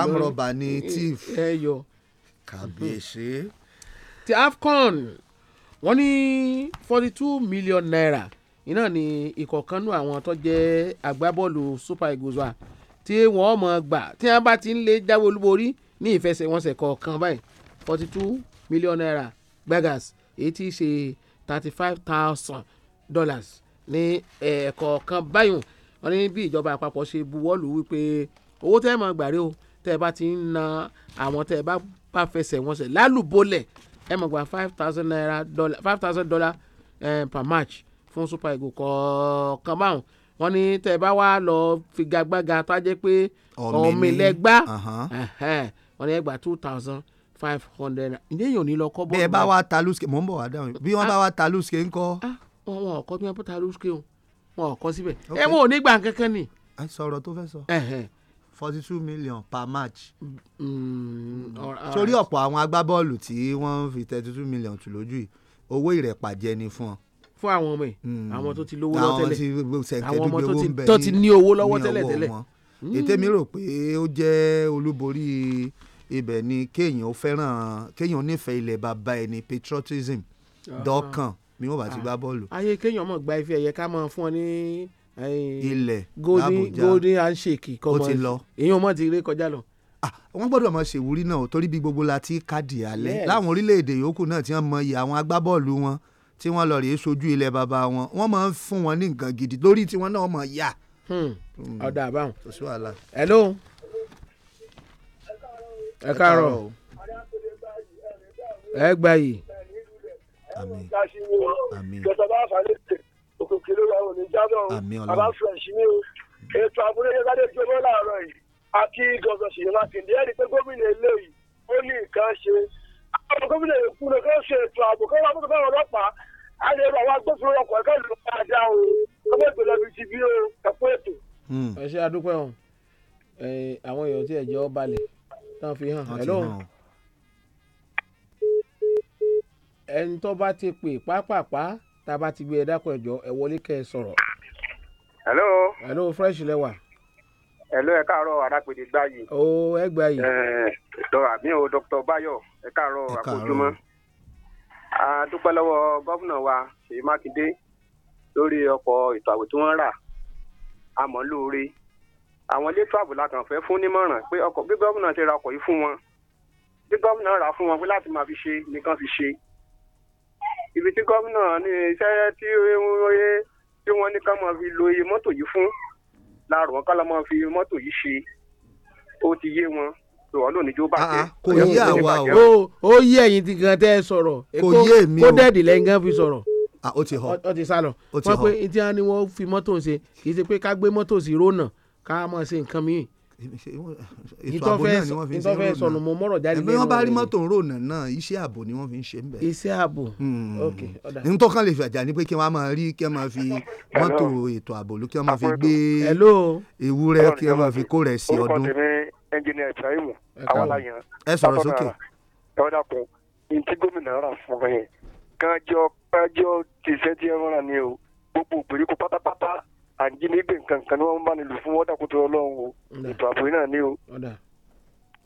amrọ̀bà ni tiff ẹyọ kàbíyèsí. ti afcon wọ́n ní forty two million naira iná ni ìkọ̀kanú àwọn tó jẹ́ agbábọ́ọ̀lù super eagles wa tí wọ́n mọ̀ gbà tí wọ́n bá ti ń lé jáwé olúborí ní ìfẹsẹ̀wọnsẹ̀ kọ̀ọ̀kan báyìí forty two million naira gbàgàs èyí tí ṣe thirty five thousand dollars ní ẹ̀ẹ̀kọ̀ọ̀kan báyìí wọ́n ní bí ìjọba àpapọ̀ ṣe buwọ́lù wípé owó tẹ́ mọ̀ gbàrí o tẹ́ ẹ bá ti ń na àwọn tẹ́ ẹ bá bá fẹsẹ̀ wọn sẹ̀ lálùbọ́lẹ̀ ẹ mọ̀ gba five thousand naira dollar five thousand dollar eh, per match fún super eagles kọ̀ọ̀kan báwọn wọ́n ní tẹ́ ẹ bá wá lọ figagbága tá a jẹ́ pé ọ̀mìnlẹ́gbá wọ́n ní ẹ gba two thousand five hundred ǹjẹ́ èèyàn ní lọ kọ́ bọ́ọ̀lù. bí ẹ bá wá ta lùsùkè mò ń bọ̀ wá dáhùn bí wọ́n bá wá ta lùsùkè ń kọ́. Ah, wọn ò kọ́ bí wọ́n bá ta lùsùkè o wọn ò kọ́ síbẹ̀ ẹ wọn ò ní gbà kankan ni. sọ̀rọ̀ tó fẹ́ sọ forty two million per match. Mm, sórí ọ̀pọ̀ àwọn agbábọ́ọ̀lù tí wọ́n fi thirty two million tù lójú yìí owó ìrẹ̀pàjẹ ni fún ọ. fún àwọn ọmọ ẹ mm. àwọn tó ti lówó lọ tẹ́lẹ̀ àwọn ọmọ tó ti ní owó lọ́wọ́ tẹ́lẹ̀ tẹ́lẹ̀. Mm. ètè mi rò pé ó jẹ́ olúborí ibẹ̀ ni kéèyàn ó fẹ́ràn kéèyàn nífẹ̀ẹ́ ilẹ̀ bàbá ẹni patriotism dọ́kàn bí wọ́n bá ti ah. gbá bọ́ọ̀lù. ayé kéèyàn mọ̀ gba ife ẹ̀yẹ ká máa fún ọ ní ilẹ̀ làbújá golden handshake kọ́mọ ó ti lọ èyí wọn ti ré kọjá lọ. wọ́n gbọ́dọ̀ mọ̀ ṣèwúrí náà torí bí gbogbo la ti kádì alẹ́ láwọn orílẹ̀-èdè yòókù náà ti mọ iye àwọn agbábọ́ọ̀lù wọn tí wọ́n lọ rèé sojú ilẹ̀ bàbá wọn wọ́n máa ń fún wọn ní nǹkan gidi lórí tiwọn náà mọ̀ yá. Hmm. Hmm. ọ̀dà àbáwọn. hello. ẹ káàárọ̀ o. ẹ gbà yìí. àmín àmín òkè lórí àwọn oníjàdọ̀ bàbá fresh ni o ètò àmúlẹ́yẹ sáré ju yìí àti gọ̀ọ̀sọ̀ ṣèyí mákindé ẹ̀rí pé gómìnà eléyìí ó ní nǹkan ṣe àwọn gómìnà èkó ló kẹ́ ṣe ètò ààbò kẹ́ wọ́n fún ọlọ́pàá á lè rọ àwọn agbófinró ọkọ̀ ẹ̀kọ́ ìlú padà o ọmọ ìgbèlè bíi ti bí o ẹ̀kú ètò. Hmm. ẹ ṣe àdúpẹ́ o àwọn èèyàn tí ẹ̀jẹ̀ ọba lẹ̀ náà fi hàn ẹ̀ lóhùn ẹni tó bá ti pè pápápá tá a bá ti gbé ẹ dákun ẹjọ ẹ wọlé kẹ ẹ sọ̀rọ̀. hello. hello fresh lẹwa. hello ẹ káàárọ̀ arápèdè gbáyé. o ẹ gbáyé. ẹ dọ àmì o dr bayo ẹ káàárọ̀ àkójúmọ́. a dúpẹ́ lọ́wọ́ gómìnà wa ṣèyí mákindé lórí ọkọ̀ ètò àwẹ̀ tí wọ́n rà àmọ́ lóore àwọn elétò ààbò la kàn fẹ́ fún nímọ̀ràn pé ọkọ̀ bí gómìnà ti ra ọkọ̀ yìí fún wọn bí gómìnà rà fún wọn pé láti máa fi ṣe nìkan fi ṣe ibi tí gómìnà ní iṣẹ́ tí tí wọ́n ní ká máa fi lo iye mọ́tò yìí fún láàrọ̀ wọn ká lọ́ máa fi mọ́tò yìí ṣe ó ti yé wọn tòwọ́n lónìí jó bàjẹ́. Ah, ah, kò yé àwa o ó yé ẹ̀yin ti gan tẹ́ ẹ sọ̀rọ̀ kò yé mi o kó dẹ́ẹ̀dì lẹ́yìn gan fi sọ̀rọ̀ ah, ó ti họ ó ti sálọ wọ́n pé tí wọ́n fi mọ́tò ṣe kì í ṣe pé ká gbé mọ́tò sí rónà ká máa ṣe nǹkan mìíràn ètò ààbò náà ni wọ́n fi ń ṣe é rònà ẹ̀mí wọ́n bá rí mọ́tò ń rònà náà iṣẹ́ ààbò ni wọ́n fi ń ṣe ń bẹ̀. iṣẹ́ ààbò hmm. ok ọ̀dà. ní tọ́kàn lè fàjà ni pé kí wọ́n máa rí kí wọ́n máa fi mọ́tò ètò ààbò kí wọ́n máa fi gbé ewúrẹ́ kí wọ́n máa fi kó rẹ̀ sí ọdún. ẹ sọ̀rọ̀ sókè. ẹ wọ́n dàpọ̀ ẹ rán ni a jí ní gbè nǹkan kan ni wọ́n bá ní lù fún wọ́dà kótó ọlọ́run o ètò ààbò náà ní o.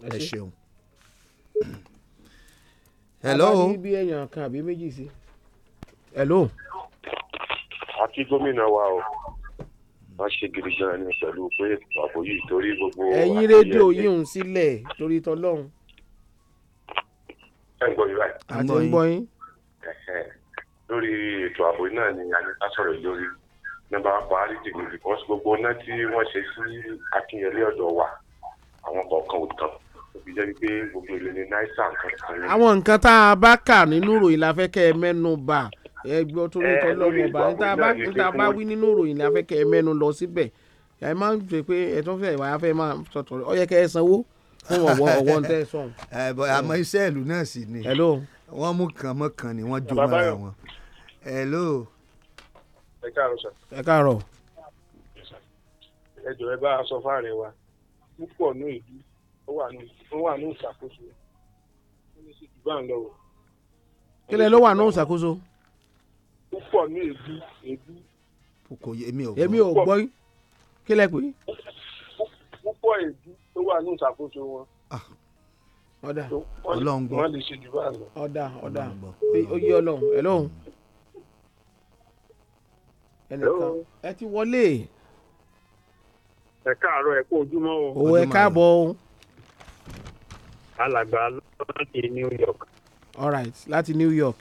ẹ ṣeun. hello. a bá ní bí èèyàn kan àbí méjì sí. hello. àti gómìnà wa o wọ́n ṣe gidi gan ni pẹ̀lú pé ààbò yìí torí gbogbo. ẹ̀yin rédíò yìí ń sílẹ̀ torí tọ́lọ́run. ẹ gbọ́ yín báyìí. àti ń gbọ́ yín. lórí ètò ààbò náà ni a ní ká sọ̀rọ̀ lórí nígbà buhari dìgbò because gbogbo iná tí wọ́n ṣe sí akínyẹlé ọ̀dọ̀ wa àwọn kọ̀ọ̀kan ò tán òbí jẹ́ wípé gbogbo ìlú ní náísà nǹkan kan ní. àwọn nǹkan tá a bá kà nínú ìròyìn láfẹ́kẹ́ mẹ́nu bà ẹgbẹ́ tó ní tọ́lọ́mọ bá níta bá wí nínú ìròyìn láfẹ́kẹ́ mẹ́nu lọ síbẹ̀ ẹ máa ń fẹ́ pé ẹ tún fẹ́ ìwà afẹ́ máa sọ̀tọ̀ ọ yẹ kẹ́ ẹ sanwó fún ọ̀wọ́ ọ̀wọ́ ntẹ́ sọ̀hún. àmọ́ iṣẹ́ ìlú náà sì ni wọ́n mú kàn mọ́ kàn ni wọ́n jó mọ́ra wọn. hello ẹ káàárọ̀ sà. ẹ káàárọ̀. ẹ jọ̀ọ́ ẹ bá a sọ fáàrẹ wa púpọ̀ ní ìlú ó wà ní ìṣàkóso ó ní sí jù bá ń lọ wò. kílẹ̀ ló wà ní ìṣàkóso. púpọ̀ ní èdú èdú. kò èmi ò gbọ́ èmi ò gbọ́ kílẹ̀ pé. púpọ̀ èdú tó wà ní ìṣàkóso wọn ah, ọ̀dà ọlọ́ngbọ́ ọ̀dà ọ̀dà oyè ọlọ́run ẹ̀ lọ́hùn ẹnìkan ẹ ti wọlé. ẹ káàárọ̀ ẹ kó ojúmọ́ o. òwò ẹ káàbọ̀ o. alàgbà láti New York. all right láti New York.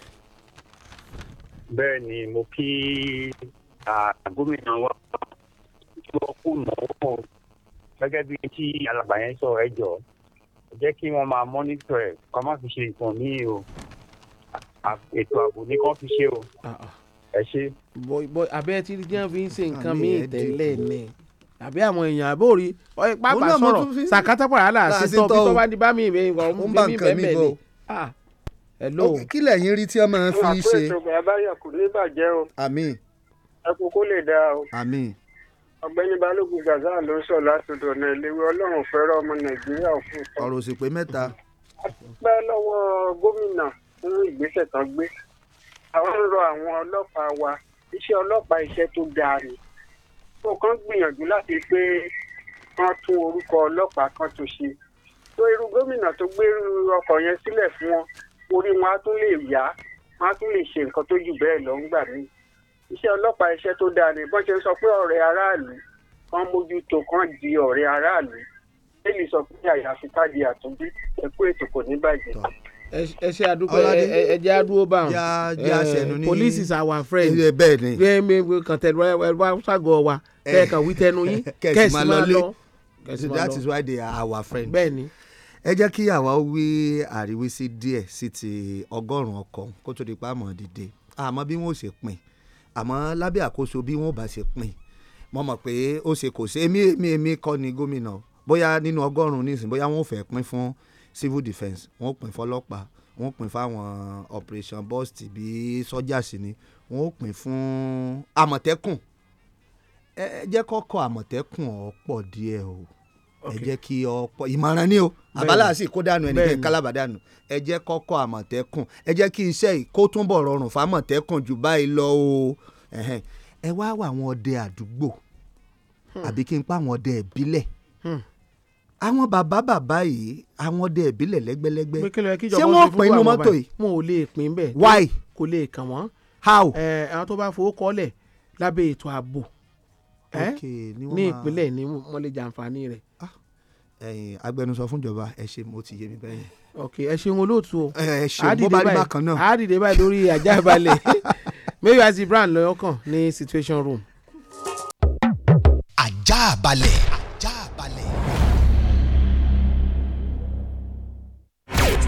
bẹ́ẹ̀ ni mo kí gómìnà wa tí wọ́n kú náwó gẹ́gẹ́ bí tí alàgbà yẹn sọ ẹ jọ jẹ́ kí wọ́n máa mọ́nítọ̀ ẹ̀ kọ́ má fi ṣe nǹkan míì o ètò ààbò ní kàn fi ṣe o. Ah, ah ẹ ṣe. bọ abẹ́ tí jẹ́ fi ń ṣe nǹkan míì tẹ́lẹ̀ ni àbí àwọn èèyàn àbórí pápá sọ̀rọ̀ sàkátàpàrà là sí tọ́ bí tọ́ bá ní bá mi ìwé ìwà òun bí mi bẹ́ẹ̀ bẹ́ẹ̀ ni. hello. kí lẹ́yìn rí tí wọ́n máa fi ṣe. àpò ètò àbáyọ̀ kò ní o. àmín. kó lè dáa o. àmín. ọ̀gbẹ́ni balógun gaza ló sọ látọ̀dọ̀ náà eléwé ọlọ́run fẹ́ràn ọmọ nàìjíríà fún un. ọ̀rọ̀ òsì àwọn ń rọ àwọn ọlọ́pàá wa iṣẹ́ ọlọ́pàá iṣẹ́ tó dáa ni tó kàn gbìyànjú láti pé kán tún orúkọ ọlọ́pàá kan tó ṣe tó irú gómìnà tó gbérú ọkọ̀ yẹn sílẹ̀ fún wọn orí wọn á tún lè yá wọn á tún lè ṣe nǹkan tó jù bẹ́ẹ̀ lọ ń gbà mí iṣẹ́ ọlọ́pàá iṣẹ́ tó dáa ni bọ́n ṣe ń sọ pé ọ̀rẹ́ aráàlú kan mójútó kan di ọ̀rẹ́ aráàlú lẹ́yìn sọ pé àyàfi ká di àtúndí ẹ̀kú ètò kò ní bàjẹ́ ẹ ṣe àdúgbò ẹ jẹ́ àdúgbò bá wọn police is our friend bẹ́ẹ̀ ni bẹ́ẹ̀ mi kàn tẹ̀ ẹ wá ságọ̀ wa kẹ́ẹ̀ kàn wí tẹnu yín kẹ́ẹ̀sì máa lọ. that is why they are our friend. bẹ́ẹ̀ni. ẹ jẹ́ kí àwa wí àríwísí díẹ̀ sí ti ọgọ́rùn-ún ọkọ̀ kó tó di pa àmọ́ dìde àmọ́ bí wọ́n ò ṣe pín àmọ́ lábẹ́ àkóso bí wọ́n ò bá ṣe pín mo mọ̀ pé ó ṣe kò ṣe èmi èmi èmi kọ́ ni gómìnà bóyá nínú ọgọ́rùn-ún nísìnyí bóyá wọ́n ò fẹ́ pín fún civil defence wọ́n pín fọlọ́pàá wọ́n pín fáwọn operation burst bí sọ́jà sí ni wọ́n pín fún àmọ̀tẹ́kùn ẹ jẹ́ kọ́kọ́ àmọ̀tẹ́kùn ọ̀pọ̀ díẹ̀ o ẹ jẹ́ kí ọ̀pọ̀ ìmọ̀ràn ni o àbálà sì kó dànù ẹnìkan kálábà dànù ẹ jẹ́ kọ́kọ́ àmọ̀tẹ́kùn ẹ jẹ́ kí iṣẹ́ kó túnbọ̀ rọrùn fámọ̀tẹ́kùn jù báyìí lọ o ẹ wá wà àwọn ọdẹ àdúgbò hmm. àbí kí n pa àwọn ọdẹ ìbílẹ̀ hmm àwọn bàbá bàbá yìí àwọn ọdẹ ìbílẹ̀ lẹ́gbẹ́lẹ́gbẹ́ ṣé wọ́n pín inú mọ́tò yìí. wọn ò lè pín bẹ́ẹ̀ why kò lè kàn wọ́n. how ẹ àwọn tó bá fowó kọ́lẹ̀ lábẹ́ ètò ààbò ní ìpínlẹ̀ ní wọ́n lè jàǹfààní rẹ̀. Ah, agbẹnusọ fúnjọba ẹ ṣe mo ti yé mi bẹ́yìn. ok ẹ ṣeun olóòtú o ẹ ṣeun bó bá rí bákan náà á dìde báyìí lórí ajá balẹ̀ maybe as lọ́yọ̀kan ní situation room. ajá balẹ̀.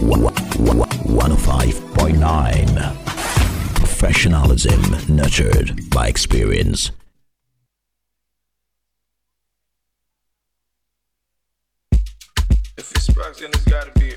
105.9 Professionalism nurtured by experience. If it's it's gotta be.